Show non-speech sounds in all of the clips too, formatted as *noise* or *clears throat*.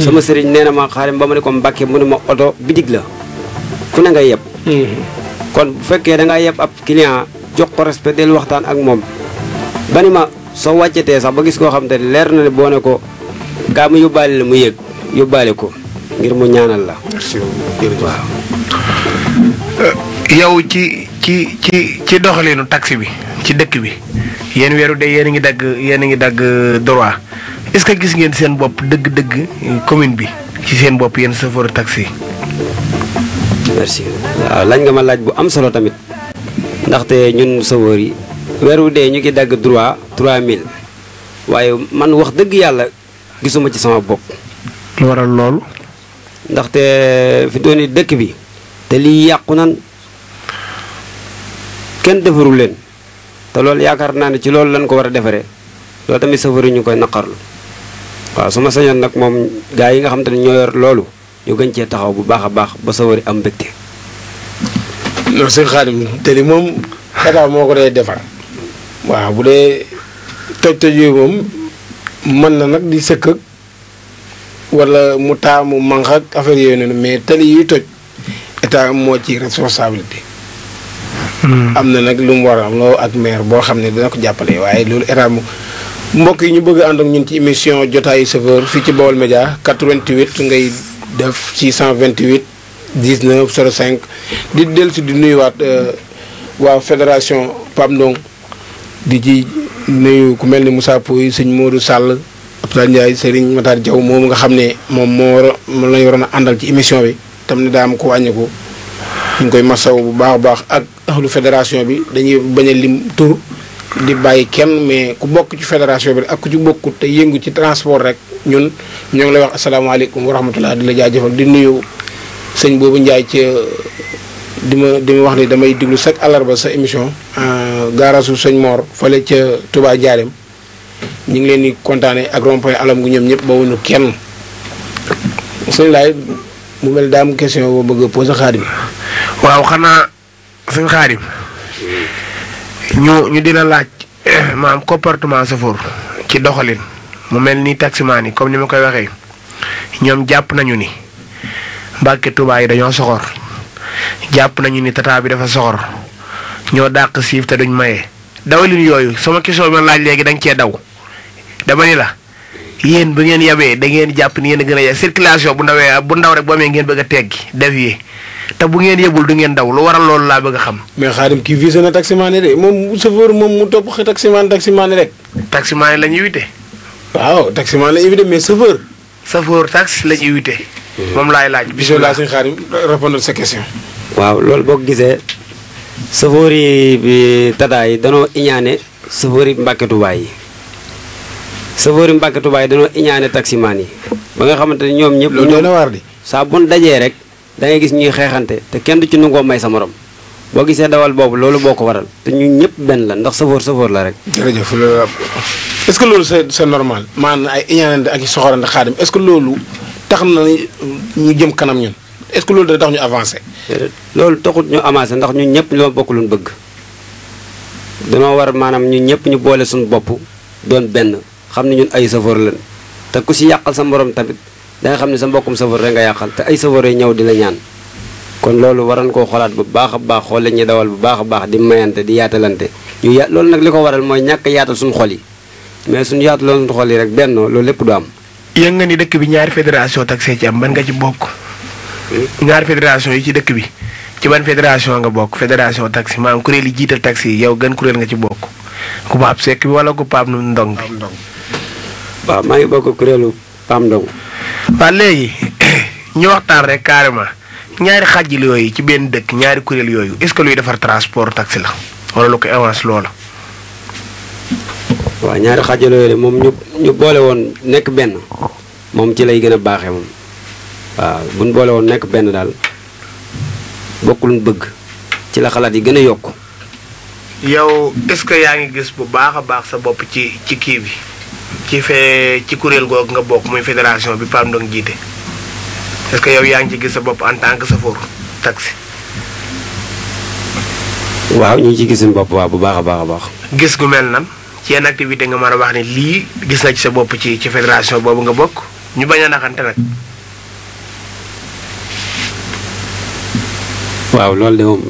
sama sëriñ nee na ma xaarim ba ma ne ko mbàkke mu ne ma oto bitig la ku ne nga yeb mm-hmm. kon bu fekkee dangay yeb ab client jox ko respect del waxtaan ak moom ba ni ma soo wàccetee sax ba gis koo xam te leer na ne boo ne ko kaa mu yóbbaale la mu yëg yóbbaale ko ngir mu ñaanal la euh, yow ci ci ci ci doxaliinu taxi bi ci dëkk bi yéen weeru de yéen a ngi dagg yéen a ngi dagg droit est-ce que gis ngeen seen bopp dëgg-dëgg euh, commune bi ci seen bopp yéen chauffeur taxi. merci waaw lañ nga ma laaj bu am solo tamit ndaxte ñun chauffeur yi weer wu dee ñu ngi dagg droit 3000 waaye man wax dëgg yàlla gisuma ci sama bopp. lu waral loolu. ndaxte euh, fi dooni dëkk bi te lii yàqu nan kenn defarul leen te loolu yaakaar naa ne ci loolu lañ ko war a defaree loolu tamit chauffeur yi ñu koy naqarlu. waaw su ma sañoon nag moom gaa yi nga xam te ne ñoo yor loolu ñu gën cee taxaw bu baax a baax ba sa wari am mbégte. loolu sëñ Xaadim tëli moom état moo ko dee defar waa bu dee toj-toj yooyu moom mën na nag di sëkk ak wala mu taamu manq ak affaire yooyu noonu mais tali yuy toj état moo ci responsabilité. Hmm. am na nag lu mu war a am loo ak maire boo xam ne dina ko jàppale waaye loolu état mu mbokk yi ñu bëgg ànd ak ñun ci émission jotaayu chauffeur fii ci Baol Média 88 ngay def 628 19 05 di dellusi di nuyuwaat euh, waa fédération Pape Ndong di ci nuyu ku mel ni Moussa Pouy sëñ Modou Sall Abdoulaye Ndiaye Serigne Matar jaw moom nga xam ne moom moo war a la waroon a àndal ci émission bi tam ne daa am ko wàññiku ñu koy masaw bu baax baax ak ahlu fédération bi dañuy bañ lim tur di bàyyi kenn mais ku bokk ci fédération bi ak ku ci bokkut te yëngu ci transport rek ñun ñoo ngi lay wax asalaamaaleykum wa rahmatulah di la jaajëfal di nuyu sëñ boobu njaay ci di ma di ma wax ni damay diglu chaque àllarba sa émission. Ah, gaarasu sëñ Mor fële ca Touba Diarème ñu ngi leen di kontaanee ak rond point alam gu ñoom ñëpp bawuñu kenn sëñ laay mu mel daam question boo bëgg a posé xaadim waaw xanaa sëñ xaadim ñu ñu dina laaj eh, maam comportement safoor ci doxalin mu mel ni taximaan yi comme ni ma koy waxee ñoom jàpp nañu ni mbàkke Tuubaa yi dañoo soxor jàpp nañu ni tata bi dafa soxor ñoo dàq siif te duñ maye. dawalin yooyu sama question bi laaj léegi dañ cee daw dama ni la yéen bu ngeen yabee da ngeen jàpp ni yeen a gën a circulation bu ndawee bu ndaw rek bu amee ngeen bëgg a teggi def yi te bu ngeen yebul du ngeen daw lu waral loolu laa bëgg xam. mais xaarim kii visé na taximaan yi de moom chauffeur moom mu topp xe taximaan taximaan rek. taximaan la ñuy wite. waaw taximaan la ñuy wite mais chauffeur. chauffeur moom laay laaj. bisimilah sëñ xaarim répondre sa waaw loolu boo gisee chauffeur yi tataa yi danoo iñaane chauffeur yi Mbàkke Tuubaa yi chauffeur danoo iñaane taximaan yi ba nga xamante ne ñoom ñëpp. loolu doy na waar di saa bu dajee rek. dangay gis ñuy xeexante te kenn du ci nangoo may sa morom boo gisee dawal boobu loolu boo ko waral te ñu ñëpp benn la ndax sëfoor sëfoor la rek. jërëjëf loolu est-ce que loolu c'est c'est normal maanaam ay iñaanante ak i soxorante xaadim est-ce que loolu tax na ñu jëm kanam ñun est-ce que loolu da tax ñu avancé. loolu taxut ñu avancé ndax ñun ñëpp ñoo bokk lu bëgg dañoo war maanaam ñun ñëpp ñu boole suñu bopp doon benn xam ne ñun ay sëfoor la te ku si yàqal sa morom tamit. danga xam ne sa mbokkum safar rek nga yàqal te ay safar yi ñëw di la ñaan kon loolu waral koo xoolaat bu baax a baax xool la ñuy dawal bu baax a baax di mayante di yaatalante loolu nag li ko waral mooy ñàkk yaatal suñu xol yi mais suñ yaataloon suñu xol yi rek benn loolu lépp du am yëg nga ni dëkk bi ñaari fédération taxi ci am ban nga ci bokk hmm? ñaari fédération yi ci dëkk bi ci ban fédération nga bokk fédération taxi maanaam kuréel yi jiital taxi yi yow gën kuréel nga ci bokk ku paab sekk bi wala ku paab nu ndong bi waaw maa ngi bokk kuréelu paam ndong waaw léegi *clears throat* ñu waxtaan rek carrément ñaari xàjjil yooyu ci benn dëkk ñaari kuréel yooyu est-ce que luy defar transport taxi la wala lu ko avance loola. waaw ñaari xàjjil yooyu de moom ñu ñu boole woon nekk benn moom ci lay gën a baaxee moom waaw buñ ñu boole woon nekk benn daal bokkul bëgg ci la xalaat yi gën a yokk. yow est-ce que yaa ngi gis bu baax a baax sa bopp ci ci kii bi. ci fee ci kuréel googu nga bokk muy fédération bi PAM doon jiite est-ce que yow yaa ngi ci gis sa bopp en tant que chauffeur taxi. waaw ñu ngi ci gis suñu bopp waaw bu baax a baax a baax. gis gu mel na ci yenn activité nga mën a wax ne lii gis na ci sa bopp ci ci fédération boobu nga bokk ñu bañ a naxante nag. waaw loolu de moom.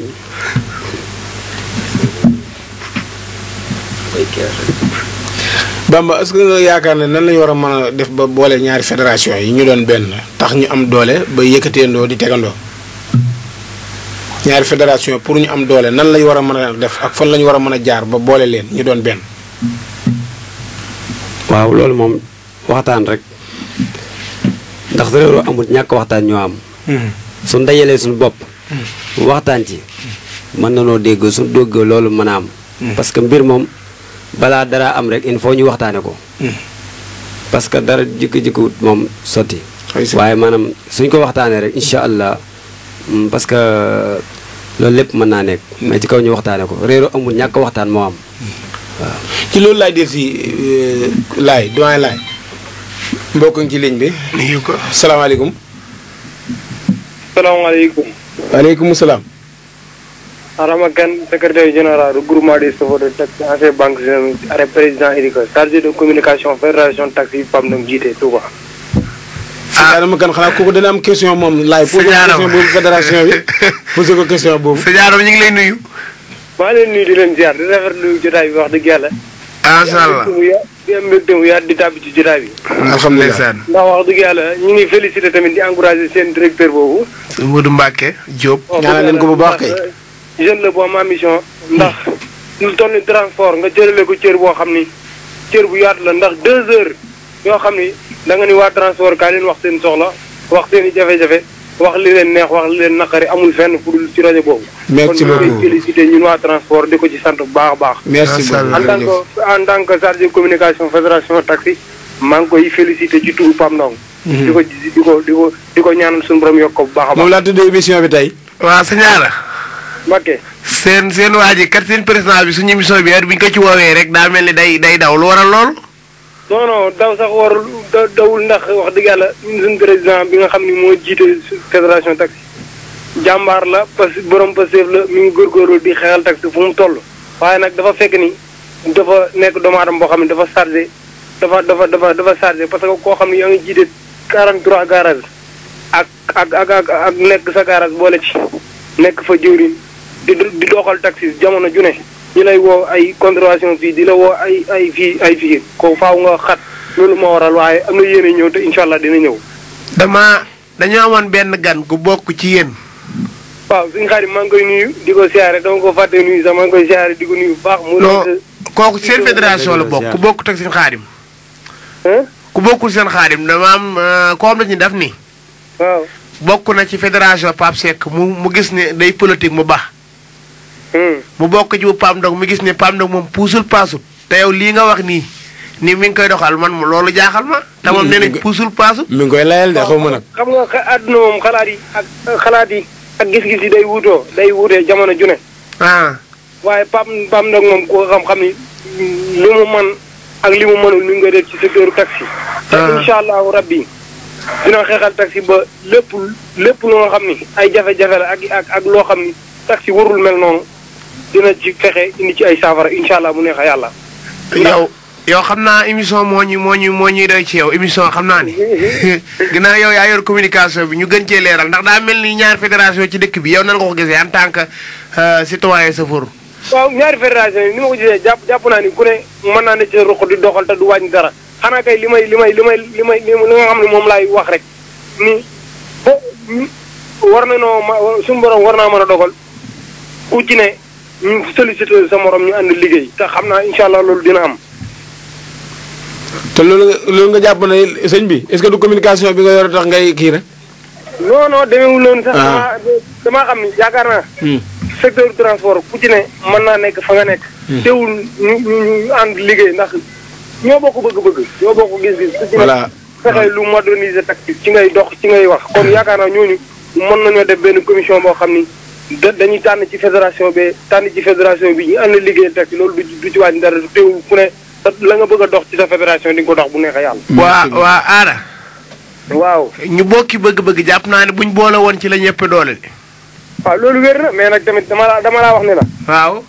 Bamba est-ce que nga yaakaar ne nan lañu war a mën a def ba boole ñaari fédération yi ñu doon benn tax ñu am doole ba yëkkateendoo di tegandoo ñaari fédération pour ñu am doole nan lañu war a mën a def ak fan lañu war a mën a jaar ba boole leen ñu doon benn. waaw loolu moom waxtaan rek ndax réeroo amul ñàkk waxtaan ñoo am. Hmm. su dajalee suñu bopp. Hmm. waxtaan ci mën na noo dégg suñu dégg loolu mën a am. Hmm. parce mbir moom. balaa dara am rek in faut ñu waxtaane ko hmm. parce que dara jikko-jikko moom sotti waaye maanaam suñ ko waxtaanee rek incha allah hmm, parce que loolu lépp mën naa nekk hmm. mais ci kaw ñu waxtaane ko réeru amul ñàkk waxtaan moo am ci loolu laay def si euh, laay doyen laay mbokkuñ ci ligne bi salaamaaleykum salaamaaleykum aleykum salaam Adama Kane secrétaire général regroupement des chauffeurs de taxi ancien banque arrêt président Idrissa chargé de communication fédération taxi PAM donc jiite Touba. Ah. moom laay. posé question boobu fédération bi *laughs* posé ko question ngi lay nuyu. maa leen nuyu wax dëgg yàlla. macha allah di am di tàbbi ci jotaay bi. alhamdulilah ndax wax dëgg yàlla ñu ngi félicité tamit di encouragé seen directeur boobu. Modou Mbacke Diop. Oh, ñaanal leen ko bu baax kay. jeune la bu am ambition ndax lu toll ni transport nga jëlale ko cër boo xam ni cër bu yaatu la ndax deux heures yoo xam ni da nga ni waa transport kaa leen wax seen soxla wax seen i jafe-jafe wax li leen neex wax li leen naqari amul fenn fu dul ci rajo boobu. merci beaucoup kon ñu koy félicité ñun waa transport di ko ci sant bu baax a baax. merci beaucoup en tant que en tant que communication fédération taxi maa ngi koy félicité ci turu PAM Ndong. Mhm. di ko di ko di ko di ko ñaanal suñu borom yokk bu baax a baax. moom laa tuddee émission bi tey. waaw sa ñaara. Mbacké seen seen waa ji kat seen président bi su émission bi heure bi ñu ko ci woowee rek daa mel ni day day daw lu waral lool. non non daw sax warul dawul ndax wax dëgg yàlla ñun suñu président bi nga xam ni moo jiite fédération taxi jàmbaar la parce que borom Pastef la mi ngi góorgóorlu di xeexal taxi fu mu toll. waaye nag dafa fekk ni dafa nekk doomu boo xam ne dafa chargé dafa dafa dafa dafa chargé parce que koo xam ne yaa ngi jiite 43 garage ak ak ak nekk sa garage boole ci nekk fa jëwriñ. di di doxal taxi jamono ju ne ñu lay woo ay contravention fii di la woo ay ay fii ay fii ko faaw nga xat loolu moo waral waaye am na yéene ñëw te incha allah dina ñëw. dama dañoo amoon benn gan gu bokk ci yéen. waaw suñu xarit maa ngi koy nuyu di ko siyaare dama ko ngi koy siyaare di ko nuyu kooku seen fédération la bokk ku bokkut ak seen xaadim. ku bokkul seen xaadim dama am euh, koo lañuy def daf ni. bokk na ci fédération Pape Seck mu mu gis ne day politique mu baax. mu bokk ci bu Pape Ndong mi gis ne Pape Ndong moom puusul paasut te yow lii nga wax nii nii mi ngi koy doxal man loolu jaaxal ma. te moom nee nañ puusul paasut. mi ngi koy layal de xaw ma xam nga àdduna moom xalaat yi ak xalaat yi ak gis-gis yi day wutoo day wuutee jamono ju ne. Ah. waaye Pape Pape Ndong moom koo xam-xam ni lu mu mën ak li mu mënul mi ngi koy def ci secteur taxi. te ah. incha allahu rabbi dina xeexal taxi ba lépp lépp lu xam ni ay jafe-jafe la ak loo xam ni taxi warul mel noonu. dina ci fexe indi ci ay saafara incha allah mu neex a yàlla. yow yow xam naa émission moo ñu moo ñu moo ñuy doy ci yow émission xam naa ni *laughs* ginnaaw yow yaa yor communication bi ñu gën cee leeral ndax daa mel ni ñaar fédération ci dëkk bi yow nan nga ko gisee en tant que euh, citoyen chauffeur. waaw ñaari fédération yi ni ma jàpp jàpp naa ku mën naa ne ci ruq di doxal du wàññi dara xanaa li may li may li may li may li nga xam ne moom laay wax rek ni bo war na noo ma suñu war naa mën a dogal ku ci ne ñu sollicité sa moroom ñu ànd liggéey te xam naa incha allah loolu dina am. te loolu nga jàpp ne sëñ bi est que du communication bi nga yor tax ngay kii rek. non non demeewul noonu sax. Ah. damaa xam ni yaakaar naa. Hmm. secteur transport ku ci ne mën naa nekk fa nga nekk. Hmm. teewul ñu ñu ñu ànd liggéey ndax ñoo bokk bëgg-bëgg. ñoo bokk gis-gis. voilà ku ci ne fexe lu moderniser taxi ci ngay dox ci ngay wax kon yaakaar naa ñooñu mën nañoo def benn commission boo xam ni. da dañuy tànn ci fédération bi tànn ci fédération bi ñu ànd liggéey teg loolu du ci wàññi dara teewul ku ne la nga bëgg a dox ci sa fédération di nga ko dox bu neexee yàlla. waa waa aara. waaw ñu bokki bëgg-bëgg jàpp naa ne buñ boole woon ci la ñëpp doole de. waaw loolu wér na mais nag tamit dama la dama laa wax ne la. waaw.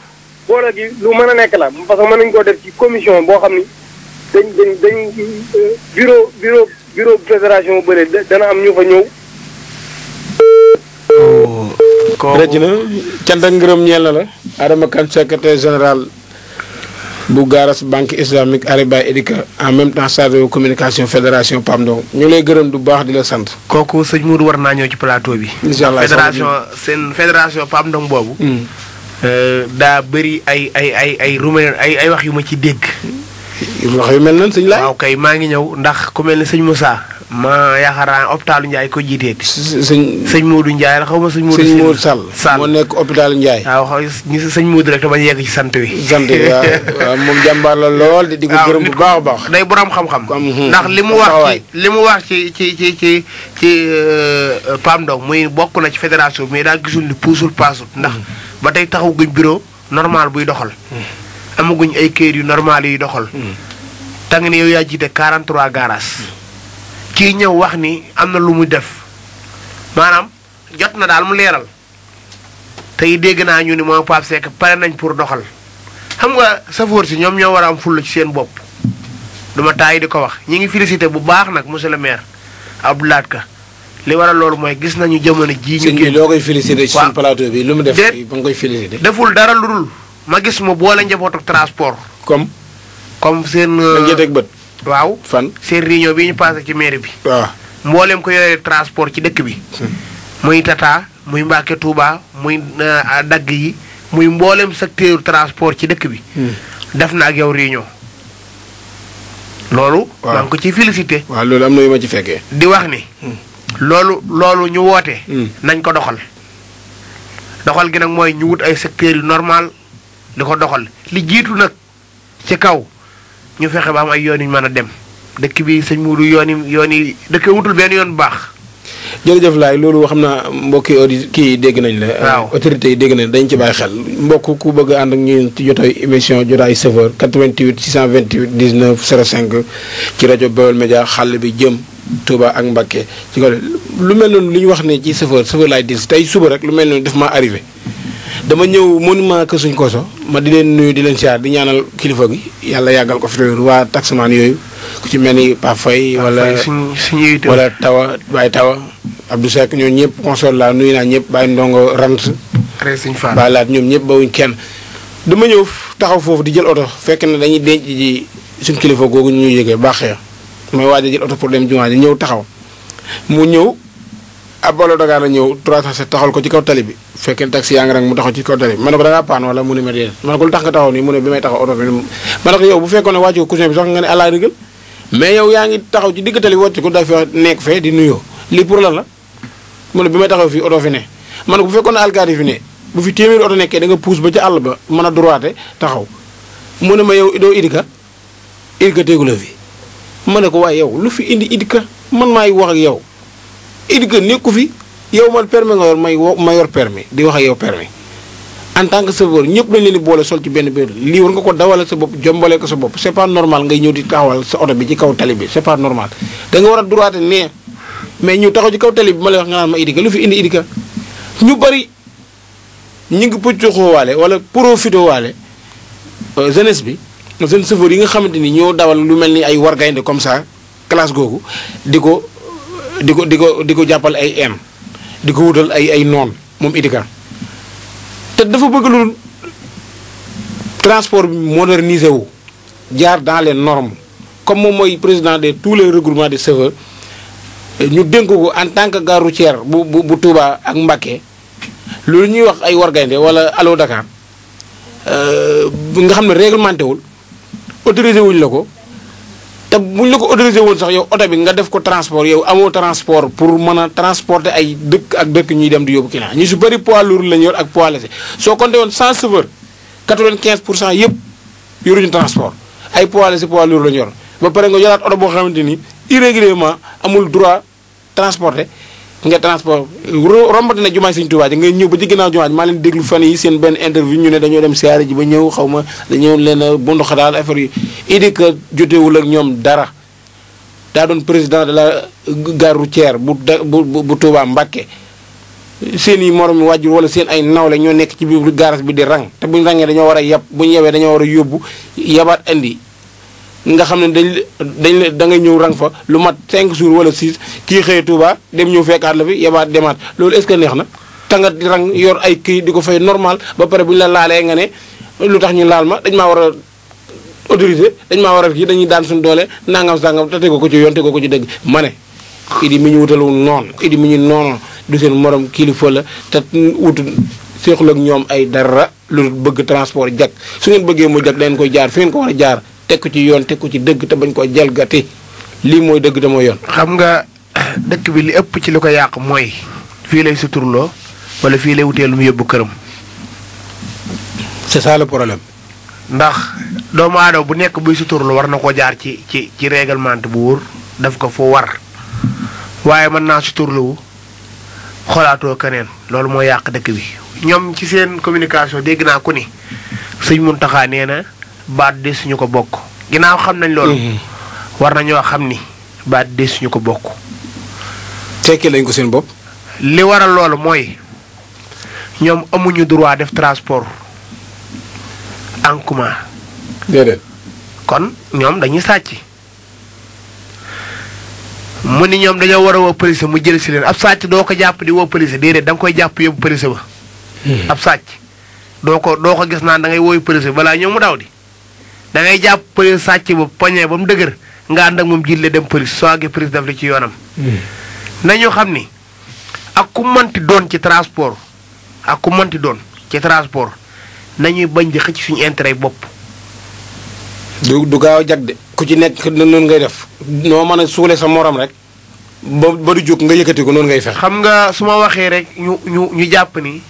boole gi lu mën a nekk la parce que mën nañu koo def ci commission boo xam ni dañ dañ dañ euh, bureau bureau bureau fédération bu bëri dana am ñu fa ñëw. kooku rëj na cant ak la. Adama Kane secrétaire général bu Garaas banque islamique Ariba Edika en même temps chargé communication fédération PAM donc ñu lay gërëm du baax di la sant. kooku sëñ Mourou war naa ñëw ci plateau bi. incha allah fédération seen fédération PAM donc boobu. Hmm. Euh, daa bëri ay ay ay ay ay ay wax yu ma ci dégg. wax yu mel na sëñ laay. waaw kay maa ngi ñëw ndax ku mel ne sëñ Moussa. ma yaakaar naa hôpitalu Ndiaye ko jiiteeti. sëñ sëñ Modou Ndiaye la xaw ma sëñ Modou. sëñ Modou Sall Sall moo nekk hôpitalu Ndiaye. waaw xaw ñu sëñ Modou rek te bañ yegg ci sant wi. sant wi *laughs* waaw moom jàmbaar la lool. di ko gërëm mu baax a baax. day borom xam-xam. Hmm, ndax li mu wax ci li mu wax ci ci ci ci ci euh, PAM Ndong muy bokk na ci fédération bi mais daa gisul ni puusul paasul ndax hmm. ba tey taxaguñ bureau normal buy doxal. Hmm. amaguñ ay kër yu normal yuy doxal. tàng ne yow yaa kii ñëw wax ni am na lu mu def maanaam jot na daal mu leeral tey dégg naa ñu ni moom Pape Seck pare nañ pour doxal xam nga safoor si ñoom ñoo war a am fulla ci seen bopp duma taay di ko wax ñi ngi félicité bu baax nag monsieur le laat Abdoulaye Ka li waral loolu mooy gis nañu jamono jii. ñu génn loo koy félicité ci suñu plateau bi lu mu def. ba nga koy félicité deful dara lu dul ma gis mu boole njabootu trasport comme. comme seen. nga euh, njëkk bët. waaw fan seen réunion bi ñu passé ci mairie bi. waaw mboolem ko yore transport ci dëkk bi. muy Tata muy Mbacke Touba muy euh, dagg yi muy mboolem secteur transport ci dëkk bi. Hmm. def na ak yow réunion. loolu. waaw ngi ko ciy félicité. waaw loolu am na yu ma ci fekkee. di wax ni. Hmm. loolu loolu ñu woote. Hmm. nañ ko doxal. doxal gi nag mooy ñu wut ay secteurs yu normal di ko doxal li jiitu nag ci kaw. ñu fexe ba am ay yoon yu mën a dem dëkk bi sëñ Mourou yoon yi yoon yi dëkk wutul benn yoon bu baax. jërëjëf laay loolu xam na mbokki auditeurs kii dégg nañ la. waaw euh, autorités yi dégg nañ dañ ci bàyyi xel. mbokk ku bëgg ànd ak ñun ci jotay émission jotaay Chauffeur 88 628 19 05 ci rajo Baol Média xàll bi jëm Touba ak Mbacké ci ko lu mel noonu li ñu wax ne ci chauffeur chauffeur laay dis tey suba rek lu mel noonu daf ma arrivé. dama ñëw monument kër suñ Koso ma di leen nuyu di leen siyaar di ñaanal kilifa gi yàlla yàggal ko fi waa taximaan yooyu ku ci mel ni Pa Faye wala wala Tawa Baye Tawa Abdou Seck ñoom ñëpp console la nuyu naa ñëpp Baye Ndongo Rant ba laat ñoom ñëpp bawuñ kenn dama ñëw taxaw foofu di jël oto fekk na dañuy denc suñ kilifa googu ñu ñuy yëgee baaxee may waaj a oto pour dem jumaa ji ñëw taxaw mu ñëw ab bolo dagaa la ñëw 307 taxal ko ci kaw tali bi bu fekkee taxi yaa ngi rang mu taxaw ci kaw tali bi ma ko da ngaa paan mu ne ma déedéet ma ko lu tax nga taxaw nii mu ne bi may taxaw oto yaa ngi taxaw ci digg tali bi wàcc fi fee di nuyoo lii pour lan la mu ne bi may taxaw fii oto fi ne ma ne ko bu fekkoon ne alkaati fi ne bu fi téeméeri oto nekkee da nga puus ba ca àll ba mën a droite taxaw mu ne ma yow doo idika idika téegu la fi ma ne ko waaye yow lu fi indi idika man maay wax ak yow idika nekku fi yow man permis nga yor may wo ma yor di wax ak yow permis en tant que chauffeur ñëpp dañ leen di boole sol ci benn biir lii war nga ko dawale sa bopp jombale ko sa bopp c'est pas normal ngay ñëw di taxawal sa oto bi ci kaw tali bi c'est pas normal da nga war a droite nee mais ñu taxaw ci kaw tali bi ma lay wax nga naan ma idika lu fi indi idika ñu bari ñu ngi pëccoxoo waale wala profité waale euh, jeunesse bi jeune chauffeur yi nga xamante ni ñoo dawal lu mel ni ay wargaynde comme ça classe googu di ko di ko di ko di ko jàppal ay m di ko wutal ay ay noon moom Idi te dafa bëgg lu transport bi modernisé wu jaar dans les normes comme moom mooy président de tous les regroupements de chauffeurs ñu dénk ko en tant que gare routière bu bu bu Touba ak Mbacké loolu ñuy wax ay wargaynde wala Allo Dakar euh, nga xam ne réglementé wul autorisé wuñ la ko. te buñ la ko autorisé woon sax yow oto bi nga def ko transport yow amoo transport pour man a transporter ay dëkk ak dëkk ñuy dem di yóbbu client ñu si bëri poids lourd lañ yor ak poids soo compté woon 100 chauffeur 95 pour cent yëpp yoruñu transport ay poids léger poids lourd lañ yor ba pare nga yoraat oto boo xamante ni irrégulièrement amul droit transporter. nga transport rombat na jumaay sëñ Tuubaa ji nga ñëw ba ci ginnaaw jumaa ji maa leen déglu fan yi seen benn interview ñu ne dañoo dem siyaare ji ba ñëw xaw ma dañoo leen a bundu xadaal affaire yi idi que jotewul ak ñoom dara daa doon président de la gare routière bu da bu bu Tuubaa Mbàkke seen yi moromi wàjjur wala seen ay nawle ñoo nekk ci biir garas bi di rang te buñ rangee dañoo war a yab buñ yebee dañoo war a yóbbu yabaat indi nga xam ne dañ dañ la da ngay ñëw rang fa lu mat 5 jours wala 6 kii xëy Touba dem ñëw fekkaat la fi yebaat demaat loolu est-ce que neex na tàngat rang yor ay kii di ko fay normal ba pare bu ñu la laalee nga ne lu tax ñu laal ma dañ maa war a autorisé dañ maa war a kii dañuy daan suñu doole nangam sangam te tegu ko ci yoon tegu ko ci dëgg ma ne. idi mi ñu wutalu noonu idi mi ñu noonoon du seen morom kilifa la te wut seexul ak ñoom ay dara lu bëgg transport jag su ngeen bëggee mu jag da ngeen koy jaar fi ngeen ko war a jaar. teg ci yoon teg ci dëgg te bañ koo jalgati lii mooy dëgg te mooy yoon. xam nga dëkk bi li ëpp ci li ko yàq mooy fii lay suturloo wala fii lay wutee lu mu këram. c'est problème. ndax doomu aadama bu nekk buy suturlu war na ko jaar ci ci ci réglement bu wóor daf ko foo war waaye mën naa suturluwu xoolaatoo keneen loolu moo yàq dëkk bi. ñoom ci seen communication dégg naa ko ni Sëñ taxaa nee na. baat de suñu ko bokk ginnaaw xam nañ loolu mm-hmm. war nañoo xam ni baat de suñu ko bokk tekki lañ ko seen bopp li waral loolu mooy ñoom amuñu droit def transport en commun kon ñoom dañuy sàcc mu ni ñoom dañoo war woo police mu jël si leen ab sàcc doo ko jàpp di woo police déedéet da nga koy jàpp yóbbu police ba mm-hmm. ab sàcc doo ko doo ko gis naa da ngay wooyu police balaa ñoom mu daw di da ngay jàpp pëlis sàcc ba poñee ba mu dëgër nga ànd ak moom jille dem pëlis soo àggee pëlis daf li ci yoonam. Hmm. nañu xam ni ak ku mënti doon ci trasport ak ku mënti doon ci trasport nañuy bañ di xëcc suñu intérêt bopp. du du gaaw jag de ku ci nekk noonu ngay def noo mën a suule sa morom rek ba ba du jóg nga yëkkati ko noonu ngay fex xam nga su ma waxee rek ñu ñu ñu jàpp ni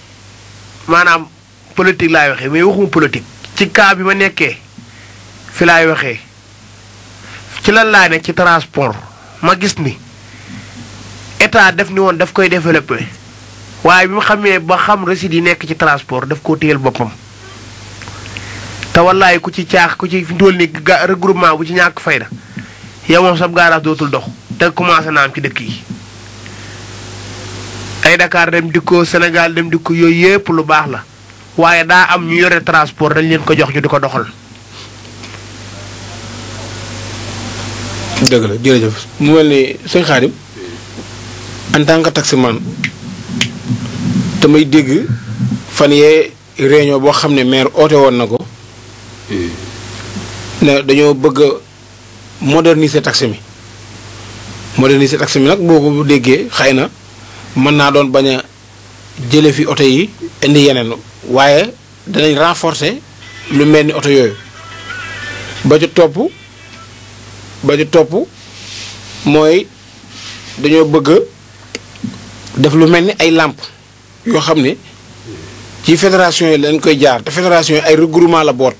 maanaam politique laay waxee mais waxuma politique. ci cas bi ma nekkee. fi laay waxee ci lan laa ne ci transport ma gis ni état def ni woon daf koy développé waaye bi mu xamee ba xam recettes yi nekk ci transport daf koo téyel boppam te wallaay ku ci caax ku ci fi ndóol ni regroupement bu ci ñàkk fayda yow moom sab garage dootul dox te commencé na am ci dëkk yi ay Dakar dem di dikkoo Sénégal dem dikko yooyu yépp lu baax la waaye daa am ñu yore transport dañ leen ko jox ñu di ko doxal dëgg la jërëjëf mu mel ni sëñ Xaadim en tant que taximan damay dégg fan yee réunion boo xam ne maire oote woon na ko hmm. ne dañoo bëgg a moderniser taxi mi moderniser taxi mi nag boo ko déggee xëy na mën naa doon bañ a jële fi oto yi indi yeneen waaye danañ renforcer lu mel ni oto yooyu ba ca topp ba ci topp mooy dañoo bëgg def lu mel ni ay làmp yoo xam ne ci fédération yi lañ koy jaar te fédération yi ay regroupement la boot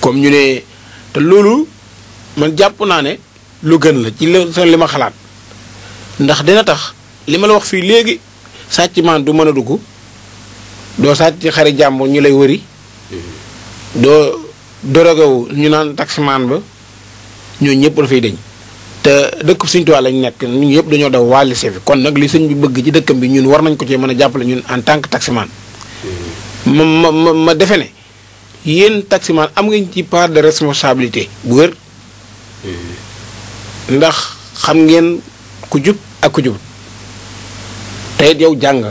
comme ñu ne te loolu man jàpp naa ne lu gën la ci li ma xalaat ndax dina tax li ma la wax fii léegi sàcc man du mën a dugg doo sàcc xari jàmbur ñu lay wëri mm-hmm. doo dorogewu ñu naan taximaan ba ñooñu ñëpp dafay deñ te dëkk suñ Tuubaa lañ nekk ñu ñun yëpp dañoo daw waalise bi kon nag li sëñ bi bëgg ci dëkkam bi ñun war nañ ko cee mën a jàppale ñun en tant que taximan ma ma ma defe ne yéen taximan am ngeen ci part de responsabilité bu ndax xam ngeen ku jub ak jub tey yow jàng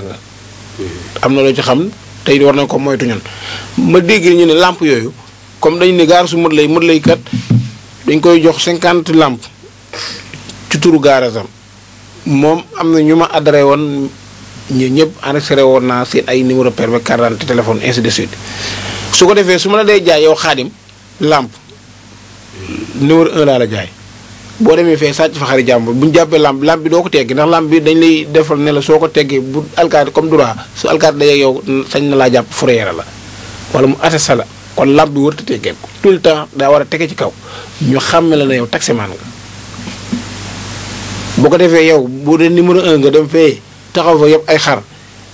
am na loo ci xam tey war nañ ko moytu ñun ma dégg ñu ne làmp yooyu comme dañ ne gaar su mët lay mët lay kat dañ koy jox cinquante làmp ci turu gaarazam moom am na ñu ma adré woon ñu ñëpp enregistré woon naa seen ay numéro permis carte d'identité téléphone ainsi suite su ko defee su ma la dee jaay yow xaadim làmp numéro un laa a jaay boo demee fee sàcc fa xari jàmbur bu ñu jàppee làmp làmp bi doo ko teggi ndax làmp bi dañ lay defal ne la soo ko teggee bu alkaati comme droit su alkaati dajee yow sañ na laa jàpp fourrière la wala mu attesté la kon laab bi wër te ko tout le temps daa war a tege ci kaw ñu xam la na yow taximaan nga bu ko defee yow bu dee numéro un nga dem fee taxaw fa yëpp ay xar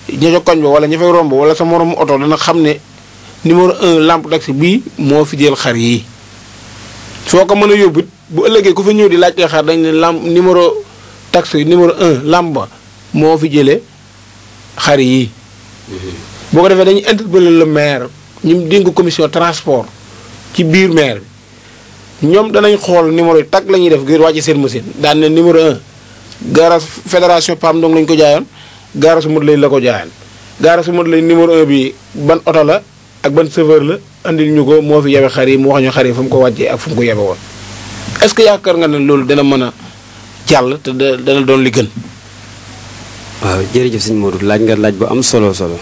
ña koñ ba wala ña fay romb wala sa moroomu oto dana xam ne numéro un làmp taxi bii moo fi jël xar yii. soo ko mën a yóbbu bu ëllëgee ku fa ñëw di laaj ay xar dañ ne lampe numéro taxi numéro un lampe ba moo fi jëlee xar yii. Mm-hmm. boo ko defee dañuy interpeller le maire. ñu mu dénk commission transport ci biir maire bi ñoom danañ xool numéro yi takk la ñuy def ngir wàcc seen machine daan ne numéro 1 garage fédération PAM dong lañ ko jaayoon garage su Modou Lay la ko jaayoon garage su Modou Lay numéro 1 bi ban oto la ak ban chauffeur la andil ñu ko moo fi yebe xar yi mu wax ñu xar yi fu mu ko wàjjee ak fu mu ko yebe woon est-ce que yaakaar nga ne loolu dana mën a jàll te dana doon li gën waaw jërëjëf sëñ Modou laaj nga laaj bu am solo solo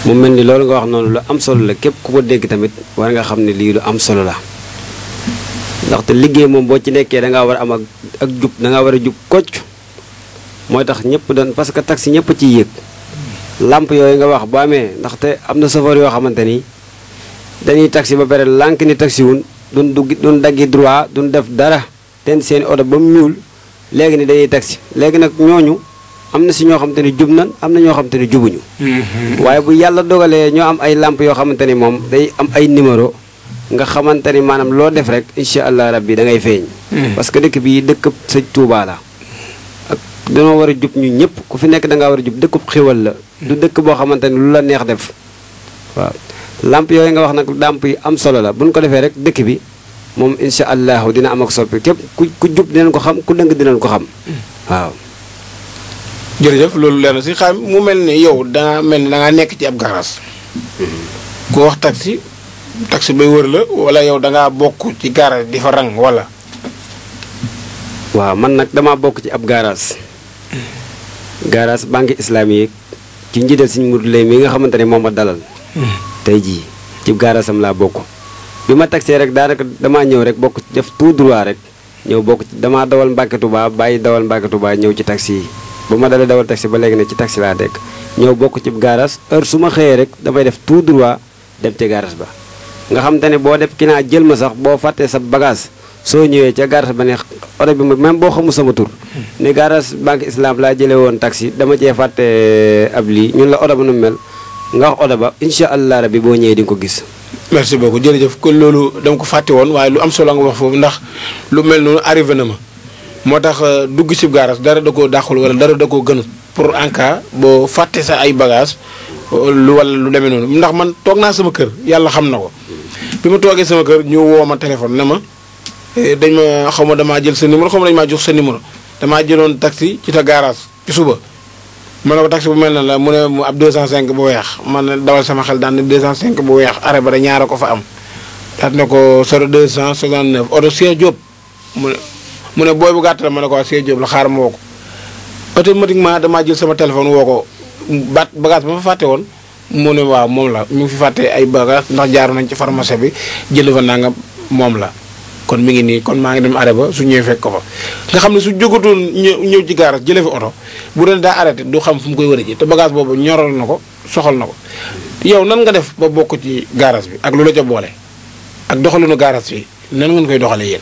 mu mel ni loolu nga wax noonu lu am solo la képp ku ko dégg tamit war nga xam ne lii lu am solo la ndaxte liggéey moom boo ci nekkee da ngaa war a am ak ak jub da war a jub kocc mooy tax ñëpp doon parce que taxi ñëpp ciy yéeg làmp yooyu nga wax bu amee ndaxte am na safar yoo xamante ni dañuy taxi ba pare lànk ni taxi wun duñ dugg duñ daggi droit du def dara ten seen oto ba mu ñuul léegi ni dañuy taxi léegi nag ñooñu am na si ñoo xamante ne jub nan am na ñoo xamante ne jubuñu. Mm-hmm. waaye bu yàlla dogalee ñoo am ay làmp yoo xamante ni moom day am ay numéro nga xamante ni maanaam loo def rek incha allah rabbi da ngay feeñ. Mm-hmm. parce que dëkk bii dëkk sëñ Touba la. ak war a jub ñu ñëpp ku fi nekk danga war a jub dëkkub xéwal la. du dëkk boo xamante ni lu la neex def waaw. làmp yooyu nga wax nag làmp yi am solo la bu ñu ko defee rek dëkk bi moom incha allahu dina am ak soppi képp ku ku jub dinañ ko xam ku dëng dinañ ko xam mm-hmm. jërëjëf loolu leer si xam mu mel ni yow dangaa mel ni dangaa nekk ci ab garage. Mm-hmm. ku wax taxi taxi bay wër la wala yow dangaa bokk ci garage di fa rang wala. waaw man nag damaa bokk ci ab garage. garage banque islamique ci njiital Sëñ Mudu mi nga xamante ne moom ma dalal. tey jii ci garage laa bokk. bi ma taxee rek daanaka damaa ñëw rek bokk def tout droit rek ñëw bokk damaa dawal Mbàkke Tuubaa bàyyi dawal Mbàkke baa ñëw ci taxi yi. ba ma dalee dawal taxi ba léegi ne ci taxi laa dekk ñoo bokk ci garage heure su ma xëyee rek damay def tout du droit dem ci garage ba nga xam te ne boo def ki naa jël ma sax boo fàttee sa bagage soo ñëwee ca garage ba ne oto bi même boo xamul sama tur hmm. ne garage banque islam laa jëlee woon taxi dama cee fàtte eh, ab lii ñun la oto ba nu mel nga wax ba incha allah rabbi boo ñëwee di nga ko gis merci beaucoup jërëjëf ko loolu dama ko fàtte woon waaye lu am solo nga wax foofu ndax lu mel noonu arrivé na ma moo tax euh, dugg ci garage dara da koo dàqul wala dara da koo gënut pour en boo fàtte sa ay bagage lu walla lu demee noonu ndax man toog naa sama kër yàlla xam na ko bi ma toogee sama kër ñu woo ma téléphone ne ma eh, dañ ma xaw ma damaa jël sa numéro xaw dañ maa jox sa numéro damaa jëloon taxi ci ta garage ci suba. ma ne ko taxi bu mel na la mu ne mu ab 205 bu weex man ne dawal sama xel daan ne 205 bu weex arrêt ba da ñaara ko fa am. daat na ko soro 269 oto Cheikh Diop mu ne booy bu gàtt ma ne ko wax Cheikh Diop la xaar ma woo ko automatiquement damaa jël sama téléphone woo ko baat bagage ba ma fàtte woon mu ne waaw moom la mi ngi fi fàtte ay bagage ndax jaaru nañ ci pharmacie bi jël fa nangam moom la kon mu ngi nii kon maa ngi dem arrêt ba su ñëwee fekk ko fa nga xam ne su jógatoon ñëw ci gaara jëlee fi oto bu doon daa arrêté du xam fu mu koy war a ji te bagage boobu ñoral na ko soxal na ko yow nan nga def ba bokk ci garage bi ak lu la ca boole ak doxalinu garage bi nan ngeen koy doxalee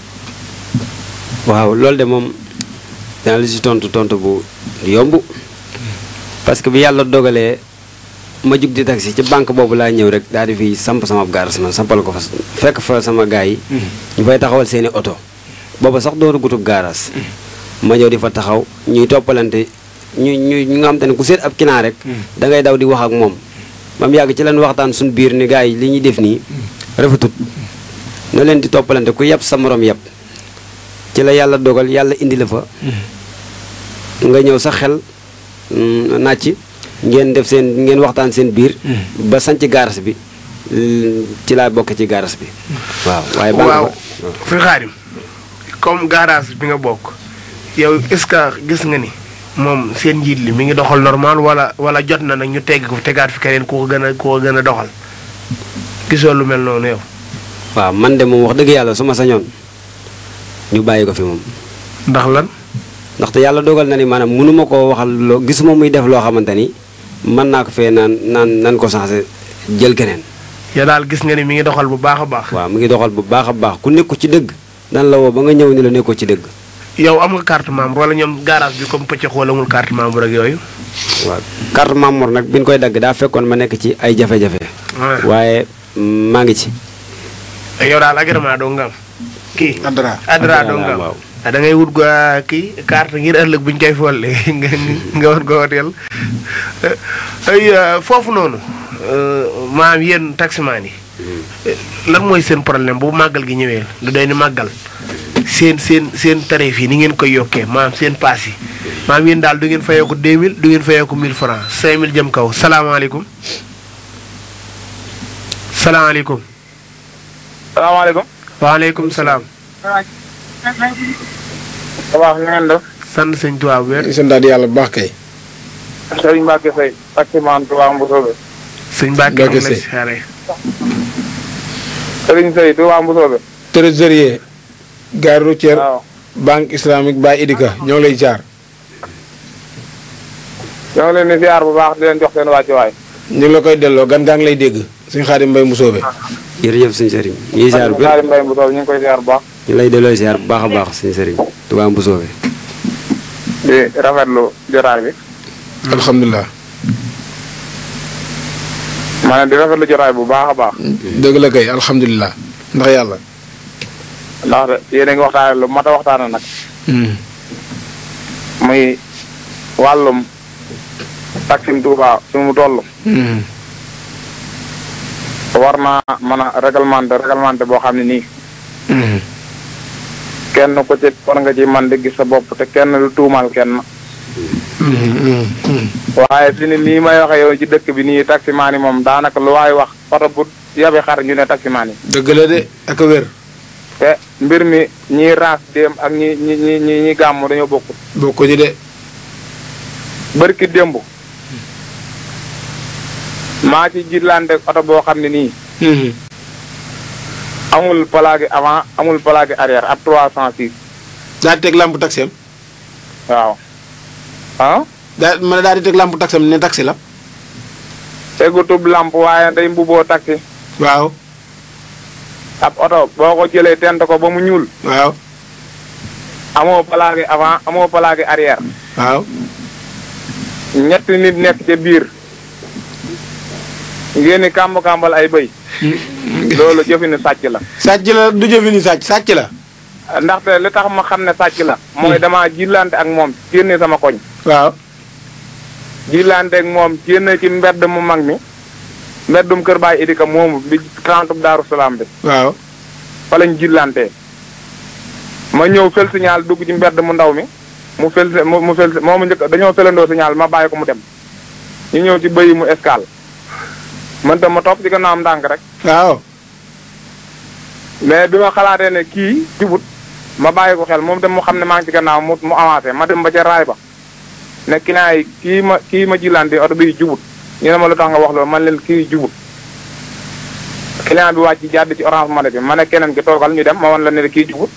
waaw loolu de moom dana la si tontu tontu bu yomb parce que bi yàlla dogalee ma jug di taxi ci banque boobu laa ñëw rek daal di fi samp sama gaar sama sampal ko fa fekk fa sama gars yi. Hmm. ñu fay taxawal seeni oto. booba sax dooru gutub gaaras hmm. ma ñëw di fa taxaw ñuy toppalante ñu ñu ñu nga xam te ne ku seet ab kinaa rek. Hmm. da daw di wax ak moom. ba mu yàgg ci leen waxtaan suñu biir ni gars yi li ñuy def nii. rafetut na leen di toppalante ku yab sa moroom yab. ci la yàlla dogal yàlla indi la fa nga ñëw sa xel mm, nàcc ngeen def seen ngeen waxtaan seen biir ba sanc gaaras bi ci laa bokk ci gaaras bi waaw waaye waaw fi xaarim comme gaaras bi nga bokk yow est-ce que gis nga ni moom seen njiit li mi ngi doxal normal wala wala jot na nag ñu tegg ko tegaat fi keneen ku ko gën ku ko gën doxal gisoo lu mel noonu yow waaw man de moom wax dëgg yàlla suma ma sañoon ñu bàyyi ko fi moom. ndax lan. ndaxte yàlla dogal na ni maanaam mënuma koo waxal loo gis gisuma muy def loo xamante ni mën naa ko fee naan naan nan ko changé jël keneen. ya daal gis nga ni mi ngi doxal bu baax a baax. waaw mi ngi doxal bu baax baax ku nekku ci dëgg nan la woo ba nga ñëw ni la nekkoo ci dëgg. yow am nga carte membre wala ñoom garage bi comme pëcc xool amul carte membre yooyu. waaw carte membre nag bi ñu koy dagg daa fekkoon ma nekk ci ay jafe-jafe. waaye maa ngi ci. yow daal agrément doo nga am. kii. Andra Andra nga waaw. Ah, da ngay wut ki ah, kii carte ngir ëllëg buñ koy folle *laughs* nga nga war ko hôtel eh, ah, foofu noonu eh, maam yéen taximaan yi. Eh, lan mooy seen problème bu màggal gi ñëwee lu day ni màggal seen seen seen tarif yi ni ngeen koy yokkee maam seen paas yi maam yéen daal du ngeen fayoo ko 2000 du ngeen fayoo ko 1000 francs 5000 jëm kaw salaamaaleykum. salaamaaleykum. salaamaaleykum. waaleykum salaam. waaw na ngeen def. sant sëñ Tuubaa bu wér. ñu sant yàlla bu baax kay. sëñ Mbacke Seye. actuellement Tuubaa Mbusoobe. sëñ Mbacke am na si xare. banque islamique Baye Idika ñoo lay jaar. ñoo leen di ziar bu baax di leen jox seen wàccuwaay. ñu la koy delloo gan gaa ngi lay dégg. sëñ Xaadim Mbay Mbusoobe. jërëjëf sëñ sëriñ ñu ngi ziar bu baax ñu ngi koy ziar bu baax. ñu lay delloo ziar bu baax a baax sëñ sëriñ Touba jotaay bi. alhamdulilah. maanaam di rafetlu jotaay bu baax a baax. dëgg la kay alhamdulilah ndax yàlla. ndax yéen a ngi waxtaanee lu mat a waxtaanee nag. Hmm. muy wàllum Taksim Touba fi mu toll. Hmm. war naa mën a réglementé réglementé boo xam ne nii. Mhm. kenn ko ci war nga ci man di gis sa bopp te kenn lu tuumal kenn. Mhm, mhm, waaye fi ni nii may waxee yow ci dëkk bi nii taximaan yi moom daanaka lu waay wax oto bu yabe xar ñu ne taximaan yi. dëgg la de ak wér. te eh, mbir mi ñi ras démb ak ñi ñi ñi ñi gàmm dañoo bokkut. bokkuñu de. bërki démb. maa ci jiitlante oto boo xam ne nii. Mhm. amul plaque avant amul plaque arrière ab 306. daa di teg lamp taxi am. waaw. ah. daa ma daa di teg lamp taxi am ne taxi la. tegutub lamp waaye day mbuboo taxi. waaw. ab oto boo ko jëlee tent ko ba mu ñuul. waaw. amoo plaque avant amoo plaque arrière. waaw. ñetti nit nekk ca biir. ngeen ni kàmb kàmbal ay bëy loolu jëfinu sàcc la sàcc la du jëfinu sàcc sàcc la ndaxte li tax ma xam ne sàcc la mooy mm. damaa jillante ak moom génne sama koñ waaw jillante ak moom génne ci mbedd mu mag mi mbeddum kër baay idika moomu bi trente daaru bi waaw fa lañ ma ñëw fel siñaal dugg ci mbedd mu ndaw mi mu fel mu fel moomu njëkk dañoo felandoo signal ma bàyyi ko mu dem ñu ñëw ci bëyi mu escale man tam ma topp ci gannaaw am ndànk rek. waaw. mais bi ma xalaatee ne kii jubut ma bàyyi ko xel moom dem mu xam ne maa ngi ci gannaaw mu mu avancé ma dem ba ca raay ba ne client yi kii ma kii ma jilaan di oto bi jubut ñu ne ma lu tax nga wax loolu man leen kii jubut. client bi wàcc jàdd ci orange money bi ma ne keneen ki toogal ñu dem ma wan la ne kii jubut.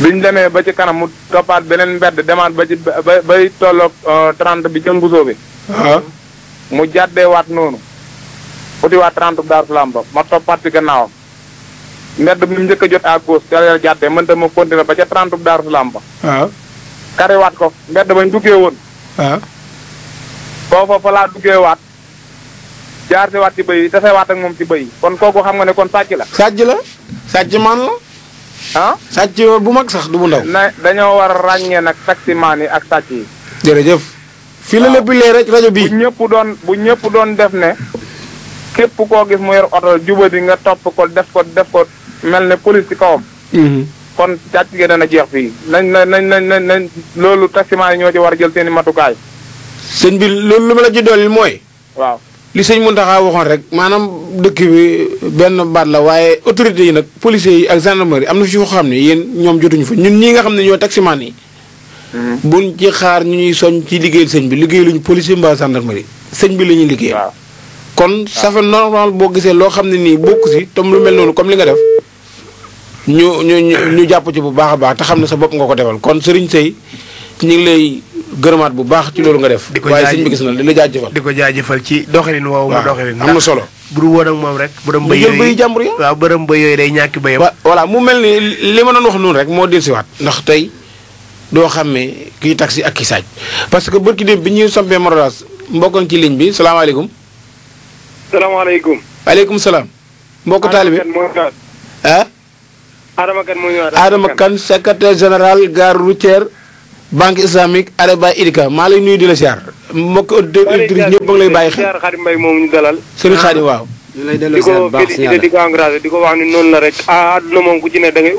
biñ demee ba ci kanam mu toppaat beneen mbedd demaat ba ci ba bay tolloog 30 euh, bi jëm bu mu jàddeewaat noonu utiwaat 30 daaru salaam ba ma toppaat ci gannaawam mbedd bi mu njëkk a jot a gauche ca la jàddee man dama continuer ba ca 30 daaru salaam ba. waaw. waat ko mbedd bañ duggee woon. waaw. foofa fa laa duggee waat jaar si waat ci bëy yi tasewaat ak moom ci bay yi kon kooku xam nga ne kon sàcc la. sàcc la sàcc man la. ah sàcc bu mag sax du bu ndaw. na dañoo war a ràññee nag taximaan ak sàcc yi. jërëjëf. fii la lépp lee rek rajo bi ñëpp doon bu ñëpp doon def ne képp koo gis mu yor oto jubadi nga topp ko def ko def ko mel ne police ci kawam mhm. kon càcc gi dana jeex fii nañ na nañ nañ nañ loolu taximaan yi ñoo ci war a jël seen i matukaay sëñ bi loolu lu ma la ci dolli mooy waaw li sëñ Mountakha waxoon rek maanaam dëkk bi benn baat la waaye autorités yi nag policiers yi ak gendarmerie am na fi foo xam ne yéen ñoom jotuñu fa ñun ñii nga xam ne ñoo taximaan yi Mm-hmm. buñ ci xaar ñu ñuy soñ ci liggéeyal sëñ bi liggéey luñu police mbaa gendarmerie sëñ bi la ñuy liggéey kon ça fait normal boo gisee loo xam ne nii bokk si tam lu mel noonu comme li nga def ñu ñu ñu jàpp ci bu baax a baax te xam ne sa bopp nga ko defal kon sëriñ Seye ñu ngi lay gërëmaat bu baax ci loolu nga def. di ko waaye sëñ bi na li la jaajëfal. di ko jaajëfal ci doxalin woowu mu doxalin. am na solo bu dul moom rek. bërëm ba yooyu mu jël bëy jàmbur bërëm ba yooyu day ñàkk bëyam. voilà mu mel ni li ma doon wax noonu rek moo waat ndax tey. doo xàmmee kii taxi ak ki saaj parce que bërki dem bi ñuy sampee Moralas mbokkoon ci ligne bi salaamaaleykum. salaamaaleykum. waaleykum salaam. mbokk taalibe ah. Adama Kane moo ñëwaat Adama général gare routière banque islamique Araba Idika maa lay nuyu di la siyaar mbokk auditeurs auditrices ñëpp lay bàyyi xel Xaadim ñu dalal. Sëriñ Xaadim ah. waaw. di ko félicité di ko wax ni noonu la rek ah àdduna moom ku ci ne da ngay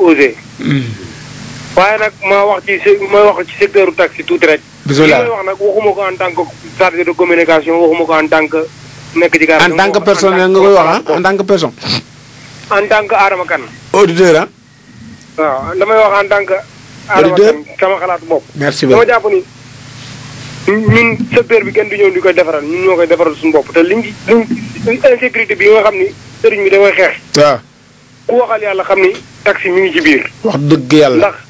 waaye nag maa wax ci ma wax ci secteur taxi tuuti rek. bisimilah li may wax nag waxuma ko en tant que de communication waxuma ko en tant nekk ci gàllankoor en tant que personne nga koy wax en tant en tant que Adama Kane. auditeur ah. damay wax en tant que. auditeur sama xalaat bopp. merci beaucoup dama jàpp ni. ñun secteur bi kenn du ñëw di koy defaral ñun ñoo koy defaral suñu bopp te liñ liñ insécurité bi nga xam ni sëriñ bi da xeex. waaw ku waxal yàlla xam ni taxi mi ngi ci biir. wax dëgg yàlla ndax.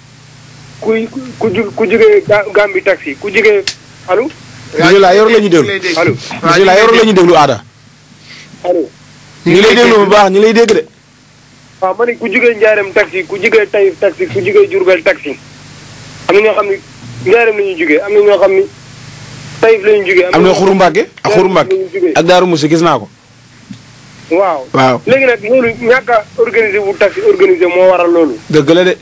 kuy ku ju ku jugee Gambie taxi ku jugee allo. bisimilah yor la ñu déglu allo. bisimilah yor la ñu déglu aada. allo. ñu ngi lay déglu baax ñu lay dégg de. waaw ma ne ku jugee Njaareem taxi ku jugee Taïf taxi ku jugee Diourbel taxi am na ñoo xam ni Njaareem la ñuy jugee am na ñoo xam ni Taïf la ñuy am na Xuru Mbàkke ak Xuru Mbàkke ak gis naa ko. waaw léegi nag loolu ñàkk a bu wu taxi moo waral loolu. dëgg la de.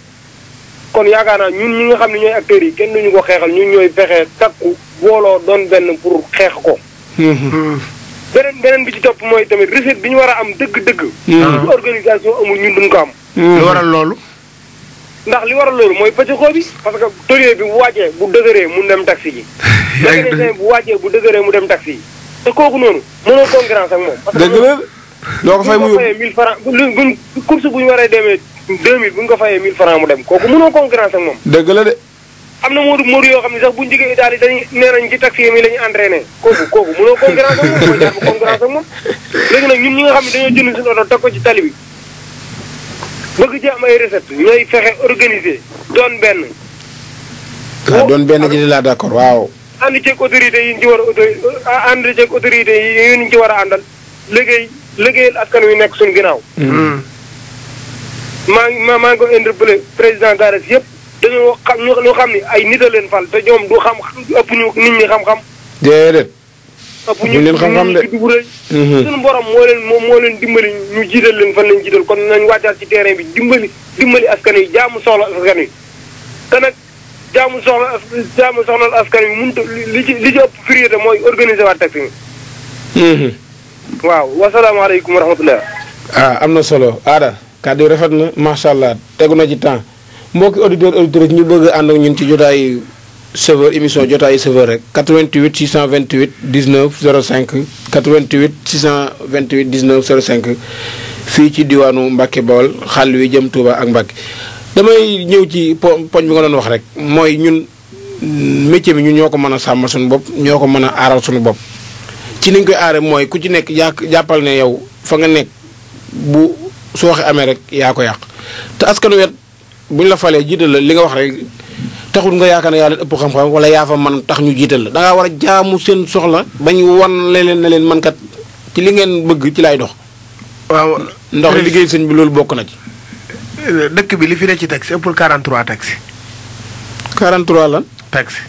kon yaakaar naa ñun ñi nga xam ne ñooy acteurs yi kenn duñu ko xeexal ñun ñooy fexe takku booloo doon benn pour xeex ko. Mm-hmm. beneen beneen bi ci topp mooy tamit recette bi ñu war a am dëgg-dëgg. su mm-hmm. organisation amul ñun duñ ko am. Mm-hmm. lu waral loolu. ndax li waral loolu mooy pëccëxoo bi parce que taulier bi bu wàccee bu dëgëree mu dem taxi yi. *laughs* mécanicien bu wàccee bu dëgëree mu dem taxi yi. te kooku noonu mënoo concurrence ak moom. dëgg doo ko fay mu yóbbu bu ñu waree demee. 2000 bu ñu ko fayee 1000 francs mu dem kooku mënoo concurrence ak moom. dëgg la de. am na moo moodu yoo xam ne sax bu ñu jógee Italie dañuy nee nañ ci taxi yi la ñuy entraîné kooku kooku mënoo concurrence ak moom mooy léegi nag ñun ñi nga xam ne dañoo jënd suñu oto teg ko ci tali bi bëgg ci am ay recette ñooy fexe organiser doon benn. waaw ah, doon benn ji laa d'accord waaw. ànd ceeg autorités yi ñu ci war a ànd ceeg autorités yi ñu ci war a àndal liggéey liggéeyal askan yu nekk suñu ginnaaw. Hmm. maa ngi maa ngi ko interpellé président Daara yëpp dañoo xam ñu xam ni ay nit a leen fal te ñoom du xam ëpp ñu nit ñi xam-xam. déedéet. ñu leen xam-xam de ëpp ñu mhm. suñu borom moo leen moo leen dimbali ñu jiital leen fan lañ jiital kon nañ wàccaat ci terrain bi dimbali dimbali askan wi jaamu soxla askan wi. te nag jaamu soxla as jaamu soxla askan wi mënut li ci li ci ëpp priorité mooy organiser waat tax mhm. waaw wasalaamaaleykum wa rahmatulah. ah am na solo aada. kàddu yi rafet na macha allah tegu na ci temps mbokki auditeur auditrice ñu bëgg ànd ak ñun ci jotaayu Saveurs émission jotaayu Saveurs rek 88 628 19 05 88 628 19 05 fii ci diwaanu Mbacke Bawol xàll wi jëm Touba ak Mbacke damay ñëw ci poñ bi nga doon wax rek mooy ñun métier bi ñun ñoo ko mën a sàmm suñu bopp ñoo ko mën a aaral suñu bopp ci niñ koy mooy ku ci nekk yaa jàppal ne yow fa nga nekk soo waxe amee rek yaa ko yàq te askan wet buñ la falee jiital la li nga wax rek taxul nga yaakaar na yaa leen ëpp xam-xam wala yaa fa man tax ñu jiital la da ngaa war a jaamu seen soxla bañ wan leen ne leen man ci li ngeen bëgg ci laay dox. waaw ndax liggéey sëñ bi loolu bokk na ci. dëkk bi li fi ne ci taxi ëppul 43 taxi. 43 lan. taxi.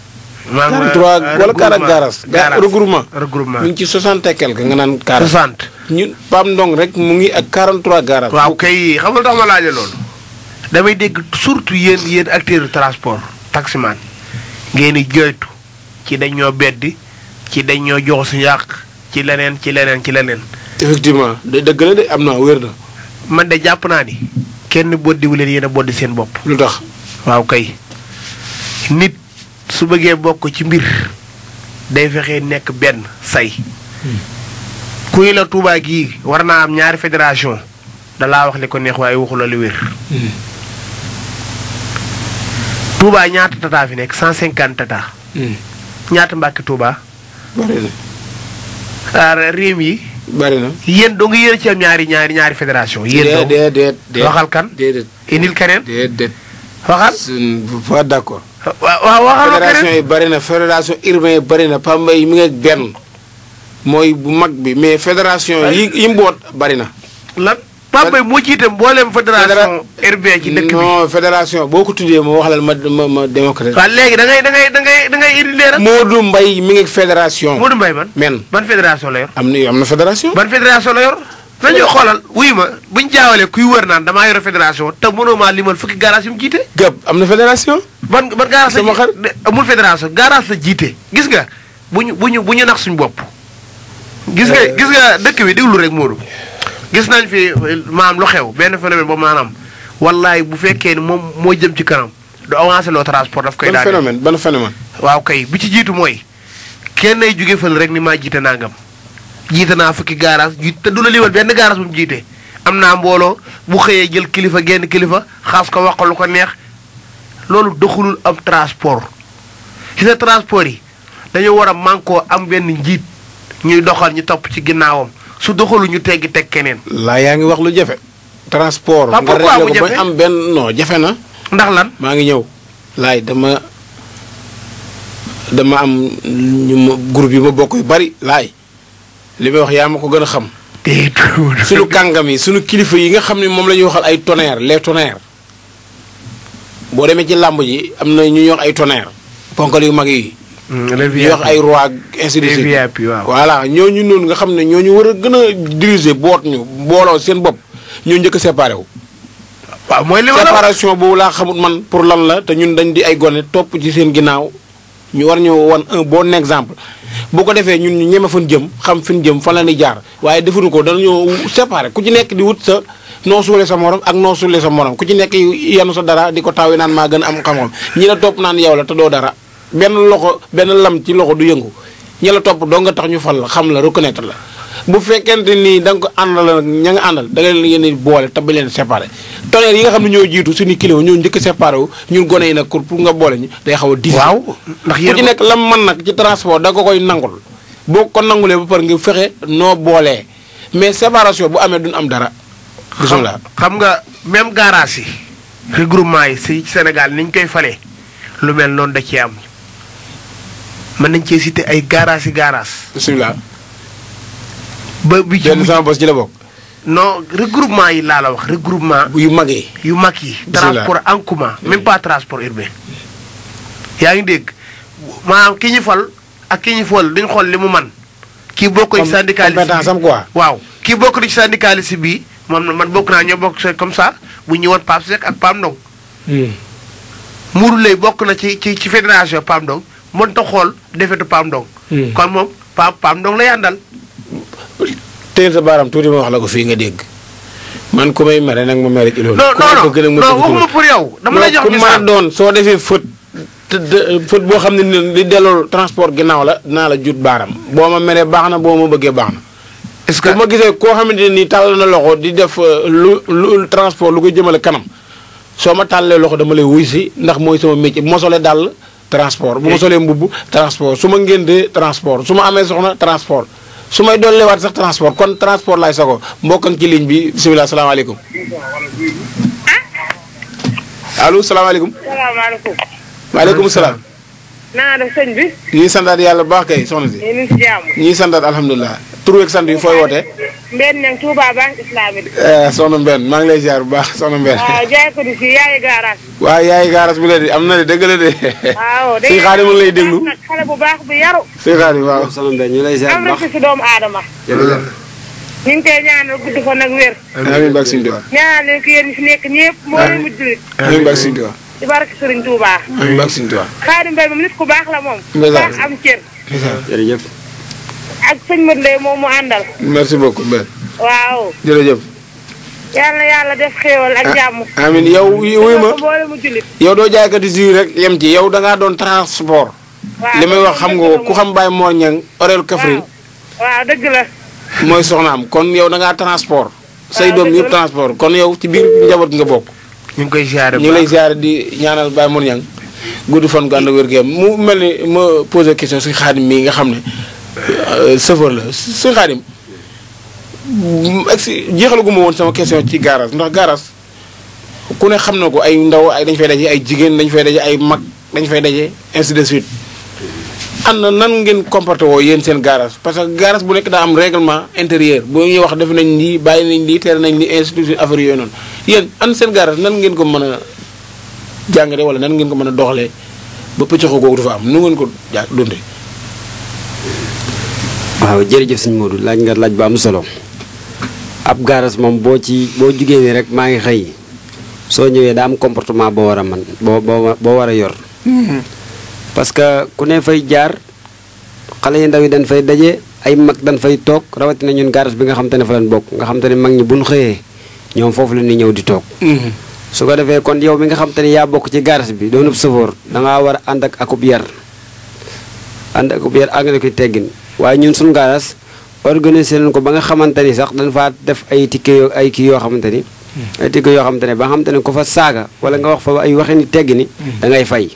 maanaam 43 wala 40 gaaraas. gaaraas regroupement regroupement. mu ngi ci 60 et quelque nga naan. 40 60. ñu Pape Ndong rek mu ngi ak 43 garage. waaw kay xam nga tax ma laajee loolu. damay dégg surtout yéen yéen acteur transport taximan ngeen di joytu ci dañ ñoo beddi ci dañ ñoo jox suñu àq ci leneen ci leneen ci leneen. effectivement dëgg la am na wér na. man de jàpp naa ni kenn boddiwu leen yéen a seen bopp. lu tax waaw kay nit su bëggee bokk ci mbir day fexee nekk benn say. Hmm. ku ni la Touba gii war na am ñaari fédération dalaa wax li ko neex waaye waxu la lu wér. Hmm. Touba ñaata tata fi nekk 150 tata. Hmm. ñaata mbàkki Touba. bari na. réew yi. bari na doo nga yéen ci am ñaari ñaari ñaari fédération. yéen doo waxal kan. indil keneen. déedéet waxal. pas d'accord. waaw waxal keneen fédération yi bari na yi bari na benn. mooy bu mag bi mais fédération yi yi mboot bari na. lan Pape Mbaye moo jiite mboolem fédération. RB ci dëkk bi non fédération boo ko tuddee ma wax la ma ma ma démocrate. waaw léegi da ngay da ngay da ngay da ngay indi leeral. Modou Mbaye mi ngi fédération. du mbay man men ban fédération la yor. am na am na fédération. ban fédération la yor. nañu xoolal wuyu ma buñ jaawalee kuy wër naan damaa yore fédération te mënoo maa limal fukki garage yu mu jiite. gab am na fédération. ban ban garage la amul fédération garage la jiite. gis nga bu ñu bu ñu bu ñu nax suñu bopp gis nga dëkk bi déglu rek Modou. gis nañ fi maam lu xew benn phénomène boobu maanaam wallaay bu fekkee ni moom moo jëm ci kanam du avancé loo transport daf koy. daal ban phénomène ban phénomène. waaw kay ci jiitu mooy kenn ay jóge fële rek ni maa jiite nangam jiite naa fukki garage jiite te du la limal benn garage bu mu jiite. am naa mbooloo bu xëyee jël kilifa genn kilifa xaas ko wax ko lu ko neex loolu doxulul am transport ci sa transport yi dañoo war a mànkoo am benn njiit. ñuy doxal ñu topp ci ginnaawam su doxalu ñu teggi teg keneen. laa yaa ngi wax lu jafe. transport ah, nga réglé ko am benn noo jafe na. ndax lan maa ngi ñëw. laay dama dama am ñu groupe yi ma bokk yu bari laay li may wax yaa ma ko gën a xam. sunu kàngam yi sunu kilifa yi nga xam ne moom la ñuy waxal ay tonnerre lee tonnerres boo demee ci làmb ji am na ñuy wax ay tonnerre ponkal yu mag yi Mm, les VIP wax ay roi ainsi de suite ñoo waaw. voilà noonu nga xam ne ñoo ñu war a gën a diriger boot ñu booloo seen bopp ñoo njëkk a séparé wu. waaw mooy li ma boobu laa xamut man pour lan la te ñun dañ di ay gone topp ci seen ginnaaw ñu war ñu wan boo bon exemple bu ko defee ñun ñu ñeme fan jëm xam fin jëm fan la ñuy jaar waaye defuñu ko danañoo séparé ku ci nekk di wut sa. noo suulee sa morom ak noo suulee sa morom ku ci nekk yenu sa dara di ko taawee naan maa gën a am xam-xam ñi la topp naan yow la te dara. benn loxo benn lam ci loxo du yëngu ña la topp doo nga tax ñu fal la xam la reconnaître la bu fekkente nii da nga ko àndal nag ña nga àndal da nga leen yéen boole te ba leen séparé tonnerre yi nga xam ne ñoo jiitu suñu kilifa ñoo njëkk séparé wu ñun gone yi nag pour nga boole ñu day xaw a diis waaw ndax yéen ku ci nekk lam man nag ci transport da nga koy nangul boo ko nangulee ba pare nga fexe noo boolee mais séparation bu amee duñ am dara bisimilah xam nga même garage yi regroupement yi si Sénégal niñ koy falee lu mel noonu da ci am mën nañ cee cité ay garage yi garage. bisimilah. ba bi ci benn sama bos ci la bokk. non regroupement yi laa la wax regroupement. yu mag yu mag yi. transport en commun même pas transport yaa ngi dégg maanaam ki ñu fal ak ki ñu fal duñ xool li mu man kii bokk ci syndicaliste bi waaw kii bokk ci syndicaliste bi moom man bokk naa ñoo bokk comme ça bu ñëwoon Pape Seck ak Pam Ndong. Hmm. Mourou Lay bokk na ci ci ci fédération Pam man tax xool defetu Paam Ndong. Hmm. kon moom Paam Paam la yàndal. teel sa baaraam tuuti ma wax la ko fii nga dégg man ku may mere nag ma mere ci loolu. non non non yow. dama lay jox ku ma doon soo defee fët. te fët boo xam ne ni li delloo transport ginnaaw la dinaa la jut baaraam boo ma meree baax na boo ma bëggee baax na. est-ce que bu ma gisee koo xamante ne nii tàll na loxo di def euh, lu lu transport lu koy jëmale kanam soo ma tàllee loxo dama lay wuy si ndax mooy sama métier bu ma solee dàll transport bu ma solee mbubb transport su ma ngéndee transport su ma amee soxna transport su may dolliwaat sax transport kon transport laay sago mbokkan ci ligne bi bisimilah salaamaaleykum. Ah? allo salaamaaleykum. salaamaaleykum. maaleykum salaam. naa def sëñ bi. ñuy santaat yàlla bu baax kay soxna si. ñu ñuy santaat alhamdulilah. tur weeg sant yi fooy wootee. Mbène nag Touba Banque Islamique. Eh, soxna Mbène maa ngi lay ziar bu baax soxna Mbène. waaw jaay ko di yaay gaaraas. bi la di am na de dëgg la de. waaw dëgg la *laughs* lay déglu. xale bu baax bu yaru. si xaadim waaw soxna Mbène ñu lay ziar bu baax am na si doomu aadama. jërëjëf. ñu ngi koy ñaanal gudd fa nag wér. amiin baax suñu doon. ñaanal leen ko yéen ñi nekk ñëpp moo leen mujj. amiin baax suñu doon. ci barke Serigne Touba. amiin am cër. ak sëñ Modou Ndeye moom mu àndal. merci beaucoup Mbay. waaw. jërëjëf. yàlla yàlla def doo jaaykati rek yem ci yow da ngaa doon transport. li may wax xam nga ko ku xam Baye Mor Niang Orel Kaffrine. mooy soxnaam kon yow dangaa transport. say doom yëpp transport kon yow ci biir njaboot nga bokk. ñu koy ziare ñu lay ziare di ñaanal Baye Mor Niang gudd fan gu ànd ak wér mu mel ni ma posé question si xaadim mii nga xam ne euh, chauffeur la si xaadim ex jeexalagu ma woon sama question ci garage ndax garage ku ne xam na ko ay ndaw ay dañ fay daje ay jigéen dañ fay daje ay mag dañ fay daje ainsi de suite am na nan ngeen comporté woo yéen seen garage parce que garage bu nekk daa am règlement intérieur bu ñuy wax defe nañ lii bàyyi nañ lii tere nañ lii institution affaire yooyu noonu yéen an seen garage nan ngeen ko mën a jàngale wala nan ngeen ko mën a doxalee ba pëccaxoo googu dafa am nu ngeen ko ja dunde waaw jërëjëf sëñ Modou laaj nga laaj bu am solo ab garage moom boo ci boo jugee rek maa ngi xëy soo ñëwee daa am comportement boo war a man boo boo boo war a yor hmm. parce que ku ne fay jaar xale yi ndaw yi dañ fay daje ay mag dañ fay toog rawatina ñun garage bi nga xam te ne fa lañ bokk nga xam te ne mag ñi bu buñ xëyee ñoom foofu la ñuy ñëw di toog. Mhm. su ko defee kon yow mi nga xam te yaa bokk ci garage bi doonub sëfoor da ngaa war a ànd ak akub yar ànd akub yar ànd ak teggin waaye ñun suñu garage organiser leen ko ba nga xamante ni sax dañ faa def ay ticket ay kii yoo xamante ni. Mhm. ay yoo xamante ne ba nga xamante ne ko fa saaga wala nga wax fa ay waxini teggini mhm. da ngay fay.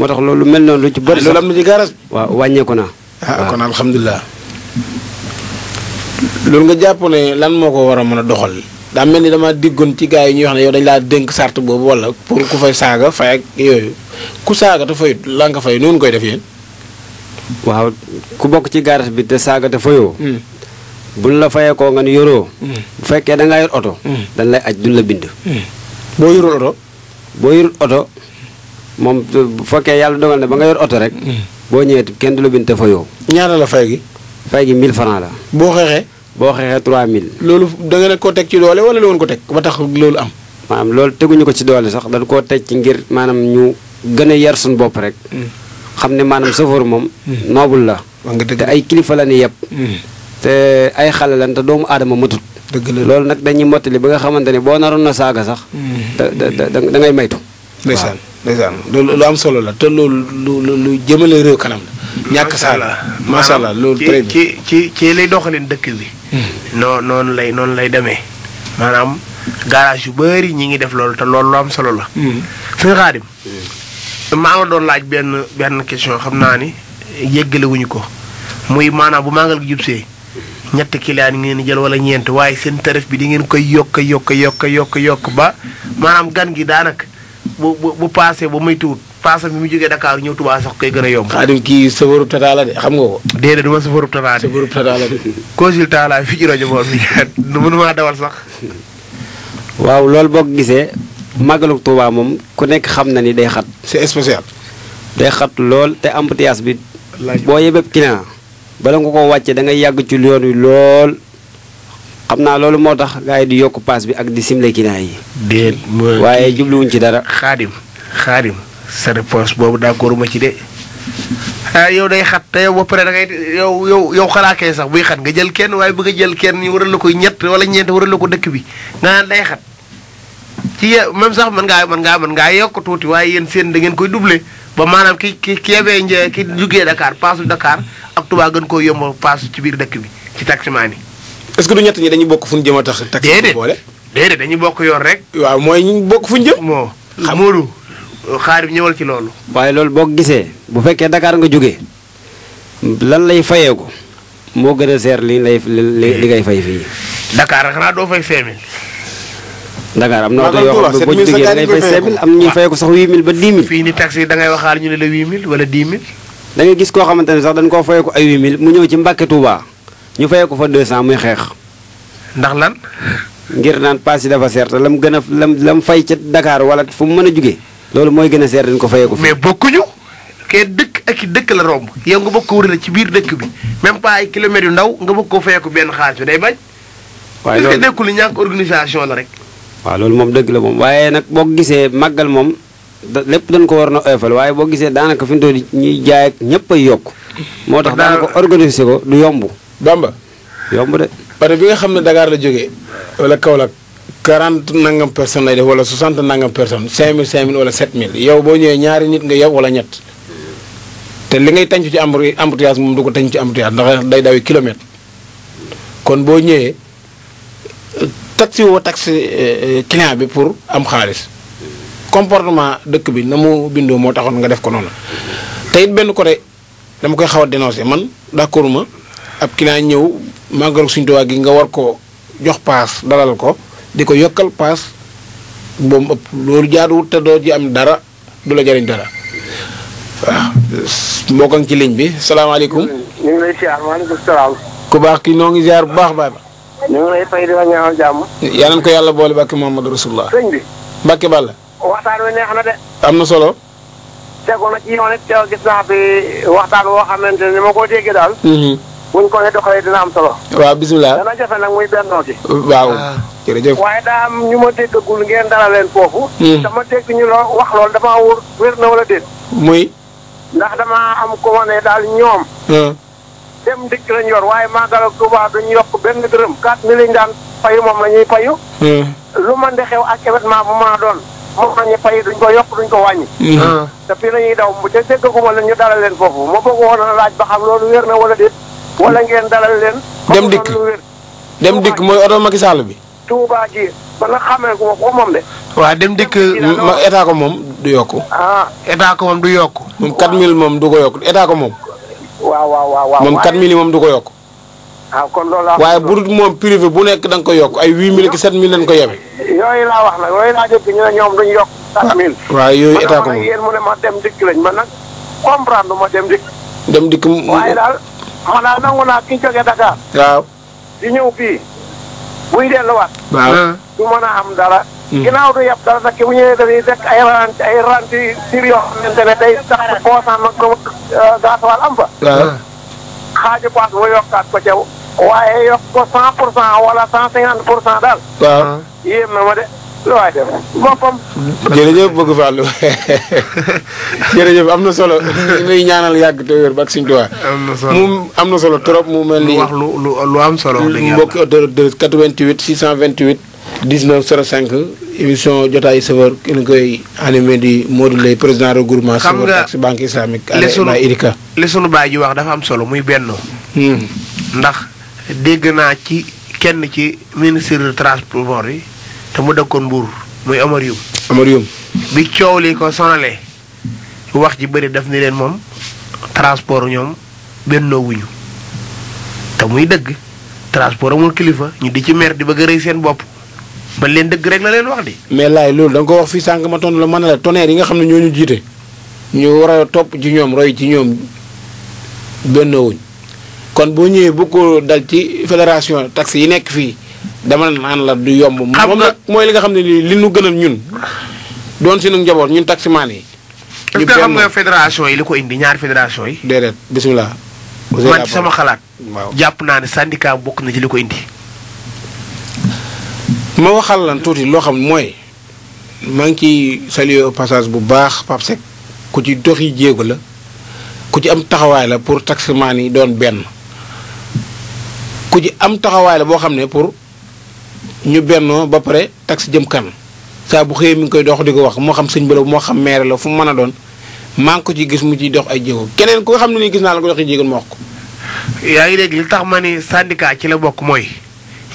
moo tax loolu mel noonu lu ci bëri. Ah, loolu am na ci garage waaw wàññeeku na ah kon alhamdulilah. loolu nga jàpp ne lan moo ko war a mën a doxal. daa mel ni dama déggoon ci gaa yi ñuy wax ne yow dañ laa dénk sart boobu wala pour ku fay saaga fay ak yooyu ku saaga te fayut la nga fay noonu koy def yéen. waaw ku bokk ci garage bi te saaga te fayoo. Hmm. buñ la fayee nga ni yoroo. Hmm. bu fekkee da ngaa oto. Hmm. dañ lay aj duñ la bind. boo yorul oto. boo yorul oto. moom bu fekkee yàlla dogal ne ba nga yor oto rek. boo ñëwee kenn du la bind te fa yow. ñaata la fay gi. fay gi 1000 francs la. boo xeexee. boo xeexee mille loolu da nga ne ko teg ci doole wala la woon ko teg ba tax loolu am. loolu teguñu ko ci doole sax dañu koo teg ci ngir maanaam ñu gën a yar suñu bopp rek. Hmm. xam ne maanaam chauffeur moom. Hmm. noobul la. te ay kilifa la ni yëpp. Hmm. te ay xale lan te doomu aadama matut. dëgg la loolu nag dañuy mottali ba nga xamante ne boo naroon na saaga sax. da ngay maytu. ndeysaan loolu lu am solo la te loolu lu lu lu jëmale réew kanam la. ñàkk saala macha allah loolu. très ci ci ci lay doxalin dëkk bi. Hmm. noo noonu lay noonu lay demee maanaam garage yu bari ñi ngi def loolu te loolu lu am solo la. Hmm. suñu xaadim. Hmm. maa nga doon laaj benn benn question xam naa ni yéggalewuñu ko muy maanaam bu màngal gi jubsee ñetti client yi ngeen jël wala ñeent waaye seen tarif bi di ngeen koy yokk yokk yokk yokk yokk ba maanaam gan gi daanaka. bu bu bu paasee ba moytuwut paase bi mu jógee Dakar ñëw Touba sax koy gën a yomb. xaadim kii sëfërub Tata de xam nga ko. déedéet du ma sëfërub Tata de. sëfërub Tata la de. consultant laa fi ci rajo boor bi *laughs* mënumaa dawal sax. waaw loolu boo ko gisee màggalu Touba moom ku nekk xam na ni day xat. c'est spécial. day xat lool te embouteillage bi. boo yebeb client bala nga ko wàccee da ngay yàgg ci yoon wi lool. xam naa loolu moo tax gars di yokk paas bi ak di simle kinaay yi. déet waaye jubluwuñ ci dara. xaadim xaadim sa réponse boobu d'accord ma ci de. ah yow day xat te yow ba pare da ngay yow yow yow xalaakee sax buy xat nga jël kenn waaye bëgg a jël kenn waral la ko ñett wala ñeent waral la ko dëkk bi nga naan day xat. ci même sax man ngaa mën ngaa mën ngaa yokk tuuti waaye yéen seen da ngeen koy doublé ba maanaam ki ki ki yebee ki jugee Dakar paasu Dakar ak Touba gën koo yombal paas ci biir dëkk bi ci taximaan yi est que du ñett ñi dañu bokk fu jëm a tax. tax déedéet boole déedéet dañuy bokk yoon rek. waaw mooy ñu bokk fu ñu jëm. moo xamulu xaar bi ñëwal ci loolu. waaye loolu boo gisee bu fekkee Dakar nga jógee lan lay fayeeku moo gën a seer li lay li ngay fay fii. Dakar xanaa doo fay 5000. Dakar am na oto yoo xam ne boo jógee da fay 5000 am ñuy fayeeku sax 8000 ba 10 000. fii ne la da ngay gis koo xamante sax dañ koo fayeeku ay 8000 mu ñëw ci Mbàkke Touba. ñu fayee ko fa 200 muy xeex. ndax lan. ngir naan paas yi dafa seer la lam gën a la lam fay ca Dakar wala fu mu mën a jugee. loolu mooy gën a seer dañ ko fayee ko. mais bokkuñu. kee dëkk ak i dëkk la romb. yow nga bëgg ko wërale ci biir dëkk bi même pas ay kilomètres yu ndaw nga bëgg ko fayee ko benn xaalis bi day bañ. waaye loolu nekkul ñàkk organisation la rek. waaw loolu moom dëgg la moom waaye nag boo gisee màggal moom lépp dañ ko war na oyofal waaye boo gisee daanaka fi mu toll ñuy jaay ñëpp ay yokk. moo tax daanaka organiser ko du yomb. Bamba. yomb de. parce bi nga xam ne Dakar la jógee. wala Kaolack. 40 nangam personnes lay def wala 60 nangam personnes 5000 5000 wala 7000 yow boo ñëwee ñaari nit nga yow wala ñett te li ngay tàncu ci embouteillage moom du ko tàncu ci embouteillage ndax day dawi kilomètre kon boo ñëwee taxi woo taxi euh, client bi pour am xaalis comportement dëkk bi na mu bindoo moo taxoon nga def ko noonu te it benn côté dama koy xaw a dénoncé man d'accord ma. ab client ñëw màggalu Sëriñ Tuubaa gi nga war ko jox paas dalal ko di ko yokkal paas boobu ëpp loolu jaaduwul te doo ci am dara du la jariñ dara waaw mbokk ngi ci ligne bi salaamaaleykum. ñu ngi ku baax ki noo ngi ziar bu baax baax. ñu ngi ko yàlla boole bàkki Muhammadu Rasulullah. sëñ bi. Mbàkke Balla. waxtaan wi neex na de. am na solo. tegu na ci yoon it gis naa fi waxtaan woo xamante ni ma ko déggee daal. Mm-hmm. buñ ko ne doxalee dina am solo. waaw bisimilah dana jafe nag muy bennoo gi. waaw ah. waaye daa am ñu ma déggagul ngeen dara leen foofu. dama hmm. dégg ñu loo wax loolu dama wóor wér na wala déet. muy. ndax dama am ko ma ne daal ñoom. Hmm. dem dikk lañ yor waaye màggal ak Tuubaa duñ yokk benn dërëm 4 lañ daan payu moom la ñuy payu. Hmm. lu man di xew ak événement bu ma doon moom la ñuy payu duñ ko yokk duñ ko wàññi. Ah. te fii ñuy daw bu ca déggaguma leen ñu dara leen foofu ma bëgg na wala déet. wala ngeen dalal leen. dem dikk dem dikk mooy oto Macky Sall bi. Touba ji ba nga xamee ko ko moom dem dikk ma état moom du yokk ah état ko moom du yokku. moom 4000 moom du ko yokku état ko moom. waaw waaw waaw waaw moom 4000 moom du ko yokk ah, kon loolu laa waaye bu dul moom privé bu nekk da nga ko yokk ay 8000 ak 7000 lañ ko yeme. yooyu laa wax nag yooyu laa ñu yokk. 4000 ah, waaw yooyu état ko moom ma dem dikk lañ man nag comprendre ma dem dikk. dem dikk xanaa nangu naa ki jógee Dakar. waaw. di ñëw fii. buy delluwaat. waaw ah. du mën a am dara. Hmm. ginnaaw du yab dara nag bu ñëwee dañuy dekk ay rant ay rant yu sur yoo xamante ne day tax boosaan nag ko euh, gaasawal am fa. waaw ah. xaaju paas mu yokkaat ko ca waaye yokk ko cent pour cent wala cent cinquante pour cent daal. waaw ah. yéem ma de. lu waay def boppam. jërëjëf bëgg *laughs* am na solo muy ñaanal yàgg te wér ba ak suñu tuwaa. am na solo mu am na solo trop mu mel ni. wax lu lu lu am solo. dëgg mbokki auditeurs 88 628 19 cinq émission jotaayu safar ki nga koy animé di Modou Leye président regroupement. xam nga si banque islamique. li sunu li sunu baay ji wax dafa am solo muy bennoo hmm. ndax dégg naa ci kenn ci ministre de transport yi. te mu dëkkoon mbuur muy Omar Youm. bi coow li ko sonalee wax ji bari daf ni leen moom transport ñoom bennoo wuñu te muy dëgg transport amul kilifa ñu di ci meer di bëgg a seen bopp man leen dëgg rek la leen wax di. mais laay loolu da nga ko wax fii sànq ma tontu la mën na la tonnerre yi nga xam ne ñoo ñu jiite ñu war topp ci ñoom roy ci ñoom bennoo wuñ kon boo ñëwee bu ko dal ci fédération taxi yi nekk fii. demal naan la du yomb. moom nag mooy li nga xam ne li li nu gënal ñun. doon si nu njaboot ñun taximaan yi. ñu benn xam nga yi li ko indi ñaari fédération yi. déedéet bisimilah. man xalaat. waaw jàpp naa ne syndicat bokk na ci li ko indi. ma waxal lan tuuti loo xam mooy maa ngi ciy salué passage bu baax Pape Seck ku ci doxi jéego la ku ci am taxawaay la pour taximaan yi doon benn ku ci am taxawaay la boo xam ne pour. ñu bennoo ba pare tax jëm kan saa bu xëyee mi ngi koy dox di ko wax moo xam sëñ bi moo xam maire la fu mu mën a doon maa ngi ko ci gis mu ciy dox ay jéego keneen ku xam ne nuy gis naa la ko dox ay jéego ma ko. yaa ngi dégg li tax ma ni syndicat ci la bokk mooy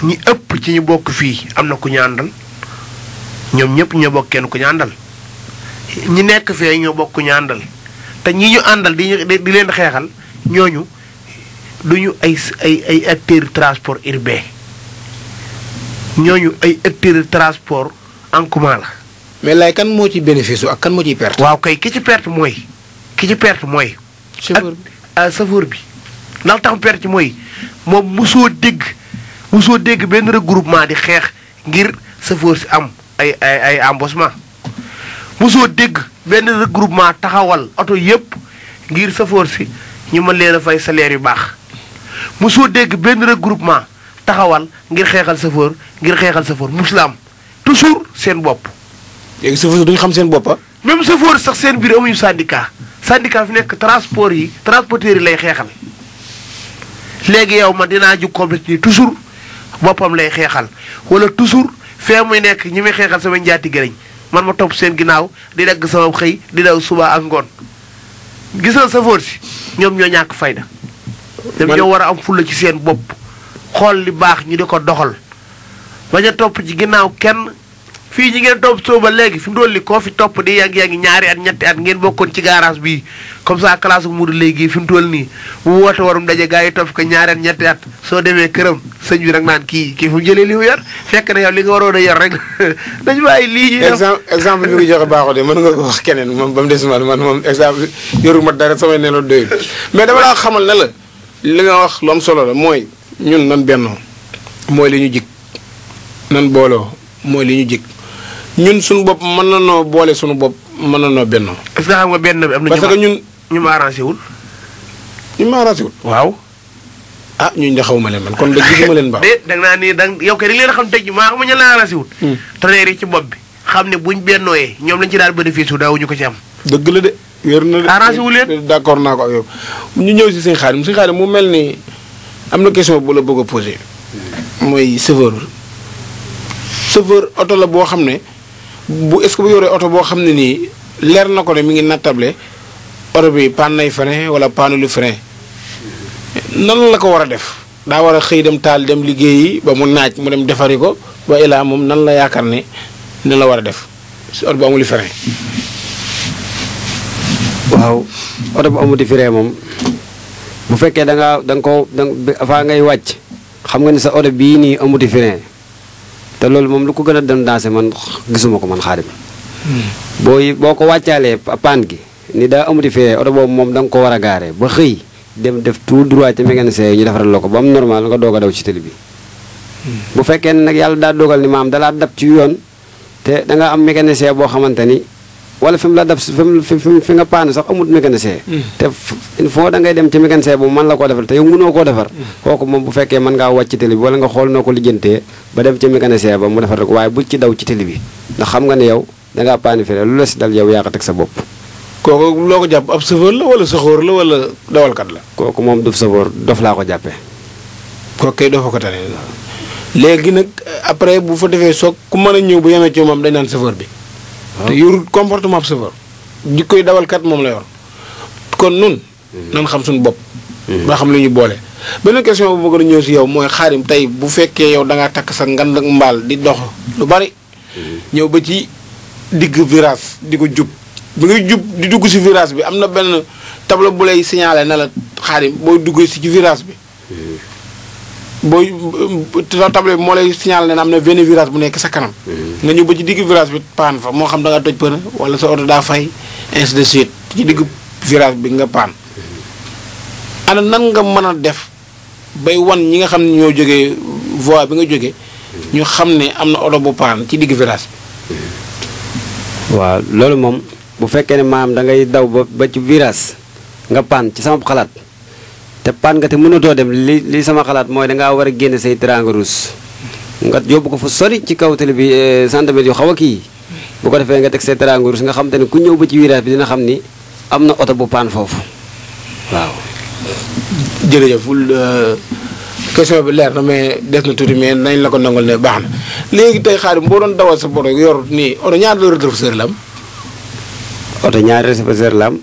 ñi ëpp ci ñu bokk fii am na ku ñu àndal ñoom ñëpp ñoo bokk kenn ku ñu àndal ñi nekk fee ñoo bokk ñu àndal te ñi ñu àndal di di leen xeexal ñooñu duñu ay ay ay acteurs transport urbain. ñooñu ay acteurs de transport en la. mais lay kan moo ci bénéfice ak kan moo ciy perte. waaw kay ki ci perte mooy ki ci perte mooy. chauffeur bi ah, bi. ndax tax perte mooy moom mosoo dégg mosoo dégg benn groupement di xeex ngir chauffeur si am ay ay ay embauchement mosoo dégg benn groupement taxawal oto yépp ngir chauffeur si ñu mën leen a fay salaire yu baax mosoo dégg benn groupement taxawal ngir xeexal chauffeur ngir xeexal chauffeur muslaam toujours seen bopp. léegi chauffeur duñu xam seen bopp ah? même chauffeur sax seen biir amuñu syndicat syndicat fi nekk transport yi transporteurs yi lay xeexal léegi yow ma dinaa jug complet ci toujours boppam lay xeexal wala toujours fee muy nekk ñi may xeexal sama njaati gëriñ man ma topp seen ginnaaw di dagg sama xëy di daw suba ak ngoon gisal na chauffeur si ñoom ñoo ñàkk fayda. dem ñoo war a am fulla ci seen bopp. xool li baax ñu di ko doxal bañ a topp ci ginnaaw kenn fii ñi ngeen topp soo ba léegi fi mu doon li koo fi topp di yàgg yàgg ñaari at ñetti at ngeen bokkoon ci gaaraas bii comme ça classe mu di léegi fi mu toll nii bu woote warum daje gaa yi topp ko ñaari at ñetti at soo demee këram sëñ bi rek naan kii kii fu mu jëlee li mu yor fekk na yow li nga waroon a yor rek *laughs* dañu bàyyi lii ñu exemple exemple bi nga joxe baaxoo de mën nga ko wax keneen moom ba mu des man man moom exemple yoru ma dara samay ne mais dama laa xamal ne la li wax lu solo la mooy ñun nan bennoo mooy li ñu jig nan booloo mooy li ñu jig ñun suñu bopp mën na noo boole suñu bopp mën na noo bennoo. est-ce que xam nga benn bi am na. parce que ñun ñu arrangé wul. ñu ma arrangé wul. waaw. ah ñun de xaw ma leen man kon de gisuma leen baax. *laughs* de da nga naa ni da yow kay da leen xam tëj maa xam ne ñu la ci bopp bi. xam ne buñ bennooyee ñoom lañ ci daal bénéfice wu daawuñu ko ci am. dëgg la de. wér na de leen d'accord naa ko ak ñu ñëw si seen xaalis seen mu mel nii am na question bu la bëgg pose mooy chauffeur chauffeur oto la boo xam ne bu est-ce bu yoree oto boo xam ne nii leer na ko ne mi ngi nattable oto bi paan nay frein wala paanu lu frein nan la ko war a def daa war a xëy dem taal dem liggéeyi ba mu naaj mu dem defari ko ba ilaa moom nan la yaakaar ne nan la war a def si oto bu amul frein waaw oto bu amul frein moom bu fekkee da danga da nga ko da avant ngay wàcc xam nga ni sa oto bii nii amuti frein te loolu moom lu ko gën a dem dansé man gisuma ko man xaadim boo boo ko wàccaalee paan gi ni daa amuti frein oto boobu moom danga ko war a gaaree ba xëy dem def tout droit ci mécanicien yi ñu defaral la ko ba am normal nga doog a daw ci télé bi bu fekkee nag yàlla daa dogal ni maam dalaa dab ci yoon te da nga am mécanicien boo xamante ni wala fi mu la def fi fi nga paanu sax amut mécanicien hmm. te il faut dem ci mécanicien bu man la koo defal te yow mënoo koo defar hmm. kooku moom bu fekkee mën ngaa wàcc ci télé bi wala nga xool noo ko ba dem ci mécanicien ba mu defar rek waaye daw ci télé bi ndax xam nga ne yow dangaa paani fere lu dal yow yaa sa bopp kooku loo ko jàpp ab chauffeur la wala soxoor la wala dawalkat la kooku moom du chauffeur dof laa ko jàppe kooku kay dofa ko tane léegi nag après bu fa defee soog ku mën a ñëw bu yemee ci moom dañ naan chauffeur bi te yorul comportement bu chauffeur jikkoy dawalkat moom la yor kon nun nan xam suñu bopp. Hmm. ba xam lu ñu boole. benn question bu bëgg a ñëw si yow mooy xaarim tey bu fekkee yow da takk sa ngand ak mbaal di dox lu bari. Hmm. ñëw ba ci digg virage di ko jub bi nga jub di dugg si virage bi am na benn tableau bu lay signalé na la xaarim boo duggee si ci virage bi. Hmm. booy euh, table bi moo lay signalé ne am na benn bu nekk sa kanam. Mhm. nga ñëw ba ci digg virage bi paan fa moo xam da nga toj pneu wala sa oto daa fay ainsi de suite ci diggu virage bi nga paan. Mhm. ana nan nga mën a def bay wan ñi nga xam ne ñoo jógee voie bi nga jóge mhm. ñu xam ne am na oto bu paan ci diggu virage bi. waaw loolu moom bu fekkee ne maam da ngay daw ba ba ci virage nga paan ci sama xalaat. te paan nga te mënatoo dem li li sama xalaat mooy dangaa war a génne say teraanga ruus nga yóbbu ko fa sori ci kaw télé bi eh, centimètres yu xaw a kii bu ko defee nga teg say teraanga ruus nga xam ne ku ñëw ba ci virage bi dina xam ni am na oto bu paan foofu waaw. jërëjëf euh, question bi leer na mais des na tuuti mais nañ la ko nangal ne baax na léegi tey xaarim boo doon dawal sa borom yor nii oto ñaar rétroviseur la am. oto ñaari rétroviseur la am.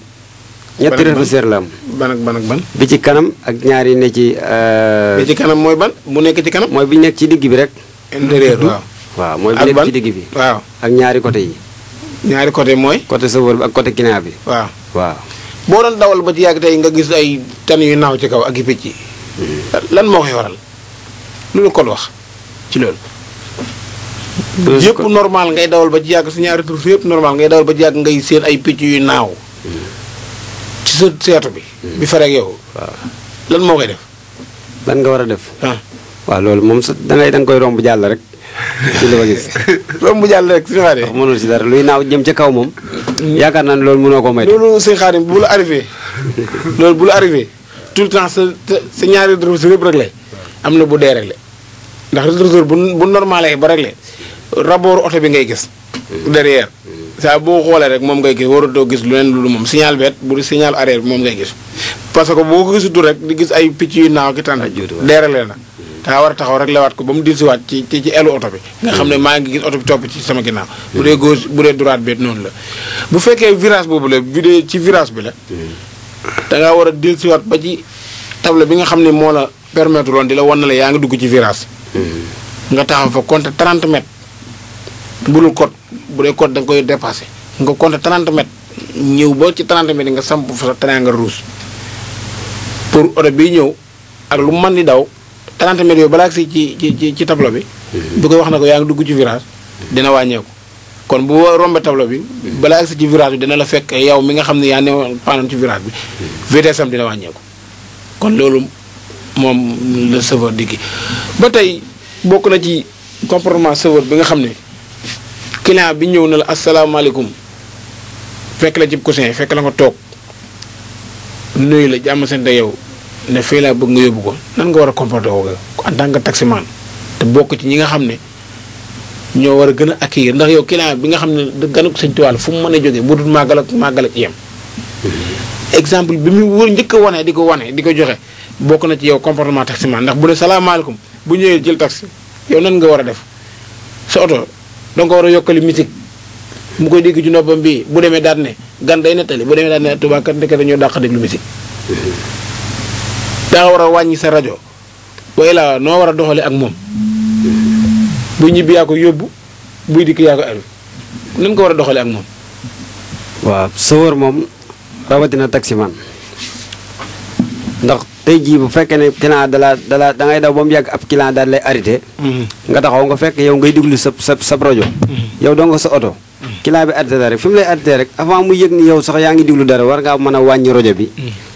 ñetti réfrigérateur la am. ban ak ban ak ban. bi ci kanam ak ñaari ne ci. Euh, bi ci kanam mooy ban mu nekk ci kanam. mooy bi nekk ci digg bi rek. intérieur waaw. waaw mooy bi nekk ci digg bi. waaw ak ñaari côté yi. ñaari côté mooy. côté chauffeur bi ak côté client bi. waaw waaw. boo doon dawal ba ci yàgg tey nga gis ay tan yuy naaw ci kaw ak i picc. Hmm. lan moo koy waral. lu la kon wax ci loolu. yëpp normal ngay dawal ba ci yàgg si ñaari tur yëpp normal ngay dawal ba ci yàgg ngay ay picc yu naaw. Hmm. ci sa seetu bi. Hmm. bi far ak yow. lan moo koy def. lan nga war a def. Ah. waaw loolu moom sa da ngay da nga koy romb jàll rek. ci li ma gis. *laughs* romb jàll rek sëñ si dara luy naaw jëm ca kaw moom. Hmm. yaakaar naa ne loolu mënoo koo may. loolu sëñ Xaadim bu la arrivé *laughs* loolu bu la arrivé tout le temps sa sa ñaari rétroviseur yëpp réglé am na bu dee réglé ndax rétroviseur bu bu normalé ba réglé rapport oto bi ngay gis. Hmm. derrière. saa boo xoolee rek moom ngay gis waratoo gis lu leen lu moom signal bête bu signal arrière bi moom ngay gis parce que boo ko gisutul rek di gis ay picc yu naaw ki tànn deerale na war a taxaw rek lewaat ko ba mu dilsiwaat ci ci ci elu bi nga xam ne maa ngi gis oto topp ci sama ginnaaw bu dee gauche bu dee droite bi noonu la bu fekkee virage boobu la bu dee ci virage bi la dangaa war a dilsiwaat ba ci table bi nga xam ne moo la permettre loon di la wan na la yaa ngi dugg ci virage hmm. nga taxaw fa compter 30 mètres bu dul code bu dee code da nga koy dépassé nga compter 30 mètres ñëw ba ci 30 mètres nga samp fa sa triangle rouge pour oto bi ñëw ak lu mën di daw 30 mètres yooyu balaa si ci ci ci tableau bi. Hmm. bu koy wax na ko yaa ngi dugg ci virage hmm. dina wàññeeku. kon bu rombe tableau bi hmm. balaa agsi ci virage bi dina la fekk yow mi nga xam ne yaa ne paanoon ci virage bi vitesse am dina wàññeeku kon loolu moom la chauffeur di ba tey bokk na ci comportement chauffeur bi nga xam ne client bi ñëw na la asalaamaaleykum fekk la ci cousin fekk la nga toog nuyu la jàmm seen yow ne fii laa bëgg nga yóbbu ko nan nga war a te bokk ci ñi nga xam ne ñoo war a gën a accueillir ndax yow client bi nga xam ne ganuk Sëñ Tuubaa fu mu mën a jógee bu dul màggal ak màggal ak exemple bi mu wër njëkk wane di ko wane di ko joxe bokk na ci yow comportement taximan ndax bu ne salaamaaleykum bu ñëwee jël taxi yow nan nga war a def sa oto da ko war a yokkali musique mu koy dégg ci noppam bi bu demee daat ne gan day nettali bu demee daat ne Tuubaa kat ndeke dañoo dàq déglu musique daa war a wàññi sa rajo waaye laa noo war a doxalee ak moom bu ñibbi yaa ko yóbbu buy dikk yaa ko awi nan ko war a doxalee ak moom. waaw sawar moom rawatina taximan ndax tey jii bu fekkee ne client dala dala da ngay daw ba mu yàgg ab client daal lay arrêté. Mhm. nga taxaw nga fekk yow ngay déglu sa sa sa rajo. Mhm. yow dong sa oto. Mhm. client bi arrêté la fi mu lay arrêté rek avant mu yëg ni yow sax yaa ngi déglu dara war ngaa mën a wàññi rajo bi.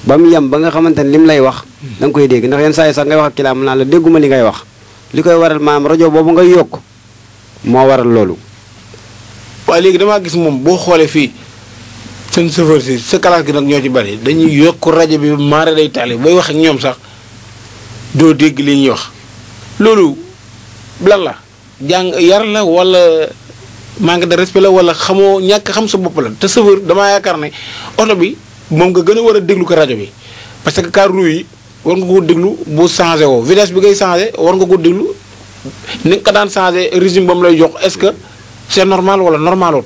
ba mu yem ba nga xamante ne li lim lay wax. da koy dégg ndax yenn saa yi sax ngay wax a client mu naan la dégguma li ngay wax. li koy waral maanaam rajo boobu ngay yokk moo waral loolu. waaye léegi damaa boo xoolee fii. seen chauffeur si sa classe gi nag ñoo ci bari dañuy yokk rajo bi maare day taali booy wax ak ñoom sax doo dégg li ñuy wax loolu lan la jàng yar la wala manque de respect la wala xamoo ñàkk xam sa bopp la te chauffeur damaa yaakaar ne oto bi moom nga gën a war a déglu ko rajo bi parce que car roue war nga ko déglu bu changé woo vitesse bi ngay changé war nga ko déglu ni nga ko daan changé régime ba lay jox est-ce que c'est normal wala normalul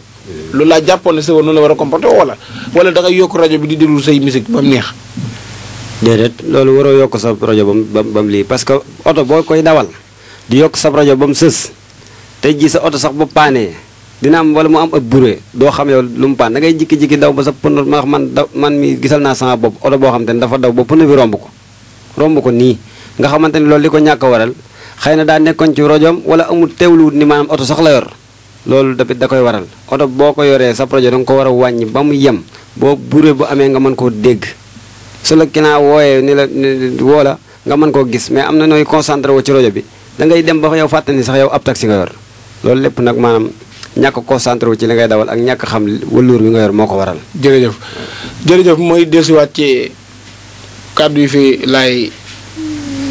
loolu laa jàppoon ne woon war la war a comporté wala wala da nga yokk rajo bi di déglu say musique ba neex. déedéet loolu waroo yokk sa rajo ba mu ba lii parce que oto boo koy dawal di yokk sa rajo ba sës te jii sa oto sax bu paanee dina am wala mu am ab buré doo xamee yow lu mu paan da ngay jikki-jikki daw ba sa pneu ma man da man mi gisal naa sama bopp oto boo xam te ne dafa daw ba pneu bi romb ko romb ko nii nga xamante ne loolu li ko ñàkk waral xëy na daa nekkoon ci rojom wala amul teewluwut ni maanaam oto sax la yor loolu tamit da koy waral oto boo ko yoree sa projet da nga ko war a wàññi ba mu yem boo buree bu amee nga mën koo dégg su la kinaa wooyee ni la woo nga mën koo gis mais am na nooy concentré wu ci rajo bi da ngay dem ba yow fàttali sax yow ab taxi nga yor loolu lépp nag maanaam ñàkk concentré wu ci li ngay dawal ak ñàkk xam wëlluur bi nga yor moo ko waral. jërëjëf jërëjëf mooy desuwaat ci kàddu yi fi lay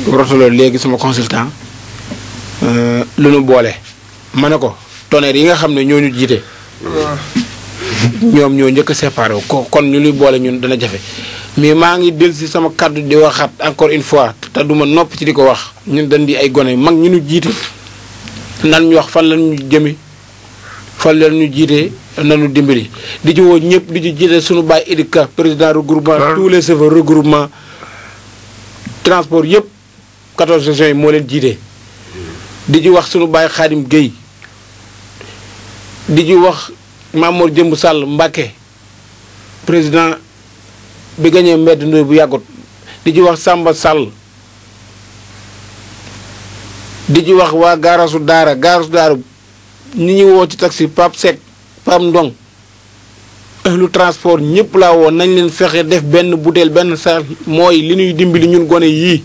rotaloo léegi suma consultant euh, lu nu boole ma ne ko. tonnerre yi nga xam ne ñoo ñu jiite. ñoom ñoo njëkk a ko kon ñu luy boole ñun dana jafe mais maa ngi del si sama kàddu di waxaat encore une fois te duma nopp ci di ko wax ñu dañ di ay gone mag ñu nu jiite nan ñu wax fan lañu ñu jëme fan lañ ñu jiite nanu dimbali di ci woo ñëpp di ci jiite suñu baay idika président regroupement tous les chefs regroupement transport yëpp 14 régions yi moo leen jiite di ci wax suñu baay Xaadim Guèye di ci wax Mamour Jëmb sàll Mbacke président bi gañee mbedd ndoy bu yàggut di ci wax sàmba sàll di ci wax waa gaarasu daara gaarasu daara ni ñuy woo ci taxi Pape Seck Pape Ndong ahlu transport ñëpp laa woon nañ leen fexe def benn butéel benn sal mooy li ñuy dimbili ñun gone yii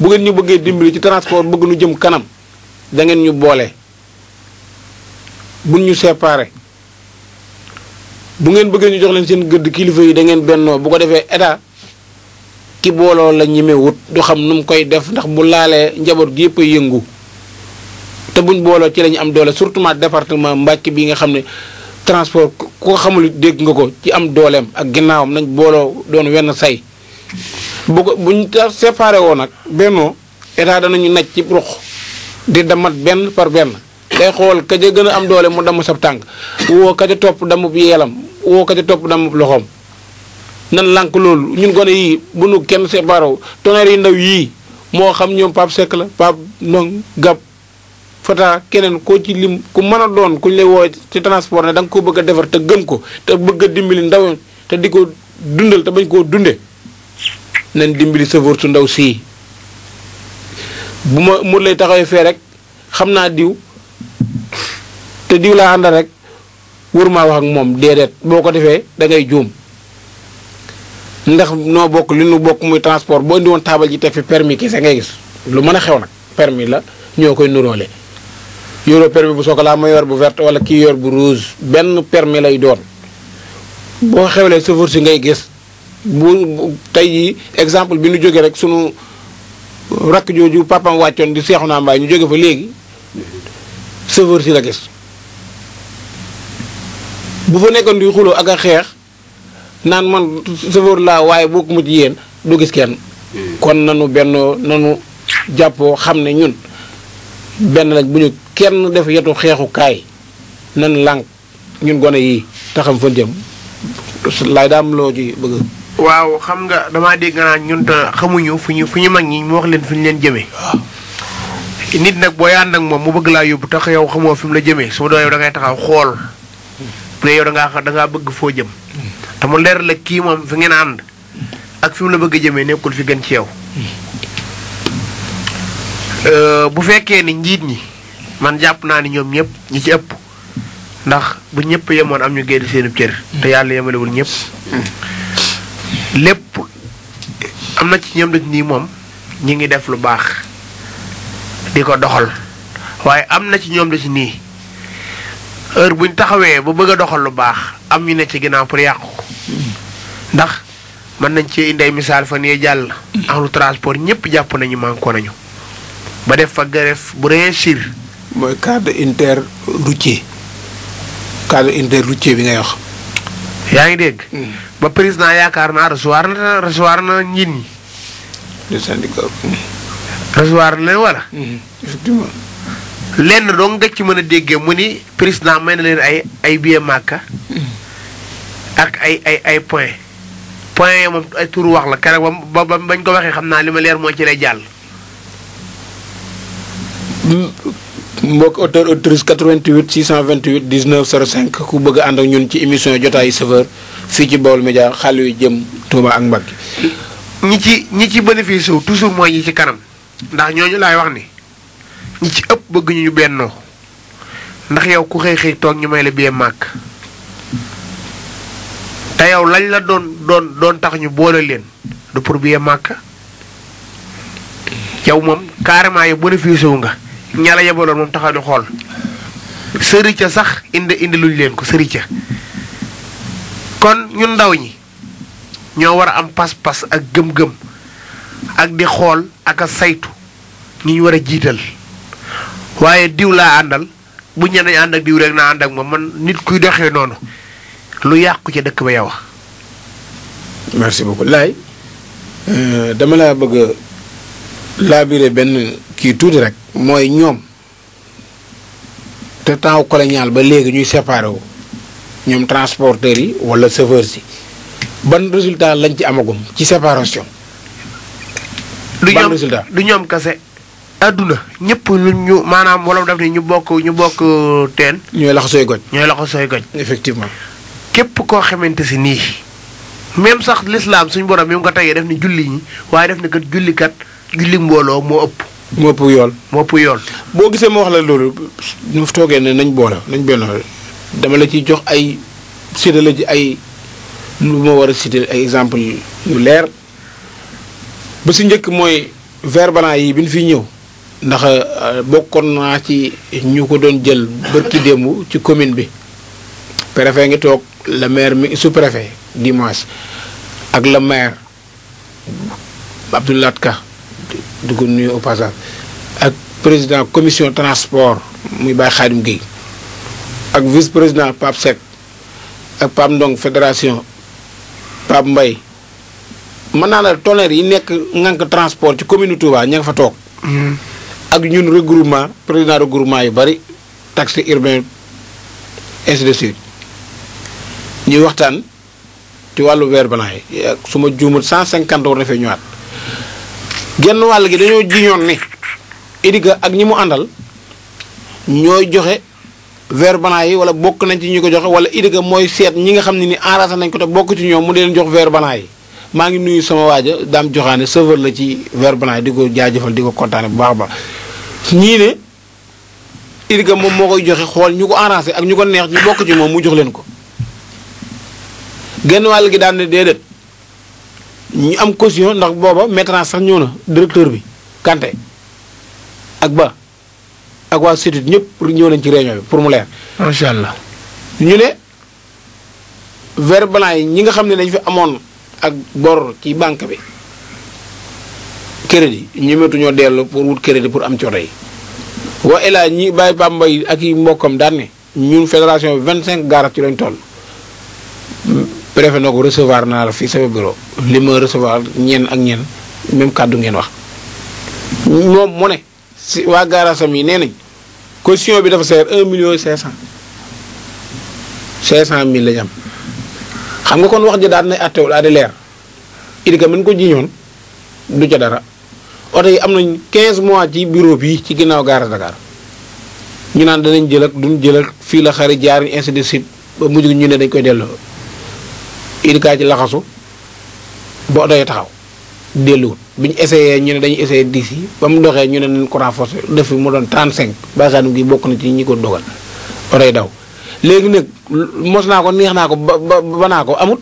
bu ngeen ñu bëggee dimbali ci transport bëgg nu jëm kanam dangeen ñu boole buñ ñu séparé bu ngeen bëggee ñu jox leen seen gëdd kilifa yi da ngeen bennoo bu ko defee état ki booloo la ñeme du xam nu koy def ndax bu laalee njaboot gi yëpp a yëngu te buñ booloo ci lañu am doole surtout ma département Mbàkke bi nga xam ne transport ku ko xamul dégg nga ko ci am dooleem ak ginnaawam nañ booloo doon wenn say bu ko buñ séparé woo nag bennoo état danañu naj ci ruq di damat benn par benn day xool kaj ca gën a am doole mu damm sab tànk woo ka ca topp dammub yeelam woo ka ca topp dammub loxoom nan lànk loolu ñun gone yi bu nu kenn séparé tonnerre yi ndaw yii moo xam ñoom Pape Seck la Pape Ndong Gab Fata keneen koo ci lim ku mën a doon ku ñu lay woowe ci transport ne da nga ko bëgg a defar te gëm ko te bëgg a dimbali ndaw te di ko dundal te bañ koo dunde nañ dimbali sëfoor su ndaw sii bu ma mu lay taxawee fee rek xam naa diw te diw laa àndal rek wër maa wax ak moom déedéet boo ko defee da ngay juum ndax noo bokk li nu bokk muy transport boo indi woon taabal ji teg fi ki kese ngay gis lu mën a xew nag permis la ñoo koy nuroole yoroo permis bu sokolaa laa yor bu verte wala kii yor bu rouge benn permis lay doon boo xewlee chauffeur si ngay gis bu tey jii exemple bi nu jógee rek sunu rakk jooju papam wàccoon di seexu naa mbaay ñu jóge fa léegi chauffeur si la gis bu fa nekkoon di xuloo ak a xeex naan man sëfoor laa waaye bokk mu ci yéen du gis kenn. Hmm. kon nanu bennoo nanu jàppoo xam ne ñun benn lañ bu ñu kenn def yetu xeexukaay nan lànk ñun gone yii taxam fa jëm laay daam loo ci bëgg. waaw xam nga damaa dégg naa ñun ta xamuñu fu ñu fu ñu mag ñi mu wax leen fu ñu leen jëmee. nit nag booy ànd ak moom mu bëgg laa yóbbu tax yow xamoo fi mu la jëmee su ma doon yow taxaw xool. bu dee yow da bëgg foo jëm. te leer la kii moom fi ngeen ànd. ak fi la bëgg a jëmee nekkul fi gën ci yow. Euh, bu fekkee ni njiit ñi man jàpp naa ni ñoom ñëpp ñi ci ëpp ndax bu ñëpp yemoon am ñu génn seen cër. te yàlla yemalewul ñëpp. lépp am na ci ñoom nit ñi moom ñi ngi def lu baax di ko doxal waaye am na ci ñoom da nii heure buñ taxawee ba bëgg a doxal lu baax am ñu ne ci ginnaaw pour yàqu ndax mën nañ ci indi ay misaal fan yee jàll ahlu transport ñëpp jàpp nañu mànkoo nañu ba def fa grève bu réussir mooy cadre interroutier cadre interroutier bi ngay wax yaa ngi dégg hmm. ba président yaakaar naa recevoir na recevoir na njiit ñi wala hmm. lenn dong nga ci mën a déggee mu ni président may na leen ay ay billet màkka ak ay ay ay point point yo moom ay turu wax la keroog ba ba bañ ko waxee xam naa li ma leer mooy ci lay jàll. mbokk auteur autrice 88 628 19 05 ku bëgg a ànd ak ñun ci émission jotaayu chauffeur fii ci Baol Média xale yu jëm Touba ak Mbacké. ñi ci ñi ci bénéfice wu toujours mooy ñi ci kanam ndax ñooñu laay wax ni. ñu ci ëpp bëgg ñu bennoo ndax yow ku xëy xëy toog ñu may la bee màkk te yow lañ la doon doon doon tax ñu boole leen du pour bee màkk yow moom carrément yow bénéficié wu nga ña la yebaloon moom taxaw di xool sëri ca sax indi indi leen ko sëri ca kon ñu ndaw ñi ñoo war a am pas-pas ak gëm-gëm ak di xool ak a saytu ñi war a jiital waaye diw laa àndal bu ñenn ñi ànd ak diw rek naa ànd ak moom man nit kuy doxee noonu lu yàqu ci dëkk ba yow. merci beaucoup laay euh, dama laa bëgg a laabiré benn kii tuuti rek. mooy ñoom te temps colonial ba léegi ñuy séparé wu ñoom transporteurs yi wala chauffeurs yi ban résultat lañ ci amagum ci séparation. ban du ñoom kase. adduna ñëpp ñu maanaam wolof daf ne ñu bokk ñu bokk euh, teen. ñooy laxasooy goj. ñooy laxasooy goj. effectivement. képp koo xamante si nii même sax l'islam suñu borom bi mu ko tegee def ni julli ñi waaye def ni kat julli kat julli mbooloo moo ëpp. moo ëpp yool. moo ëpp boo gisee ma wax la loolu mu toogee ne nañ boole nañ benn dama la ciy jox ay séddale ji ay lu ma war a cité ay exemple yu leer ba si njëkk mooy vers blanc yi bi ñu fiy ñëw. ndax euh, bokkoon naa ci ñu ko doon jël bërki démb ci commune bi préfet ngi toog le maire mi sous préfet ak le maire Abdoulaye Ka du ko nuyu ak président commission transport muy Baye Khadim Guèye ak vice président Pape Seck ak Pape Ndong fédération Pape mbay mën naa la tonnerre yi nekk ngànk transport ci commune Touba ña nga fa toog mm-hmm. ak ñun regroupement président regroupement yu bari taxe urbain ainsi de suite ñuy waxtaan ci wàllu weer blanc yi su ma juumal 150 war na fee ñëwaat genn wàll gi dañoo jiñoon ni Idika ak ñi mu àndal ñooy joxe weer blanc yi wala bokk nañ ci ñi ko joxe wala Idika mooy seet ñi nga xam ne ni enragé nañ ko te bokk ci ñoom mu dee leen jox weer blanc yi maa ngi nuyu sama waaja daam joxaane serveur la ci weer blanc yi di ko jaajëfal di ko kontaane bu baax a baax ñii ne irga moom moo koy joxe xool ñu ko arrangé ak ñu ko neex ñu bokk ci moom mu jox leen ko genn wàll gi daal ne déedéet ñu am caution ndax booba maîtresse sax ñëw na directeur bi Kanté ak ba ak waa CETUD ñëpp ñëw nañ ci réunion bi pour mu leer. macha allah ñu ne vert yi ñi nga xam ne dañ fi amoon ak bor ci banque bi. crédit ñemeetuñoo dellu pour wut crédit pour am ci oto yi wa ilaa ñi bàyyi Bamba yi ak yi mbokkam daan ne ñun fédération bi 25 gaaraat ci lañ toll. préfet na ko recevoir naa la fii sama bureau li ma recevoir ñeen ak ñeen même kàddu ngeen wax moom mu ne si waa gaaraasam yi nee nañ caution bi dafa seer 1 million 500 500000 mille am xam nga kon wax ji daan na àttewul daa di leer Idika mën ko jiñoon du ca dara. oto yi am nañ 15 mois ci bureau bi ci ginnaaw gaara Dakar ñu naan danañ jël ak duñ jël ak fii la xari jaar ainsi de suite ba mu mujj ñu ne dañ koy delloo ilka ci laxasu ba oto yi taxaw delluwut bi ñu essayé ñu ne dañuy essayé 10 yi ba mu doxee ñu ne nañ ko renforcer def fi mu doon 35 baaxaanum gi bokk na ci ñi ko dogal oto yi daw léegi nag mos naa ko neex naa ko ba ba naa ko amut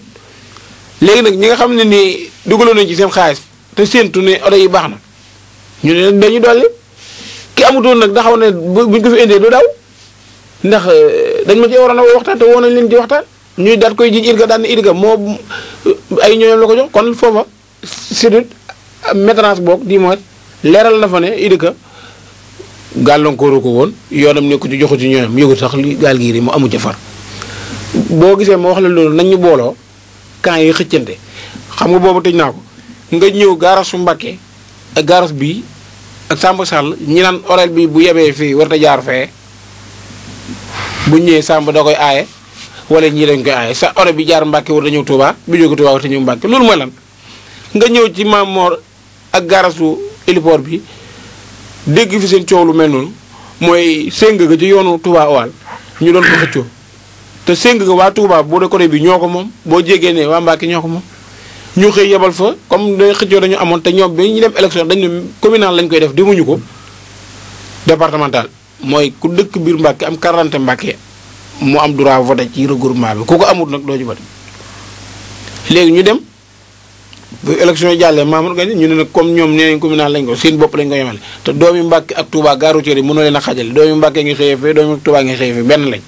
léegi nag ñi nga xam ne nii dugaloon nañ ci seen xaalis te séentu ne oto yi baax na ñu ne leen dañu dolli ki amutoon nag daxaw ne buñ ko fi indee du daw ndax euh, dañ ma ci waroon a waxtaan te woo nañ leen ci waxtaan ñuy daat koy jiñ ka daal ne irga moo euh, ay ñooñam la ko jox kon foofa surtout maintenance boog di mois leeral na fa ne irga gàllankooru ko woon yoonam ne ku ci joxu ci ñooñam yëgu sax li gaal gii mu amu ca far boo gisee ma wax la loolu nañ ñu booloo camp yi xëccante xam nga boobu tëj naa ko nga ñëw gaaras su Mbàkke ak gaaras bii ak Samba Sall ñi naan orel bi bu yebee fii warta jaar fee bu ñëwee Samba da koy aaye wala ñii dañ koy aaye sa orel bi jaar Mbàkke warta ñëw Touba bi jóge Touba warta ñëw Mbàkke loolu nga ñëw ci Maam Mor ak garasu héliport bi dégg fi seen coow lu mel noonu mooy séng ga ci yoonu Touba ñu doon ko xëccoo waa Touba boo dee côté bi ñoo ko moom boo jégee waa Mbàkke ñoo ko moom ñu xëy yebal fa comme dañuy xëccoo dañu amoon te ñoom bi ñu dem élection dañu ne communal lañ koy def di demuñu ko départemental mooy ku dëkk biir Mbàkke am 40 Mbàkke mu am droit voté ci regroupement bi ku ko amul nag doo ci voté léegi ñu dem bu yi jàllee Mamour Gagné ñu ne nag comme ñoom nee nañ communal lañ ko seen bopp lañ ko yemale te doomi Mbàkke ak Touba gare routière yi mënoo leen a xajale doomi Mbàkke ngi xëyee fee doomi Touba ngi xëyee fee benn lañ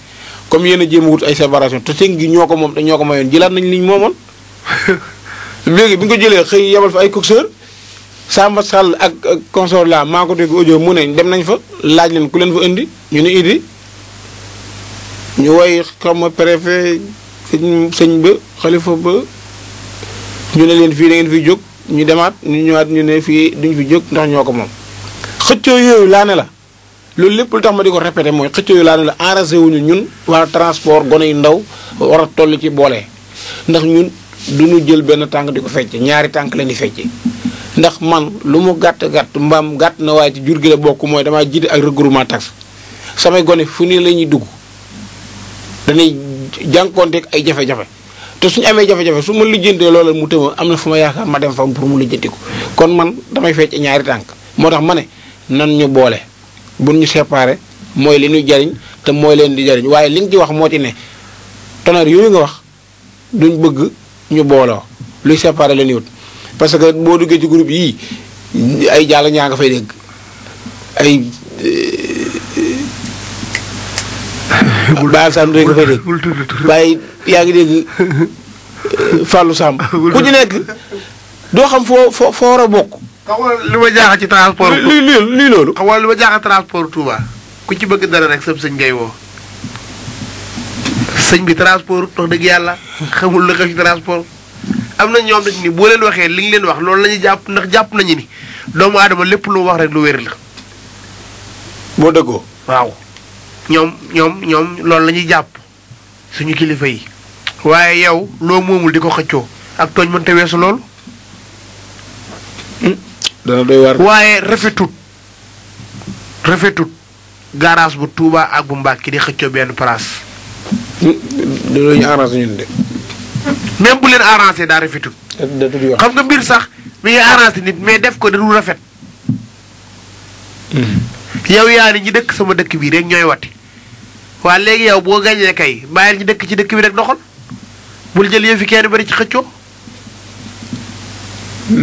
comme a jéem a wut ay séparation ñoo ko moom te ko mayoon jëlaat nañ liñ moomoon *laughs* léegi bi nga jëlee xëy yebal fa ay coxeur Samba Sall ak consort la maa ko dégg audio mu ne dem nañ fa laaj leen ku leen fa indi ñu ne idi ñu woy xam ma préfet sëñ sëñ ba xalifa ba ñu ne leen fii da ngeen fiy jóg ñu demaat ñu ñëwaat ñu ne fii duñ fi jóg ndax ñoo ko moom xëccoo yooyu la loolu lépp lu tax ko répété mooy xëccoo yooyu laa ne la wuñu ñun waa transport gone yu ndaw war a toll ci boole ndax ñun du ñu jël benn tànk di ko fecce ñaari tànk leen di fecce ndax man lu mu gàtt gàtt mbaam gàtt na waaye ci jur gi la bokk mooy damaa jiite ak regroupement tax samay gone fu nii la ñuy dugg dañuy jànkoonteeg ay jafe-jafe te suñu amee jafe-jafe su ma lijjantee loola mu tëma am na fu ma yaakaar ma dem fam pour mu lijjanti ko kon man damay fecc ñaari tànk moo tax ma ne nan ñu boole bu ñu séparé mooy li ñuy jariñ te mooy leen di jariñ waaye li nga ci wax moo ci ne tonnerre yooyu nga wax duñ bëgg ñu booloo luy séparé la ñu wut parce que boo duggee ci groupe yii ay jàll ñaa nga fay dégg ay. baal Sane dégg nga yaa ngi dégg Fallou Samb ku ci nekk doo xam foo foo foo war a bokk. xam nga li ma jaaxal ci transport. lii lii loolu. xam nga li ma jaaxal Touba ku ci bëgg dara rek sëb sëñ ngay woo. sëñ bi transport wax dëgg yàlla xamul la ko ci am na ñoom nag ni boo leen waxee li nga leen wax loolu la ñuy jàpp ndax jàpp nañu ni doomu aadama lépp lu wax rek lu wér la. boo dëggoo. waaw ñoom ñoom ñoom loolu lañuy ñuy jàpp suñu kilifa yi. waaye yow loo moomul di ko xëccoo ak tooñ mënta weesu loolu. Hmm? waaye rafetut rafetut garage bu Touba ak bu Mbàkke di xëccoo benn place. loolu ñu arrangé ñun de. même bu leen arrangé daa rafetul. xam nga mbir sax mi ngi arrangé nit mais def ko dadul rafet. Hmm. yow yaa ni ñi dëkk sama dëkk bii rek ñooy wati waa léegi yow boo gañee kay bàyyil ñi dëkk ci dëkk bi rek doxal bul jël yëfi kenn bari ci xëccoo.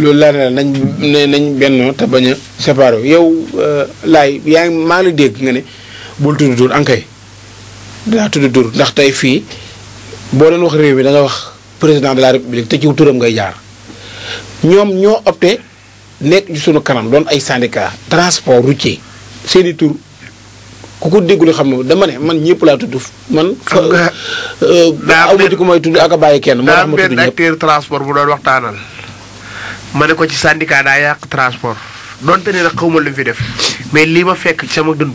loolu laa ne nañ ne nañ benn te bañ a séparé yow euh, laay yaa ngi maa ngi la dégg nga ne bul tudd tur ankay dinaa tudd tur ndax tey fii boo leen wax réew mi da nga wax président de la république te ci turam ngay jaar ñoom ñoo opté nekk ci sunu kanam doon ay syndicat transport routier seen i tur ku ko déggul xam ne dama ne man ñëpp laa tudd man. xam na euh, daa am ku may tudd ak a bàyyi kenn. moo tax ma tudd ñëpp acteur transport bu doon waxtaanal. ma ne ko ci syndicat daa yàq transport. donte ne nag xaw ma lu fi def mais lii ma fekk sama dund.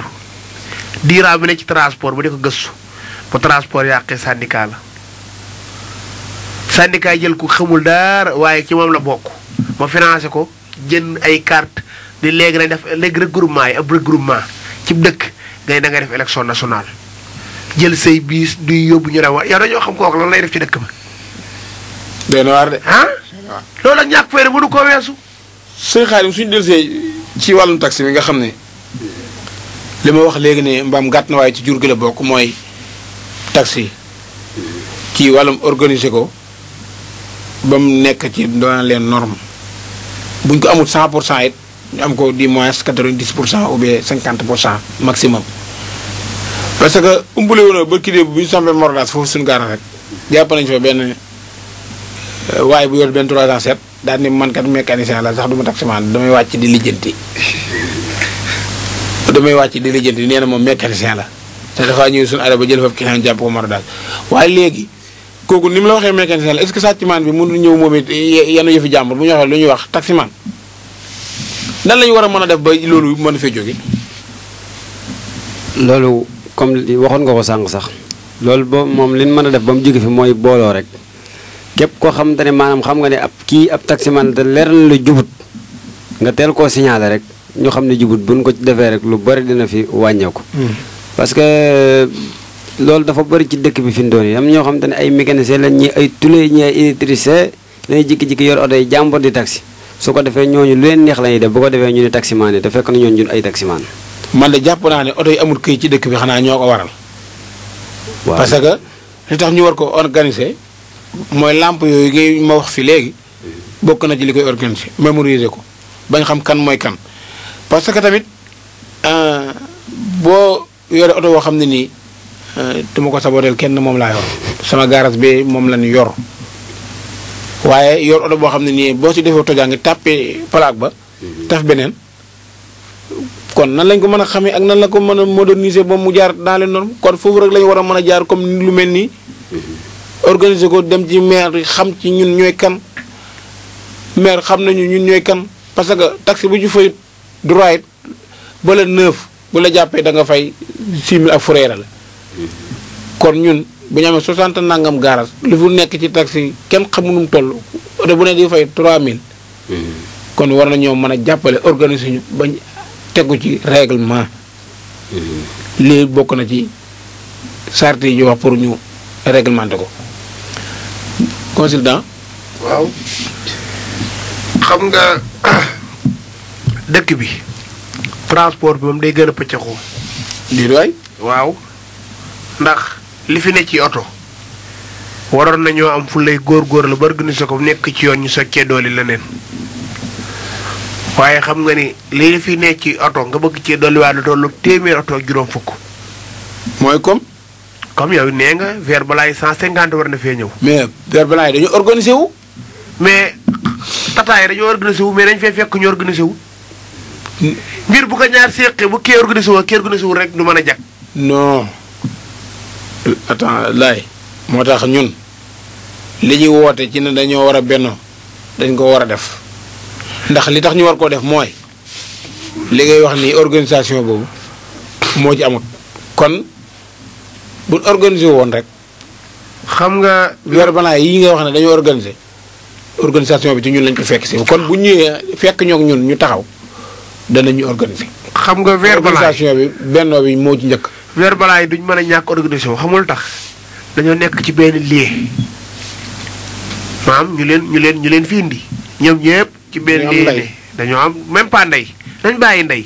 diiraa bi ne ci transport ba di ko gëstu bu transport yàqee syndicat la syndicat jël ko xamul dara waaye ci moom la bokk ma financé ko jën ay carte di léegi nañ def léegi regroupement yi ab regroupement ci dëkk ngay da ngay def élection nationale jël say biis duy yóbbu ñu ne wa yow dañoo xam kooku lan lay def ci dëkk ba. day de. ah loolu ak ñàkk fayda mënu koo weesu. sëñ Xaadim suñu dellusee ci wàllum taxi bi nga xam ne. li ma wax léegi ne mbaam gàtt na waaye ci jur gi la bokk mooy taxi ci wàllum organiser ko ba mu nekk ci doon leen norme buñ ko amul 100 pour cent it ñu am ko du moins 90 pour cent ou bien 50 pour cent maximum. parce que umbule woon ba kii bu ñu sampee Mordas foofu suñu gaara rek jàpp nañu fa benn euh, waaye bu yor benn 307 daal ni man kat mécanicien la sax du ma taximaan damay wàcc di lijjanti. *laughs* damay wàcc di lijjanti nee na moom mécanicien la te dafa ñëw suñu arrêt ba jël fa client jàpp ko mara daal waaye léegi kooku ni mu la waxee mécanicien la est-ce que sàccimaan bi mënul ñëw moom it yanu yëfi jàmbur bu ñu waxee lu ñuy wax taximaan nan lañu war a mën a def ba loolu mën fee jóge loolu comme waxoon nga ko sànq sax loolu ba moom li mën a def ba mu jóge fi mooy booloo rek képp koo xam ne maanaam xam nga ne ab kii ab taximaan te leer na la jubut nga teel koo signalé rek ñoo xam ne jubut buñ ko defee rek lu bari dina fi wàññeeku. Hmm. parce que euh, loolu dafa bari ci dëkk bi fi mu doon yi am ñoo xam te ne ay mécanicien lañ ñi ay tule ñi ay électricien dañuy jikki-jikki yor oto yi jàmbur di taxi su ko defee ñooñu lu leen neex la ñuy def bu ko defee ñu ne taximaan yi te fekk na ñooñu ay taximaan. man de jàpp naa ne oto yi amul këy ci dëkk bi xanaa ñoo ko waral. waaw parce que li tax ñu war ko organiser mooy làmp yooyu ngay ma wax fi léegi hmm. bokk na ci li koy organiser mémoriser ko bañ xam kan mooy kan. parce que tamit euh, boo yore oto boo xam ne nii euh, dama ko del kenn moom laa yor sama garage bi moom la ñu yor waaye yor oto boo xam ne nii boo si defee tojaa ngi tàppee plaque ba mhm. taf beneen kon nan lañ ko mën a xamee ak nan la ko mën a moderniser ba mu jaar dans les normes kon foofu rek la ñu war a mën a jaar comme lu mel nii mhm. organiser ko dem ci maire xam ci ñun ñooy kan maire xam nañu ñun ñooy kan parce que taxi bu ju fayut droit it ba la neuf bu la jàppee da fay six mille ak frais la kon ñun bu ñu amee nangam gaaraas lu fu nekk ci taxi kenn xamu nu toll oto bu ne di fay 3000. kon war nañoo mën a jàppale organiser ñu bañ tegu ci règlement. lii bokk na ci charte yi ñu wax pour ñu réglementer ko. consultant. waaw xam nga. dëkk bi transport bi moom day gën a pëccëxoo. lii waay. waaw ndax li fi nekk ci oto waroon nañoo am fu lay góorgóorlu ba organiser ko nekk ci yoon ñu soccee dooli leneen waaye xam nga ni li fi ne ci oto nga bëgg cee dooli waa lu tollu téeméer oto ak juróom fukk. mooy comme. comme yow nee nga vers balaay cent cinquante war na fee ñëw. mais vers balaay dañu organiser wu. mais tataay dañoo organiser wu mais dañ fee fekk ñu organiser wu. mbir bu ko ñaar séqee bu kii organisé woo kii organisé wul rek du mën a jag. non attends laay moo tax ñun li ñuy woote ci ne dañoo war a bennoo dañ koo war a def ndax li tax ñu war koo def mooy li ngay wax ni organisation boobu moo ci kon bu organisé woon rek. xam nga. weer balaa yi nga wax ne dañoo organisé organisation bi ci ñun lañ ko fekk si. kon bu ñëwee fekk ñoog ñun ñu taxaw. danañu organiser. xam nga weer balaa organisation bi bennoo bi moo ci njëkk. weer balaa yi duñ mën a ñàkk organisation xamul tax dañoo nekk ci benn lieu maam ñu leen ñu leen ñu leen fi indi ñoom ñëpp. ci benn lieu dañoo am même pas ndey dañ bàyyi ndey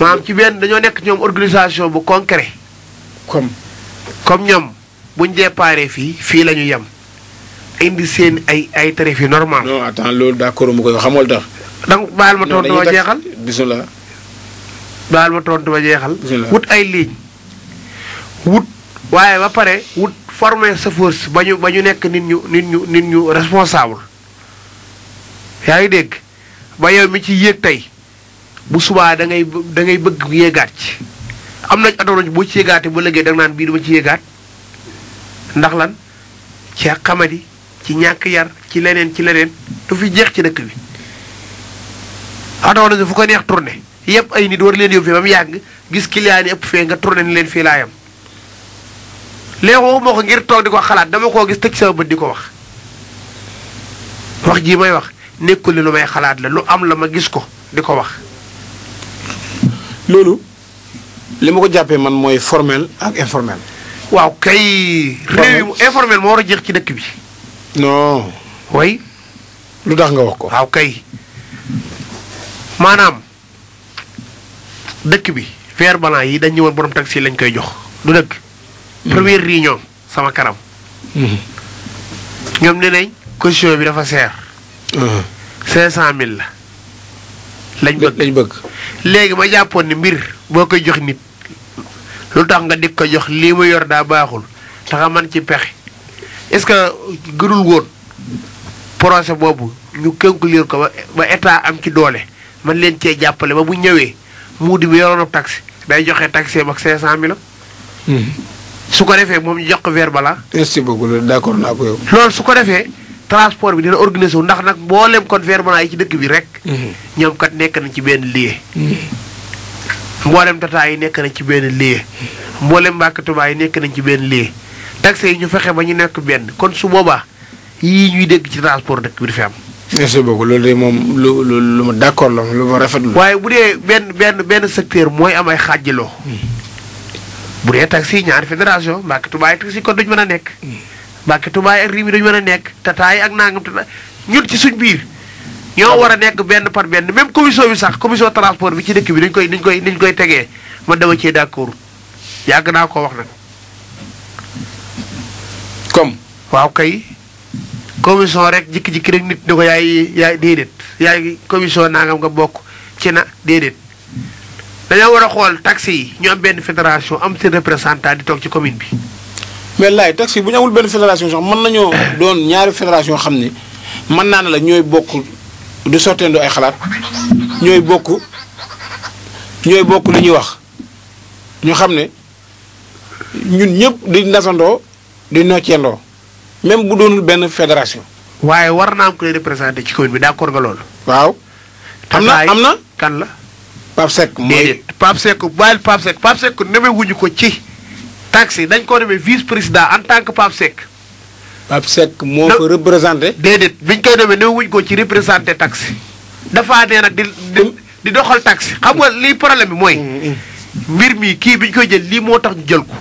maam ci benn dañoo nekk ñoom organisation bu concret. comme comme ñoom buñ déparé fii fii la ñu yem indi seen ay ay tarif yu normal. non loolu d'accord mu koy xamul tax. danga baal ma tontu ma jeexal bisimilah baal ma tontu ay ligne wut waaye ba pare wut former sa force ba nekk nit ñu nit ñu nit ñu yaa ngi dégg ba mi ci yéeg tey bu subaa da ngay da ngay bëgg yéegaat ci am nañ adoonaj boo ci yéegaatee ba léegi da nga naan ci yéegaat ndax lan ci xamadi ci ñàkk yar ci leneen ci leneen du fi jeex ci dëkk bi oto na fu ko neex tourné yëpp ay nit war leen yóbbu fii ba mu yàgg gis client yi ëpp fee nga tourné ni leen fii laa yem waxuma ko ngir toog di ko xalaat dama koo gis tëj sama bët di ko wax wax jii may wax nekkul ne lu may xalaat la lu am la ma gis ko di ko wax. loolu li ma ko jàppee man mooy formel ak informel. waaw kay. réew mi informel moo war a jeex ci dëkk bi. non. way lu tax nga wax ko. kay. maanaam dëkk bi verre blanc yi dañ ñëwoon borom taxi lañ koy jox du dëkk. Hmm. première réunion sama karam. Hmm. ñoom nee nañ caution bi dafa seer. 500000 hmm. la. lañ bëgg lañ bëgg. léegi ma jàppoon ni mbir boo koy jox nit lu tax nga di ko jox lii mu yor daa baaxul taxa man ci pexe est-ce que gënul woon projet boobu ñu conclure ko ba état am ci doole. man leen cee jàppale ba bu ñëwee muudi bi yoroon ab taxi day joxe taxi ak 500000. Hmm. su ko defee moom jox ko verre balaa. merci beaucoup d'accord naa ko yow. loolu su ko defee transport bi dina organiser wu ndax nag mboolem kon verre balaa yi ci dëkk bi rek. Hmm. ñoom nekk nañ ci benn lieu. Hmm. mboolem tataa yi nekk nañ ci benn lieu. mboolem mbàkkatumaa yi nekk nañ ci benn lieu. taxi yi ñu fexe ba ñu nekk benn kon su boobaa yii ñuy dégg ci transport dëkk bi di fi am. merci beaucoup loolu de moom lu lu lu ma d'accord la lu waaye bu dee benn benn benn secteur mooy am ay xàjjaloo. bu dee taxi ñaari fédération Mbàkke Tuubaa yi taxi kon duñ mën a nekk. Mbàkke Tuubaa yi ak Rimi duñ mën a nekk tataay ak nangam tataay ñun ci suñ biir. ñoo war a nekk benn par benn même commission bi sax commission transport bi ci dëkk bi dañ koy dañ koy dañ koy tegee ma dama cee d'accord yàgg naa ko wax nag. comme waaw kay. commission rek jikki-jikki rek nit ni ko yaay yaay déedéet yaay commission naa nga bokk ci na déedéet dañoo war a xool taxi yi ñu benn fédération am seen représentant di toog ci commune bi. mais laay taxi bu ñu amul benn fédération sax mën nañoo doon ñaari fédération xam ne mën naa ne la ñooy bokk du sotteendoo ay xalaat ñooy bokk ñooy bokk li ñuy wax ñu xam ne ñun ñëpp di nasandoo di noccendoo même bu doonul benn fédération. waaye war naa am ku lay représenté ci commune bi d'accord nga loolu. waaw. xam na am na kan la. Pape Seck moo di Pape Seck bàyyil Pape Seck Pape Seck neme wuñu ko ci. taxi dañ koo demee vice président en tant que Pape Seck. Pape Seck moo fa représenté. déedéet biñ koy demee neme wuñu ko ci représenté taxi. dafa nee nag di di doxal taxi xam nga lii problème bi mooy. Mm, mm. mbir mi kii biñ koy jël lii moo tax ñu jël ko.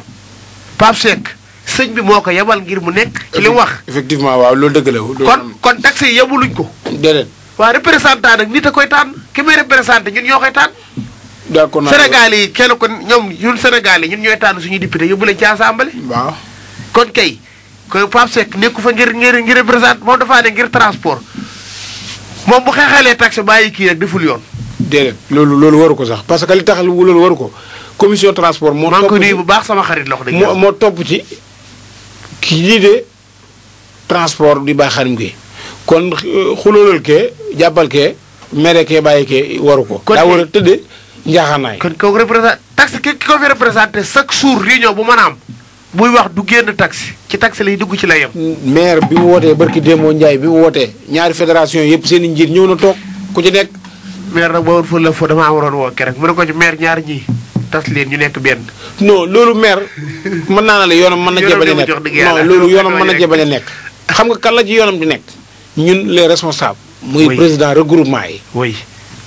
Pape sëñ bi moo ko yebal ngir mu nekk. ci li mu wax effectivement waaw loolu dëgg la. kon kon taxe yi yebaluñ ko. déedéet. waa représentant nag nit a koy tànn ki muy représenté ñun ñoo koy tànn. d'accord Sénégal yi kenn ko ñoom ñun Sénégal yi ñun ñooy tànn suñuy député yóbbu leen ci assemblée. waaw kon kay. ko Pape Seck nekku fa ngir ngir ngir représenté moom dafaa ne ngir transport moom bu xeexalee taxe bàyyi kii rek deful yoon. déedéet loolu loolu waru ko sax parce que li tax loolu waru ko commission transport. moo topp baax sama xarit loxo. moo moo topp ci. kii de transport di baax xarim gi kon euh, xuloolal kee jàppal kee mere ke bàyyi kee waru ko. kon daa war a tëddee njaaxanaay. kon kooku représenté taxi ki ko fi représenté chaque jour réunion bu mën a am buy wax du génn taxi ci taxi lay dugg ci lay yem. maire bi mu wootee barki Demba Ndiaye bi mu wootee ñaari fédération yëpp seen i njiit ñëw na toog ku ci nekk. maire nag boobu fële foofu damaa waroon woo rek mu ne ko ci maire ñaar ñii. tas leen ñu nekk benn. non loolu maire mën naa ne yoonam mën na jebale nekk non loolu yoonam mën na jebale nekk. xam kan la ci yoonam di nekk. ñun les responsables. muy président regroupement yi. oui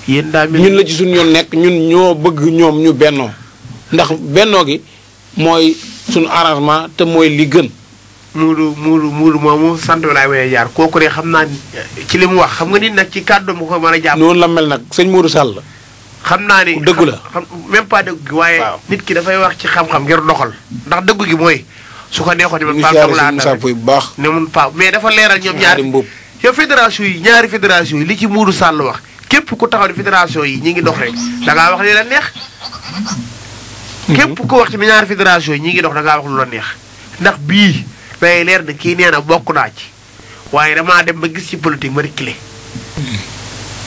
yéen daa ñun la ci suñu yoon nekk ñun ñoo bëgg ñoom ñu bennoo ndax bennoo gi mooy suñu arrangement te mooy li gën. Muudu Muudu Muudu moomu sant laay wooyee jaar kooku de xam naa ci li mu wax xam nga nit nag ci kàddu mu ko mën a noonu la mel nag sëñ Mourou Sall. xam naa ni dëggu la xam même pas dëgg gi waaye. nit ki dafay wax ci xam-xam ngir doxal. ndax dëggu gi mooy su ko neexoon ne man. Pape laa bu baax. ne mun Pape mais dafa leeral ñoom ñaari yow fédération yi ñaari fédération yi li ci Mourou Sall wax képp ku taxaw ne fédération yi ñu ngi dox rek da ngaa wax li la neex. Mhm. képp ku wax ci ñaari fédération yi ñi ngi dox da ngaa wax lu la neex ndax bii day leer na kii nee na bokk naa ci waaye damaa dem ba gis ci politique ma reculé. Mhm.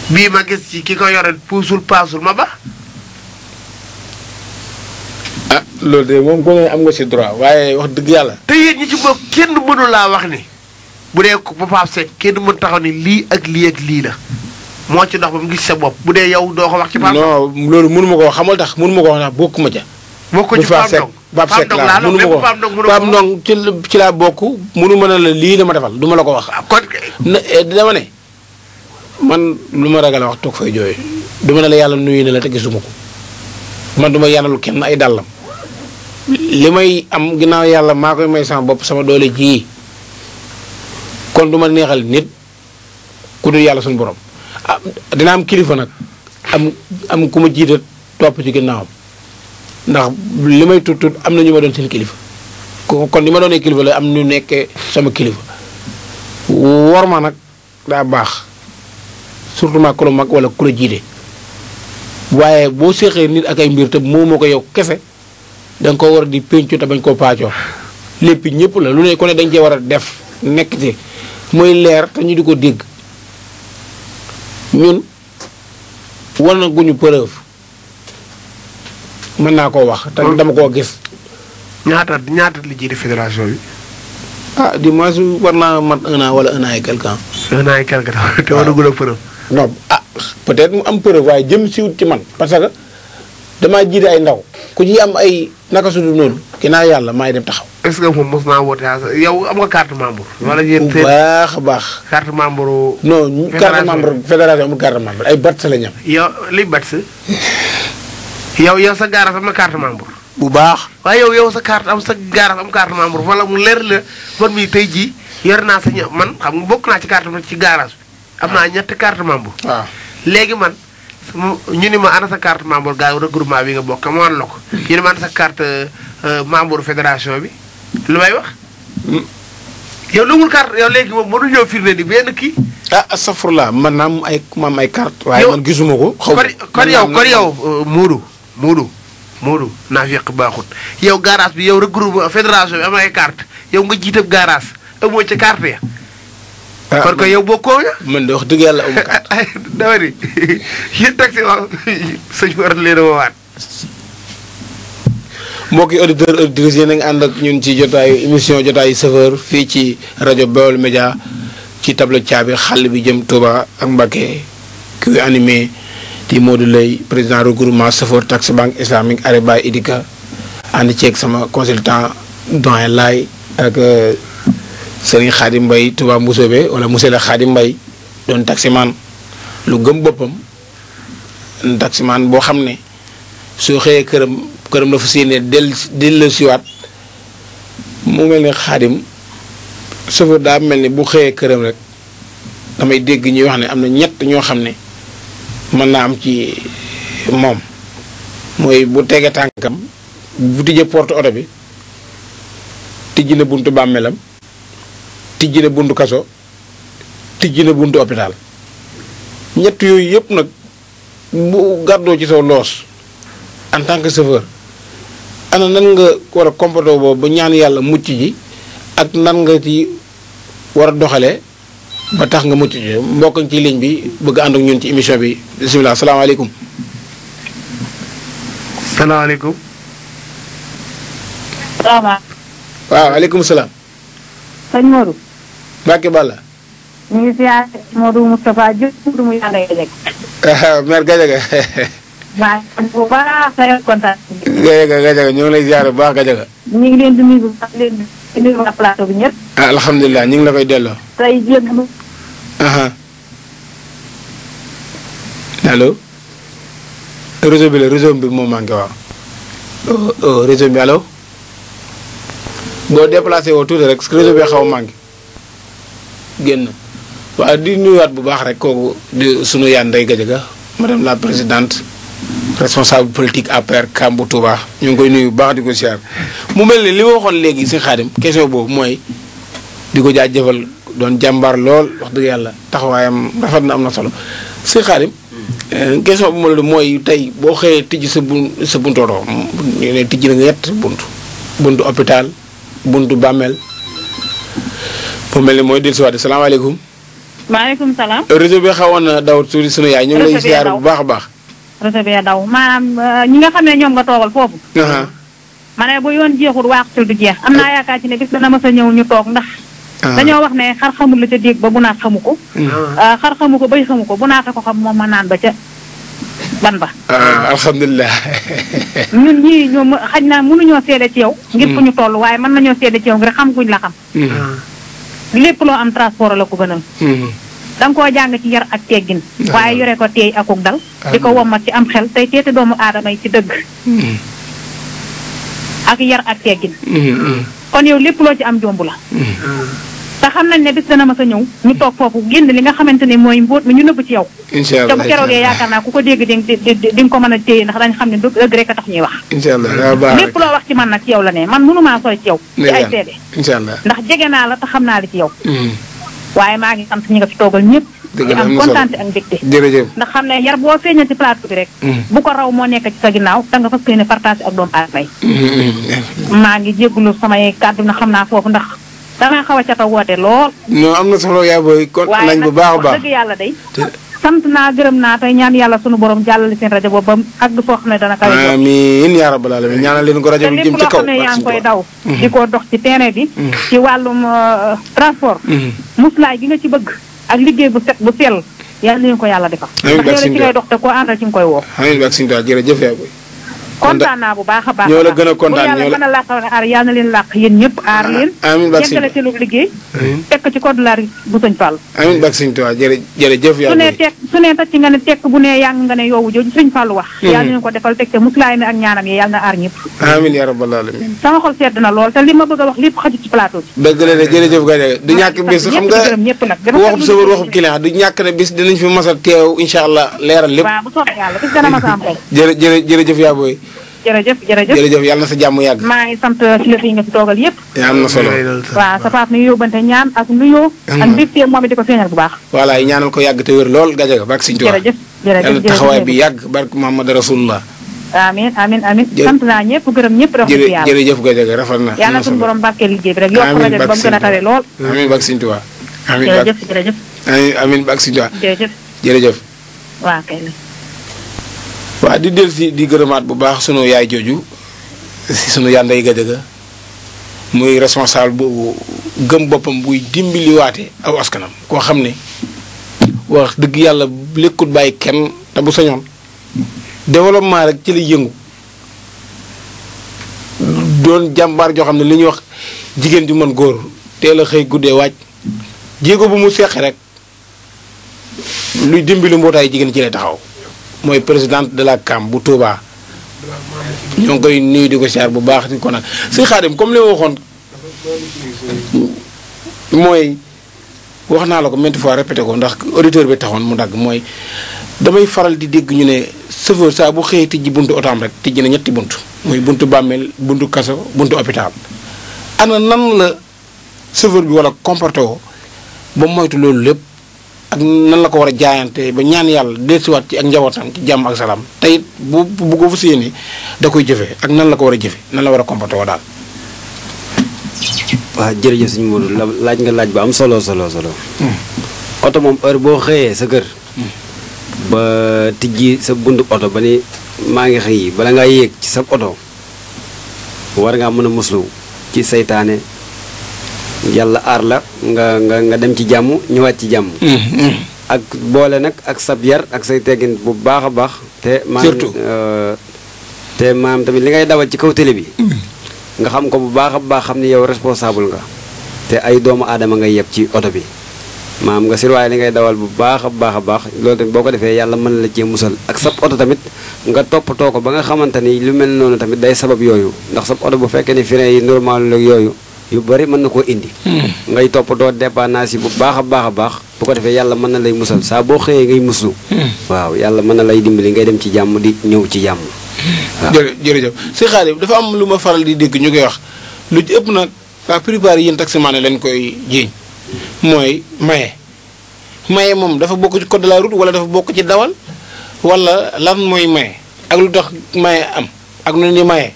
bii ma gis ci ki ko yore puusul paasul ma ba. ah loolu de moom gone am nga ci droit waaye wax dëgg yàlla. te yéen ñi ci bopp kenn mënu laa wax ni bu dee ko Pape Seck kenn mën taxaw ni lii ak lii ak lii la moo ci dox ba mu gis sa bopp bu dee yow doo ko wax. ci Pape non loolu mënu ma ko wax xamal tax mënu ma ko wax ndax bokkuma ca. bokku ci Pape Ndong Pape Seck laa mënu ci laa bokk mënu ma ne la lii la ma defal du ma la ko wax. Ah, kon eh, dama ne. man lu ma ragal a wax toog fay jooy du ma ne la yàlla nuyu na la te gisuma ko man du ma yàlla kenn ay dàllam li may am ginnaaw yàlla maa koy may sama bopp sama doole ji kon du ma neexal nit ku dul yàlla suñ borom ah, dina am kilifa nag am ku ma jiite topp ci ginnaawam ndax li may tut tut am na ñu ma doon seen kilifa kon li ma doonee kilifa am ñu nekkee sama kilifa wor ma nag daa baax surtout maa ku la mag wala ku la jiite waaye boo séexee nit ak ay mbir te moo moo ko yow kese da nga koo war di péncu te bañ koo paacoo lépp ñëpp la lu ne ko ne dañ cee war a def nekk ci mooy leer te ñu di ko dégg ñun war na guñu preuve mën naa koo wax. te dama koo gis. ñaata ñaata li jiite fédération bi. ah dimanche war naa mat un naa wala un an et quelque temps. un an quelque te war a gën a preuve non ah peut-être mu am preuve waaye jëm siwut ci man parce que damaa jiite ay ndaw ku ñu am ay naka su dul noonu ginnaaw yàlla maay dem taxaw. est-ce moom mos naa yow am nga carte mm, wala bu baax a baax. carte membre. non carte membre fédération amul ay bats la ñu yow liy bats yow yow sa gaaraas am na carte membre. bu baax. waaye yow yow sa carte am sa gaaraas am carte membre wala mu leer la man mii tey jii yor naa sa man xam nga bokk naa ci carte ci gaaraas am naa ñetti carte membre. waaw ah. léegi man ñu ni ma ana sa carte membre gars regroupement bi nga bokk ma wan la ko. ñu ni ma ana sa kart euh, membre fédération bi lu may wax. Hmm. yow lu mul carte yow léegi moom mënu ñëw firnde ni benn kii. ah astafurlah man naa am ay maam waaye man gisuma ko. xaw ma yow kon yow euh, Moodu Moodu. Moodu naa fi yàq baaxut yow garage bi yow regroupement fédération bi am ay carte yow nga jiitam garage amoo ca carte ya Ah, parce que yow bokkoo ya man de wax dëgg yàlla amu carte. *laughs* ay dama ni yéen mbokki auditeurs auditrices yéen ngi ànd ak ñun ci jotaayu émission jotaayu fii ci rajo Baol Média ci tableau caabi xàll bi jëm Touba ak Mbacké kuy animé di Modou Lay président regroupement chauffeur taxi banque islamique Areba Idika ànd ceeg sama consultant doyen sëriñ Xaadim Mbay Touba Mboussobé wala monsieur le Xaadim Mbay doon taksimaan lu gëm boppam taximaan boo xam ne soo xëyee këram këram la fa séenee del del mu mel ni Xaadim chauffeur daa mel ni bu xëyee këram rek damay dégg ñuy wax ne am na ñett ñoo xam ne mën naa am ci moom mooy bu tege tànkam bu tijjee porte oto bi tijji na buntu bàmmeelam tijji na buntu kaso tijji na buntu hôpital ñett yooyu yëpp nag bu gàddoo ci saw loos en tant que chauffeur ana nan nga war a comporter boobu ba ñaan yàlla mucc ji ak nan nga ci war a doxale ba tax nga mucc ji mbokk ci ligne bi bëgg ànd ak ñun ci émission bi bisimilah salaamaaleykum. salaamaaleykum. waaw waaleykum salaam. Mbacke Balla. ñu ngi ziar Modou Moustapha Diop ah, *laughs* ñu ngi lay ziar bu baax Gajaga. ñu ngi leen ah, la koy delloo. tey jéem ah, réseau bi la réseau bi moo manqué waaw. Oh, oh, réseau bi allo. boo déplacé woo tuuti rek réseau bi xaw a manqué. génn waaw di nuyuwaat bu baax rek kooku di sunu yaan Ndeye Gadiaga madame la présidente responsable politique APR Kambu Touba ñu ngi koy nuyu bu baax di ko siyaar mu mel ni li ma waxoon léegi si xaarim question boobu mooy di ko jaajëfal doon jàmbaar lool wax dëgg yàlla taxawaayam rafet na am na solo si xaadim eh, question bu mooy tey boo xëyee tijji sa bun sa buntoodoo ne tijji na nga ñett bunt buntu hôpital buntu bàmmeel fu mel ni mooy dellusiwaat salaamaaleykum. maaleykum salaam. réseau bi xawoon na daw tuuti sunu yaay. ñu ngi lay ziar bu baax baax. bi daw maanaam euh, ñi nga ne ñoom nga toogal foofu. Uh-huh. ma ne bu yoon jeexul waax du jeex am na uh-huh. yaakaar ci ne bis na mës a ñëw ñu toog ndax. Uh-huh. dañoo wax ne xar xamul la ca déeg ba bu naat xamu ko. Uh, xar xamu ko bay xamu ko bu naata ko xam moom ma naan ba ca ban ba. Uh, alhamdulilah. *laughs* ñun ñii ñoom xaj naa mënuñoo seede ci yow. ngir mm. fu ñu toll waaye mën nañoo seede ci yow ngir xam guñ la xam. Mm. lépp loo am transport la ko gënal. Hmm. da koo jàng ci yar ak teggin. waaye yore ko teey akuk dal. di ko wommat ci am xel tey teete doomu aadama yi ci dëgg. Hmm. ak yar ak teggin. Hmm, kon yow lépp loo ci am jombu la. te xam nañ ne bis dana ma sa ñëw ñu toog foofu génn li nga xamante ne mooy mbóot mi ñu nëbb ci yow te bu naa ku ko dégg di di a téye ndax dañ xam ne dëgg rek a lépp loo wax ci man nag ci yow la ne man mënumaa sooy ci yow ndax jege naa la te xam naa li ci yow hmm. waaye maa ngi sant ñi nga fi toogal ñëpp di am kontaante ak ndax xam ne yar boo feeñal ci plateau bi rek hmm. bu ko raw moo nekk ci sa ginnaaw da nga fas yéene partage ak doomu aadama yi hmm, maa ngi jégalu samay kàddu na xam naa foofu ndax da ngaa xaw a cata woote lool. non am na solo yaay booy. kontaan nañ bu baax baax dëgg yàlla day. sant naa gërëm naata tey ñaan yàlla sunu boroom jàllale seen rajo boobu ba mu àgg foo xam ne dana kawe. amiin yaa rabbal aalamiin ñaanal leen ko rajo bi jëm ci kaw. te koy daw. Mm-hmm. di ko dox ci terrain bi. Mm-hmm. ci wàllum euh, transport. Mm-hmm. muslaay ji nga ci bëgg. ak liggéey bu set bu sell yàlla leen ko yàlla defal. amiin baax si ñu doon ci ngay dox te koo àndal ci nga koy woo. amiin baax si ñu jërëjëf yaa kontaan naa bu baax a baax ñoo la gën a kontaan la bu leen làq yéen ñëpp aar leen. Ah, amiin baax sëñ yeggale seen liggéey. tekk ci code laar bu sëñ Fall. amiin baax sëñ Tuubaa jërë jërëjëf. yàlla su nga ne tekk bu ne yàng nga ne yow jooju sëñ Fall wax. Hmm. yàlla defal teg te muslaay ak ñaanam yi yàlla na aar na lool te li a wax lépp xaju ci plateau bi. dëgg la de jërëjëf Gaye du ñàkk bis xam nga waxub sëwër waxub client du ñàkk ne bis dinañ fi mas a teew incha allah leeral lépp. waaw bu soobee yàlla bis dana mas a am tey. *laughs* jërëjëf yaa booy jërëjëf jërëjëf jërëjëf yàlla na sa jàmm yàgg. maa ngi sant ci la fi nga fi toogal yëpp. am na solo waaw sa paap mi yóbbante ñaan a nuyoo. ak bu baax. voilà ñaanal ko yàgg te wér lool gajaga barke Sëñ Tuubaa. jërëjëf jërëjëf yàlla taxawaay bi yàgg barke Muhammad Rasulullah. amin amin amin sant naa ñëpp gërëm ñëpp rafet na yàlla ba mu gën a tawee lool amin waa di del si di gërëmaat bu baax sunu yaay jooju si sunu ga Gadiaga muy responsable boobu gëm boppam buy dimbaliwaate aw askanam koo xam ne wax dëgg yàlla lekkut bàyyi kenn tabu bu sañoon développement rek ci lay yëngu doon jàmbaar joo xam ne li ñuy wax jigéen ju mën góor teel a xëy guddee waaj jéego bu mu seqe rek luy dimbali mbootaayu jigéen ci lay taxaw mooy présidente de la CAM bu Touba. ñoo ngi koy nuyu di ko siyaar bu baax di ko nag si Xaadim comme li ma waxoon. mooy wax naa la ko maintes fois répété ko ndax auditeur bi taxoon mu dagg mooy damay faral di dégg ñu ne chauffeur saa bu xëyee tijji buntu otaam rek tijji na ñetti bunt muy buntu bàmmeel buntu kaso buntu hôpital ana nan la chauffeur bi wala comporté woo ba moytu loolu lépp. ak nan la ko war a jaayante ba ñaan yàlla dellusiwaat ci ak njabootam ci jàmm ak salaam te it bu bu ko fa séenee da koy jëfee ak nan la ko war a jëfe nan la war a comporté woo daal. waaw jërëjëf sëñ Modou laaj nga laaj ba am solo solo solo. Hmm. oto moom heure boo xëyee sa kër. Hmm. ba tijji sa buntu oto ba ni maa ngi xëy bala ngaa yéeg ci sa oto war ngaa mën a muslu ci seytaane yàlla aar la nga nga nga dem ci jàmm ñëwaat ci jàmm. Mm, mm. ak boole nag ak sab yar ak say teggin bu baax a baax. te maam surtout euh, te maam tamit li ngay dawal ci kaw télé bi. Mm. nga xam ko bu baax a baax xam ni yow responsable nga. te ay doomu aadama nga yeb ci oto bi. maam nga sirwaay li ngay dawal bu baax a baax a baax loolu tamit boo ko defee yàlla mën la cee musal ak sab oto tamit nga toppatoo ko ba nga xamante ni lu mel noonu tamit day sabab yooyu ndax sab oto bu fekkee ni frein yi normal la yooyu yu bëri mën na koo indi hmm. ngay toppatoo dépendance yi bu baax a baax a baax bu ko defee yàlla mën na lay musal saa boo xëyee ngay muslu hmm. waaw yàlla mën na lay dimbali ngay dem ci jàmm di ñëw ci jàmm hmm. jërëjëf jërëjëf si xaalis dafa am lu ma faral di dégg ñu koy wax lu ci ëpp nag la plupart yéen taximaane leen koy jiiñ mooy maye maye moom dafa bokk ci code de la route wala dafa bokk ci dawal wala lan mooy maye ak lu tax maye am ak nu ni maye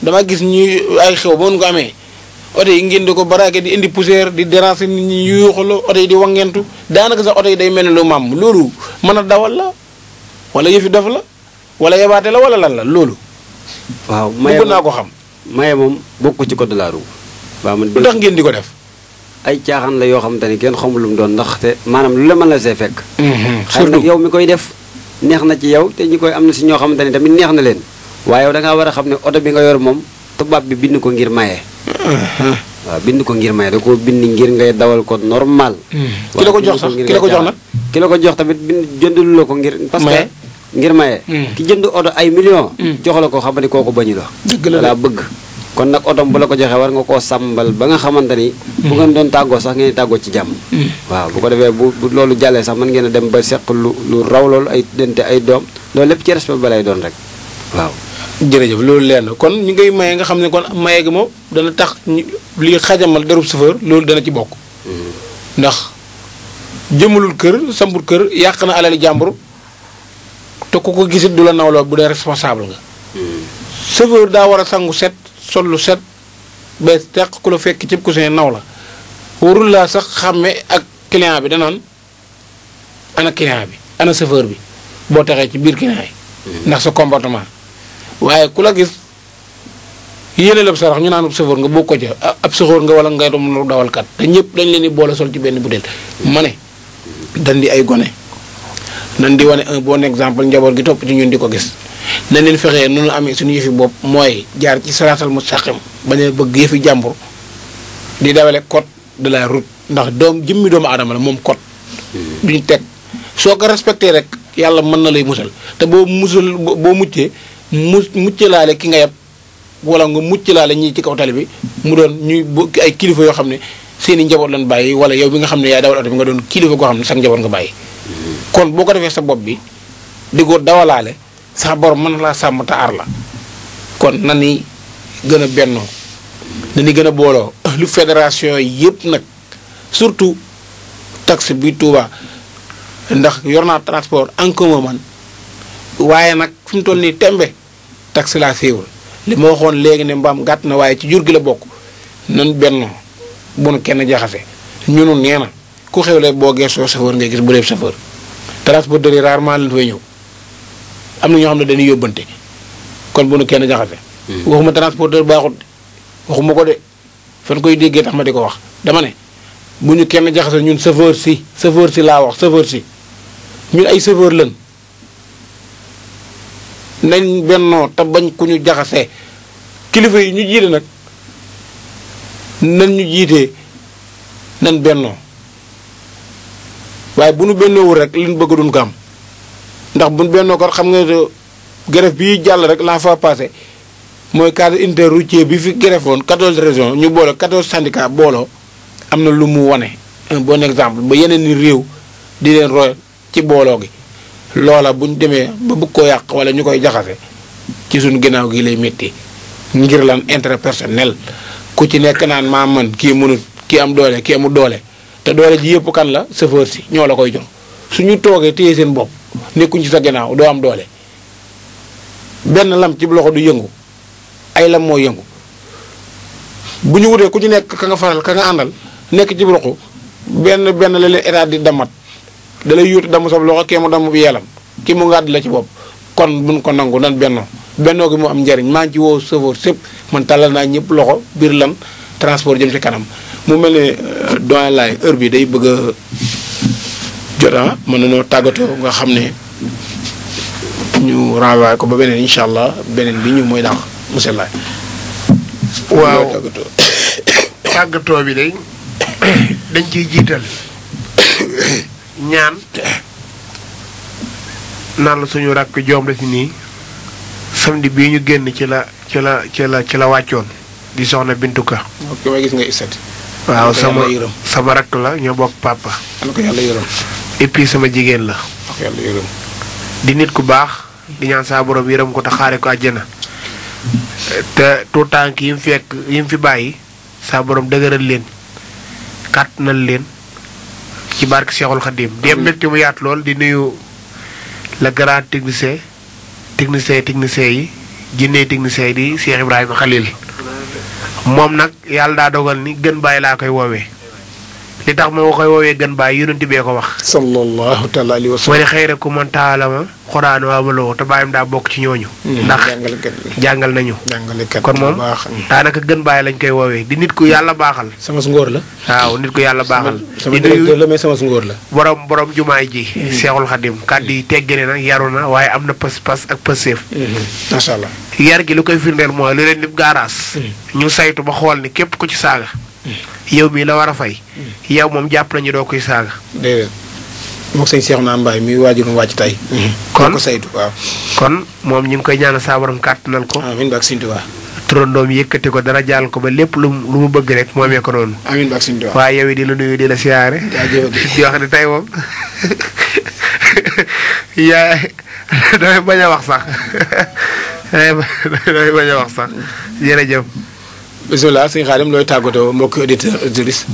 dama gis ñuy ay oto yi ngeen di ko baraake di indi poussière di déranger nit ñi ñu yuuxaloo oto yi di wangentu daanaka sax oto yi day mel ni lu maam loolu mën a dawal la wala yëfi dof la wala yabaate la wala lan la loolu. waaw maye naa ko xam. maye moom bokk ci ko de la route. waaw man lu tax ngeen di ko def. ay caaxaan la yoo xamante ni kenn xamul lu mu doon ndaxte maanaam lu la mën la see fekk. Mhm, surtout yow mi koy def. neex na ci yow te ñu koy am na si ñoo xamante ni tamit neex na leen waaye yow ngaa war a xam ne oto bi nga yor moom tubaab bi bind ko ngir maye. waaw bind ko ngir may da koo bind ngir ngay dawal ko normal. Hmm. ki la ko jox sax ki la ko jox nag. ki la ko jox tamit bind jëndul la ko ngir. parce que ngir maye. Hmm. ki jënd oto ay millions. Hmm. jox la ko xam ne kooku bañu la. dëgg la laa bëgg. kon nag otom bu la ko joxee war nga koo sàmbal ba nga xamante ni. bu ngeen doon tàggoo sax ngeen tàggoo ci jàmm. waaw bu ko defee bu loolu jàllee sax man ngeen a dem ba seq lu lu raw loolu ay dente ay doom loolu lépp ci respect ba lay doon rek waaw. jërëjëf loolu leen na kon ñu ngay maye nga xam ne kon maye gi moom dana tax li xajamal derub sëfër loolu dana ci bokk. Mm-hmm. ndax jëmalul kër sambul kër yàq na alali jàmbur te ku ko gisit du la nawloo bu dee responsable nga. sëfër mm-hmm. daa war a sangu set sol lu set ba teq ku la fekk cib ku seen naw la warul laa sax xàmme ak client bi danaan ana client bi ana sëfër bi boo texee ci biir client yi. Mm-hmm. ndax sa comportement. waaye ku la gis yéene la sarax ñu naan ab sëfoor nga bokk ko ca ah, ab sëfoor nga wala ngay doon dawalkat te ñëpp dañ leen di boole sol ci benn butéel ma ne dañ di ay gone nan di wane un bon exemple njaboot gi topp ci ñun di ko gis na leen fexee noonu amee suñu yëfi bopp mooy jaar ci saraatal mustaqim ba ne bëgg yëfi jàmbur di dawale code de la ndax doom jëmmi doomu adama la moom code hmm. duñu teg soo ko respecté rek yàlla mën na lay musal te boo musal boo muccee mu muccalaale ki nga yeb wala nga muccalaale ñii ci kaw tali bi mu doon ñuy ay kilifa yoo xam ne seeni njaboot lañ bàyyi wala yow bi nga xam ne yaay dawal oto bi nga doon kilifa goo xam ne sax njaboot nga bàyyi. kon boo ko defee sa bopp bi di ko dawalaale sax borom mën na laa sàmm te aar la kon na ni gën a bennoo dañuy gën a booloo lu fédération yëpp nag surtout taxe bi Touba ndax yor naa transport en commun man. waaye nag fu mu toll nii tembe taxe laa séewul li ma waxoon léegi ne mbaam gàtt na waaye ci jur gi la bokk nan benn bu nu kenn jaxase ñunu nee na ku xewle boo geesoo chauffeur ngay gis bu lépp chauffeur transporteur yi rarement lañ fay ñëw am na ñoo xam ne dañuy yóbbante kon bu nu kenn jaxase hmm. waxuma transporteur baaxut waxuma ko de koy déggee tax ma di ko wax dama ne bu kenn jaxase ñun chauffeur si chauffeur si laa wax chauffeur si ñun ay chauffeur lañ nañ bennoo te bañ ku ñu jaxase kilifa yi ñu jiite nag nan ñu jiitee nañ bennoo waaye bu nu bennoowul rek liñ bëgg duñ ko am ndax bu nu bennoo ko xam nga grève bii jàll rek la fois passé mooy cadre interroutier bi fi grève woon 14 ñu boole 14 syndicats booloo am na lu mu wane un bon exemple ba yeneen ni réew di leen roy ci booloo gi loola ñu demee ba bëgg koo yàq wala ñu koy jaxase ci suñu ginnaaw gi lay metti ngir lan intérêt personnel ku ci nekk naan maa man kii mënut kii am doole ki amul doole te doole ji yëpp kan la chauffeur si ñoo la koy jox suñu toogee téye seen bopp nekkuñ ci sa ginnaaw doo am doole benn lam ci loxo du yëngu ay lam moo yëngu bu ñu wutee ku ci nekk ka nga faral ka nga àndal nekk ci loxo benn benn la leen état di damat dalay yuutu damm sab loxo kii mu damm bi yelam kii mu ngàdd la ci bopp kon buñ ko nangu nan bennoo bennoo gi mu am njariñ maa ngi ci woo sëfoor sëpp man tàllal naa ñëpp loxo biir lan transport jëm ci kanam mu mel ne euh, doyen laay heure bi day bëgg jotaa ah, mën na noo tàggatoo nga xam ne ñu renvoyé ko ba beneen incha allah beneen bi ñu mooy dàq monsieur Laay waaw *coughs* tàggatoo bi day *coughs* dañ ciy jiital ñaan naan la suñu rakk joom la si nii samedi bii ñu génn ci la ci la ci la ci wàccoon di soxna Bintu Ka. waaw gis nga sama sama la ñoo bokk papa. an ko sama jigéen la. yàlla di nit ku baax di ñaan saa borom yërëm ko te xaare ko àjjana. te tout tànk yi mu fekk yi fi bàyyi saa borom dëgëral leen kàttanal leen. ci barke Cheikhul Khadim di am mbégte mu yaatu lool di nuyu la grand technicien technicien technicien yi jinne technicien yi di Cheikh Ibrahima Khalil moom nag yàlla daa dogal ni gën bàyyi laa koy woowee. li tax moo koy woowee gën baay yonent bee ko wax. sallallahu taala alayhi wa sallam. mooy xayrakum man taalama xuraan waa baloo te bàyyam daa bokk ci ñooñu. Hmm, ndax jàngal nañu. jàngalekat kon moom daanaka gën baay lañ koy woowee di nit ku yàlla baaxal. sama ngóor la. waaw nit ku yàlla baaxal. sama directeur la mais sama ngóor la. borom borom jumaay ji. Hmm. seexul xadim kàddu yi teggine na yaru na waaye am na pas-pas ak pëseef. Hmm. macha allah. yar gi lu koy firndeel mooy lu leen di gaaraas. ñu saytu ba xool ne képp ku ci saaga. yow mii la war a fay. yow moom jàpp lañu doo koy saaga. déedéet moog sëñ Cheikh naa Mbaye mi waajurum wàcc tey. Mhm. kon ko saytu kon moom ñu ngi koy ñaanal saa borom kàttanal ko. amiin ba ko dara jaal ko ba lépp lu mu lu mu bëgg rek moomee ko noonu. amiin ba waaye yow it di la nuyu di la siyaare. di wax ne tey moom. *laughs* damay bañ a wax sax *laughs* damay bañ a wax sax jërëjëf. bisimilah sëñ Xaadim looy tàggatoo mbokki auditeurs auditrices.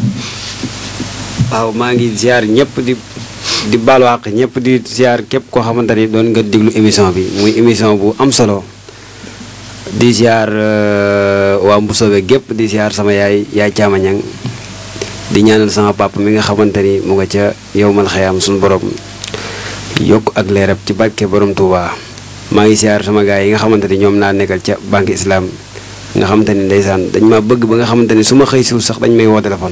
waaw maa ngi ziar ñëpp di di baalu àq ñëpp di ziar képp koo xamante ni doon nga déglu émission bi muy émission bu am solo di ziar euh, waa Mbusoobe gépp di ziar sama yaay yaay Caama Ñang di ñaanal sama papa mi nga xamante ni mu nga ca yowmal xayaam suñu borom yokk ak leerab ci barke borom Touba maa ngi ziar sama gaay yi nga xamante ni ñoom naa nekkal ca banque islam. nga xamante ni ndeysaan dañ maa bëgg ba nga xamante ni su ma xëy suuf sax dañ may woo téléphone.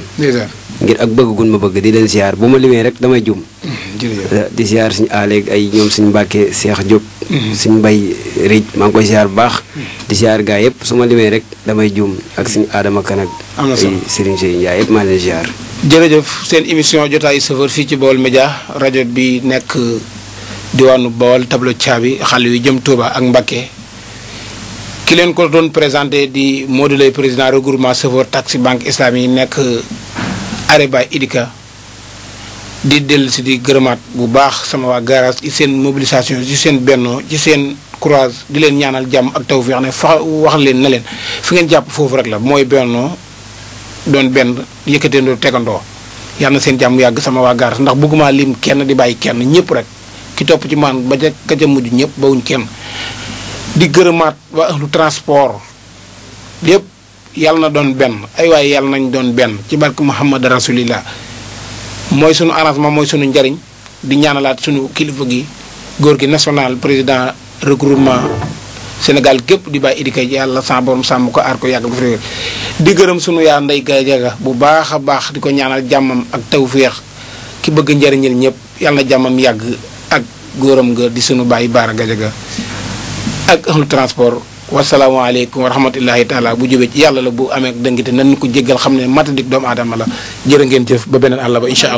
ngir ak bëgg gun ma bëgg di leen ziar bu ma limee rek damay jum. Mm-hmm. Eh, di ziar suñu aaleeg ay ñoom suñu mbàkkee Seex Diop. Mm-hmm. suñu mbay rij maa ngi koy ziar bu mm-hmm. di ziar gaa yëpp su ma limee rek damay jum ak suñu aadama kan ak. am na solo ay Serigne Seye Ndiaye yëpp maa leen ziar. jërëjëf seen émission jotaayu sëfër fii ci Baol Média rajo bi nekk diwaanu Baol tableau caabi xale yu jëm Touba ak Mbacké ki leen ko doon présenté di moo di lay président regroupement chauffeur taxi banque islamique yi nekk euh, Arebaye Idika di dellu si di gërëmaat bu baax sama waa garage ci seen mobilisation ci seen bennoo ci seen croise di leen ñaanal jàmm ak tawfeex ne fa wax leen na leen fi ngeen jàpp foofu rek la mooy bennoo doon benn yëkkateendoo tegandoo yàlla na seen jàmm yàgg sama waa garage ndax bëgguma lim kenn di bàyyi kenn ñëpp rek ki topp ci man ba ca ka ca mujj ñëpp kenn di gërëmaat waa ahlu transport yépp yàlla na doon benn ay waaye yàlla nañ doon benn ci barke Muhammad rasulillah mooy sunu arrangement mooy sunu njariñ di ñaanalaat sunu kilifa gi góor gi national président regroupement Sénégal képp di bàyyi idika yàlla sa borom sàmm ko aar ko yàggal ko fi di gërëm sunu yaa ndey Gajaga bu baax a baax di ko ñaanal jàmmam ak tawféex ki bëgg njariñal ñëpp yàlla na jàmmam yàgg ak góoram nga di sunu bàyyi baara Gajaga ak ahlu transport wasalaamaaleykum wa rahmatullahi taala bu jubee ci yàlla la bu amee dëngite nan ko jéggal xam ne matadik doomu aadama la jërë ngeen jëf ba beneen àll ba incha allah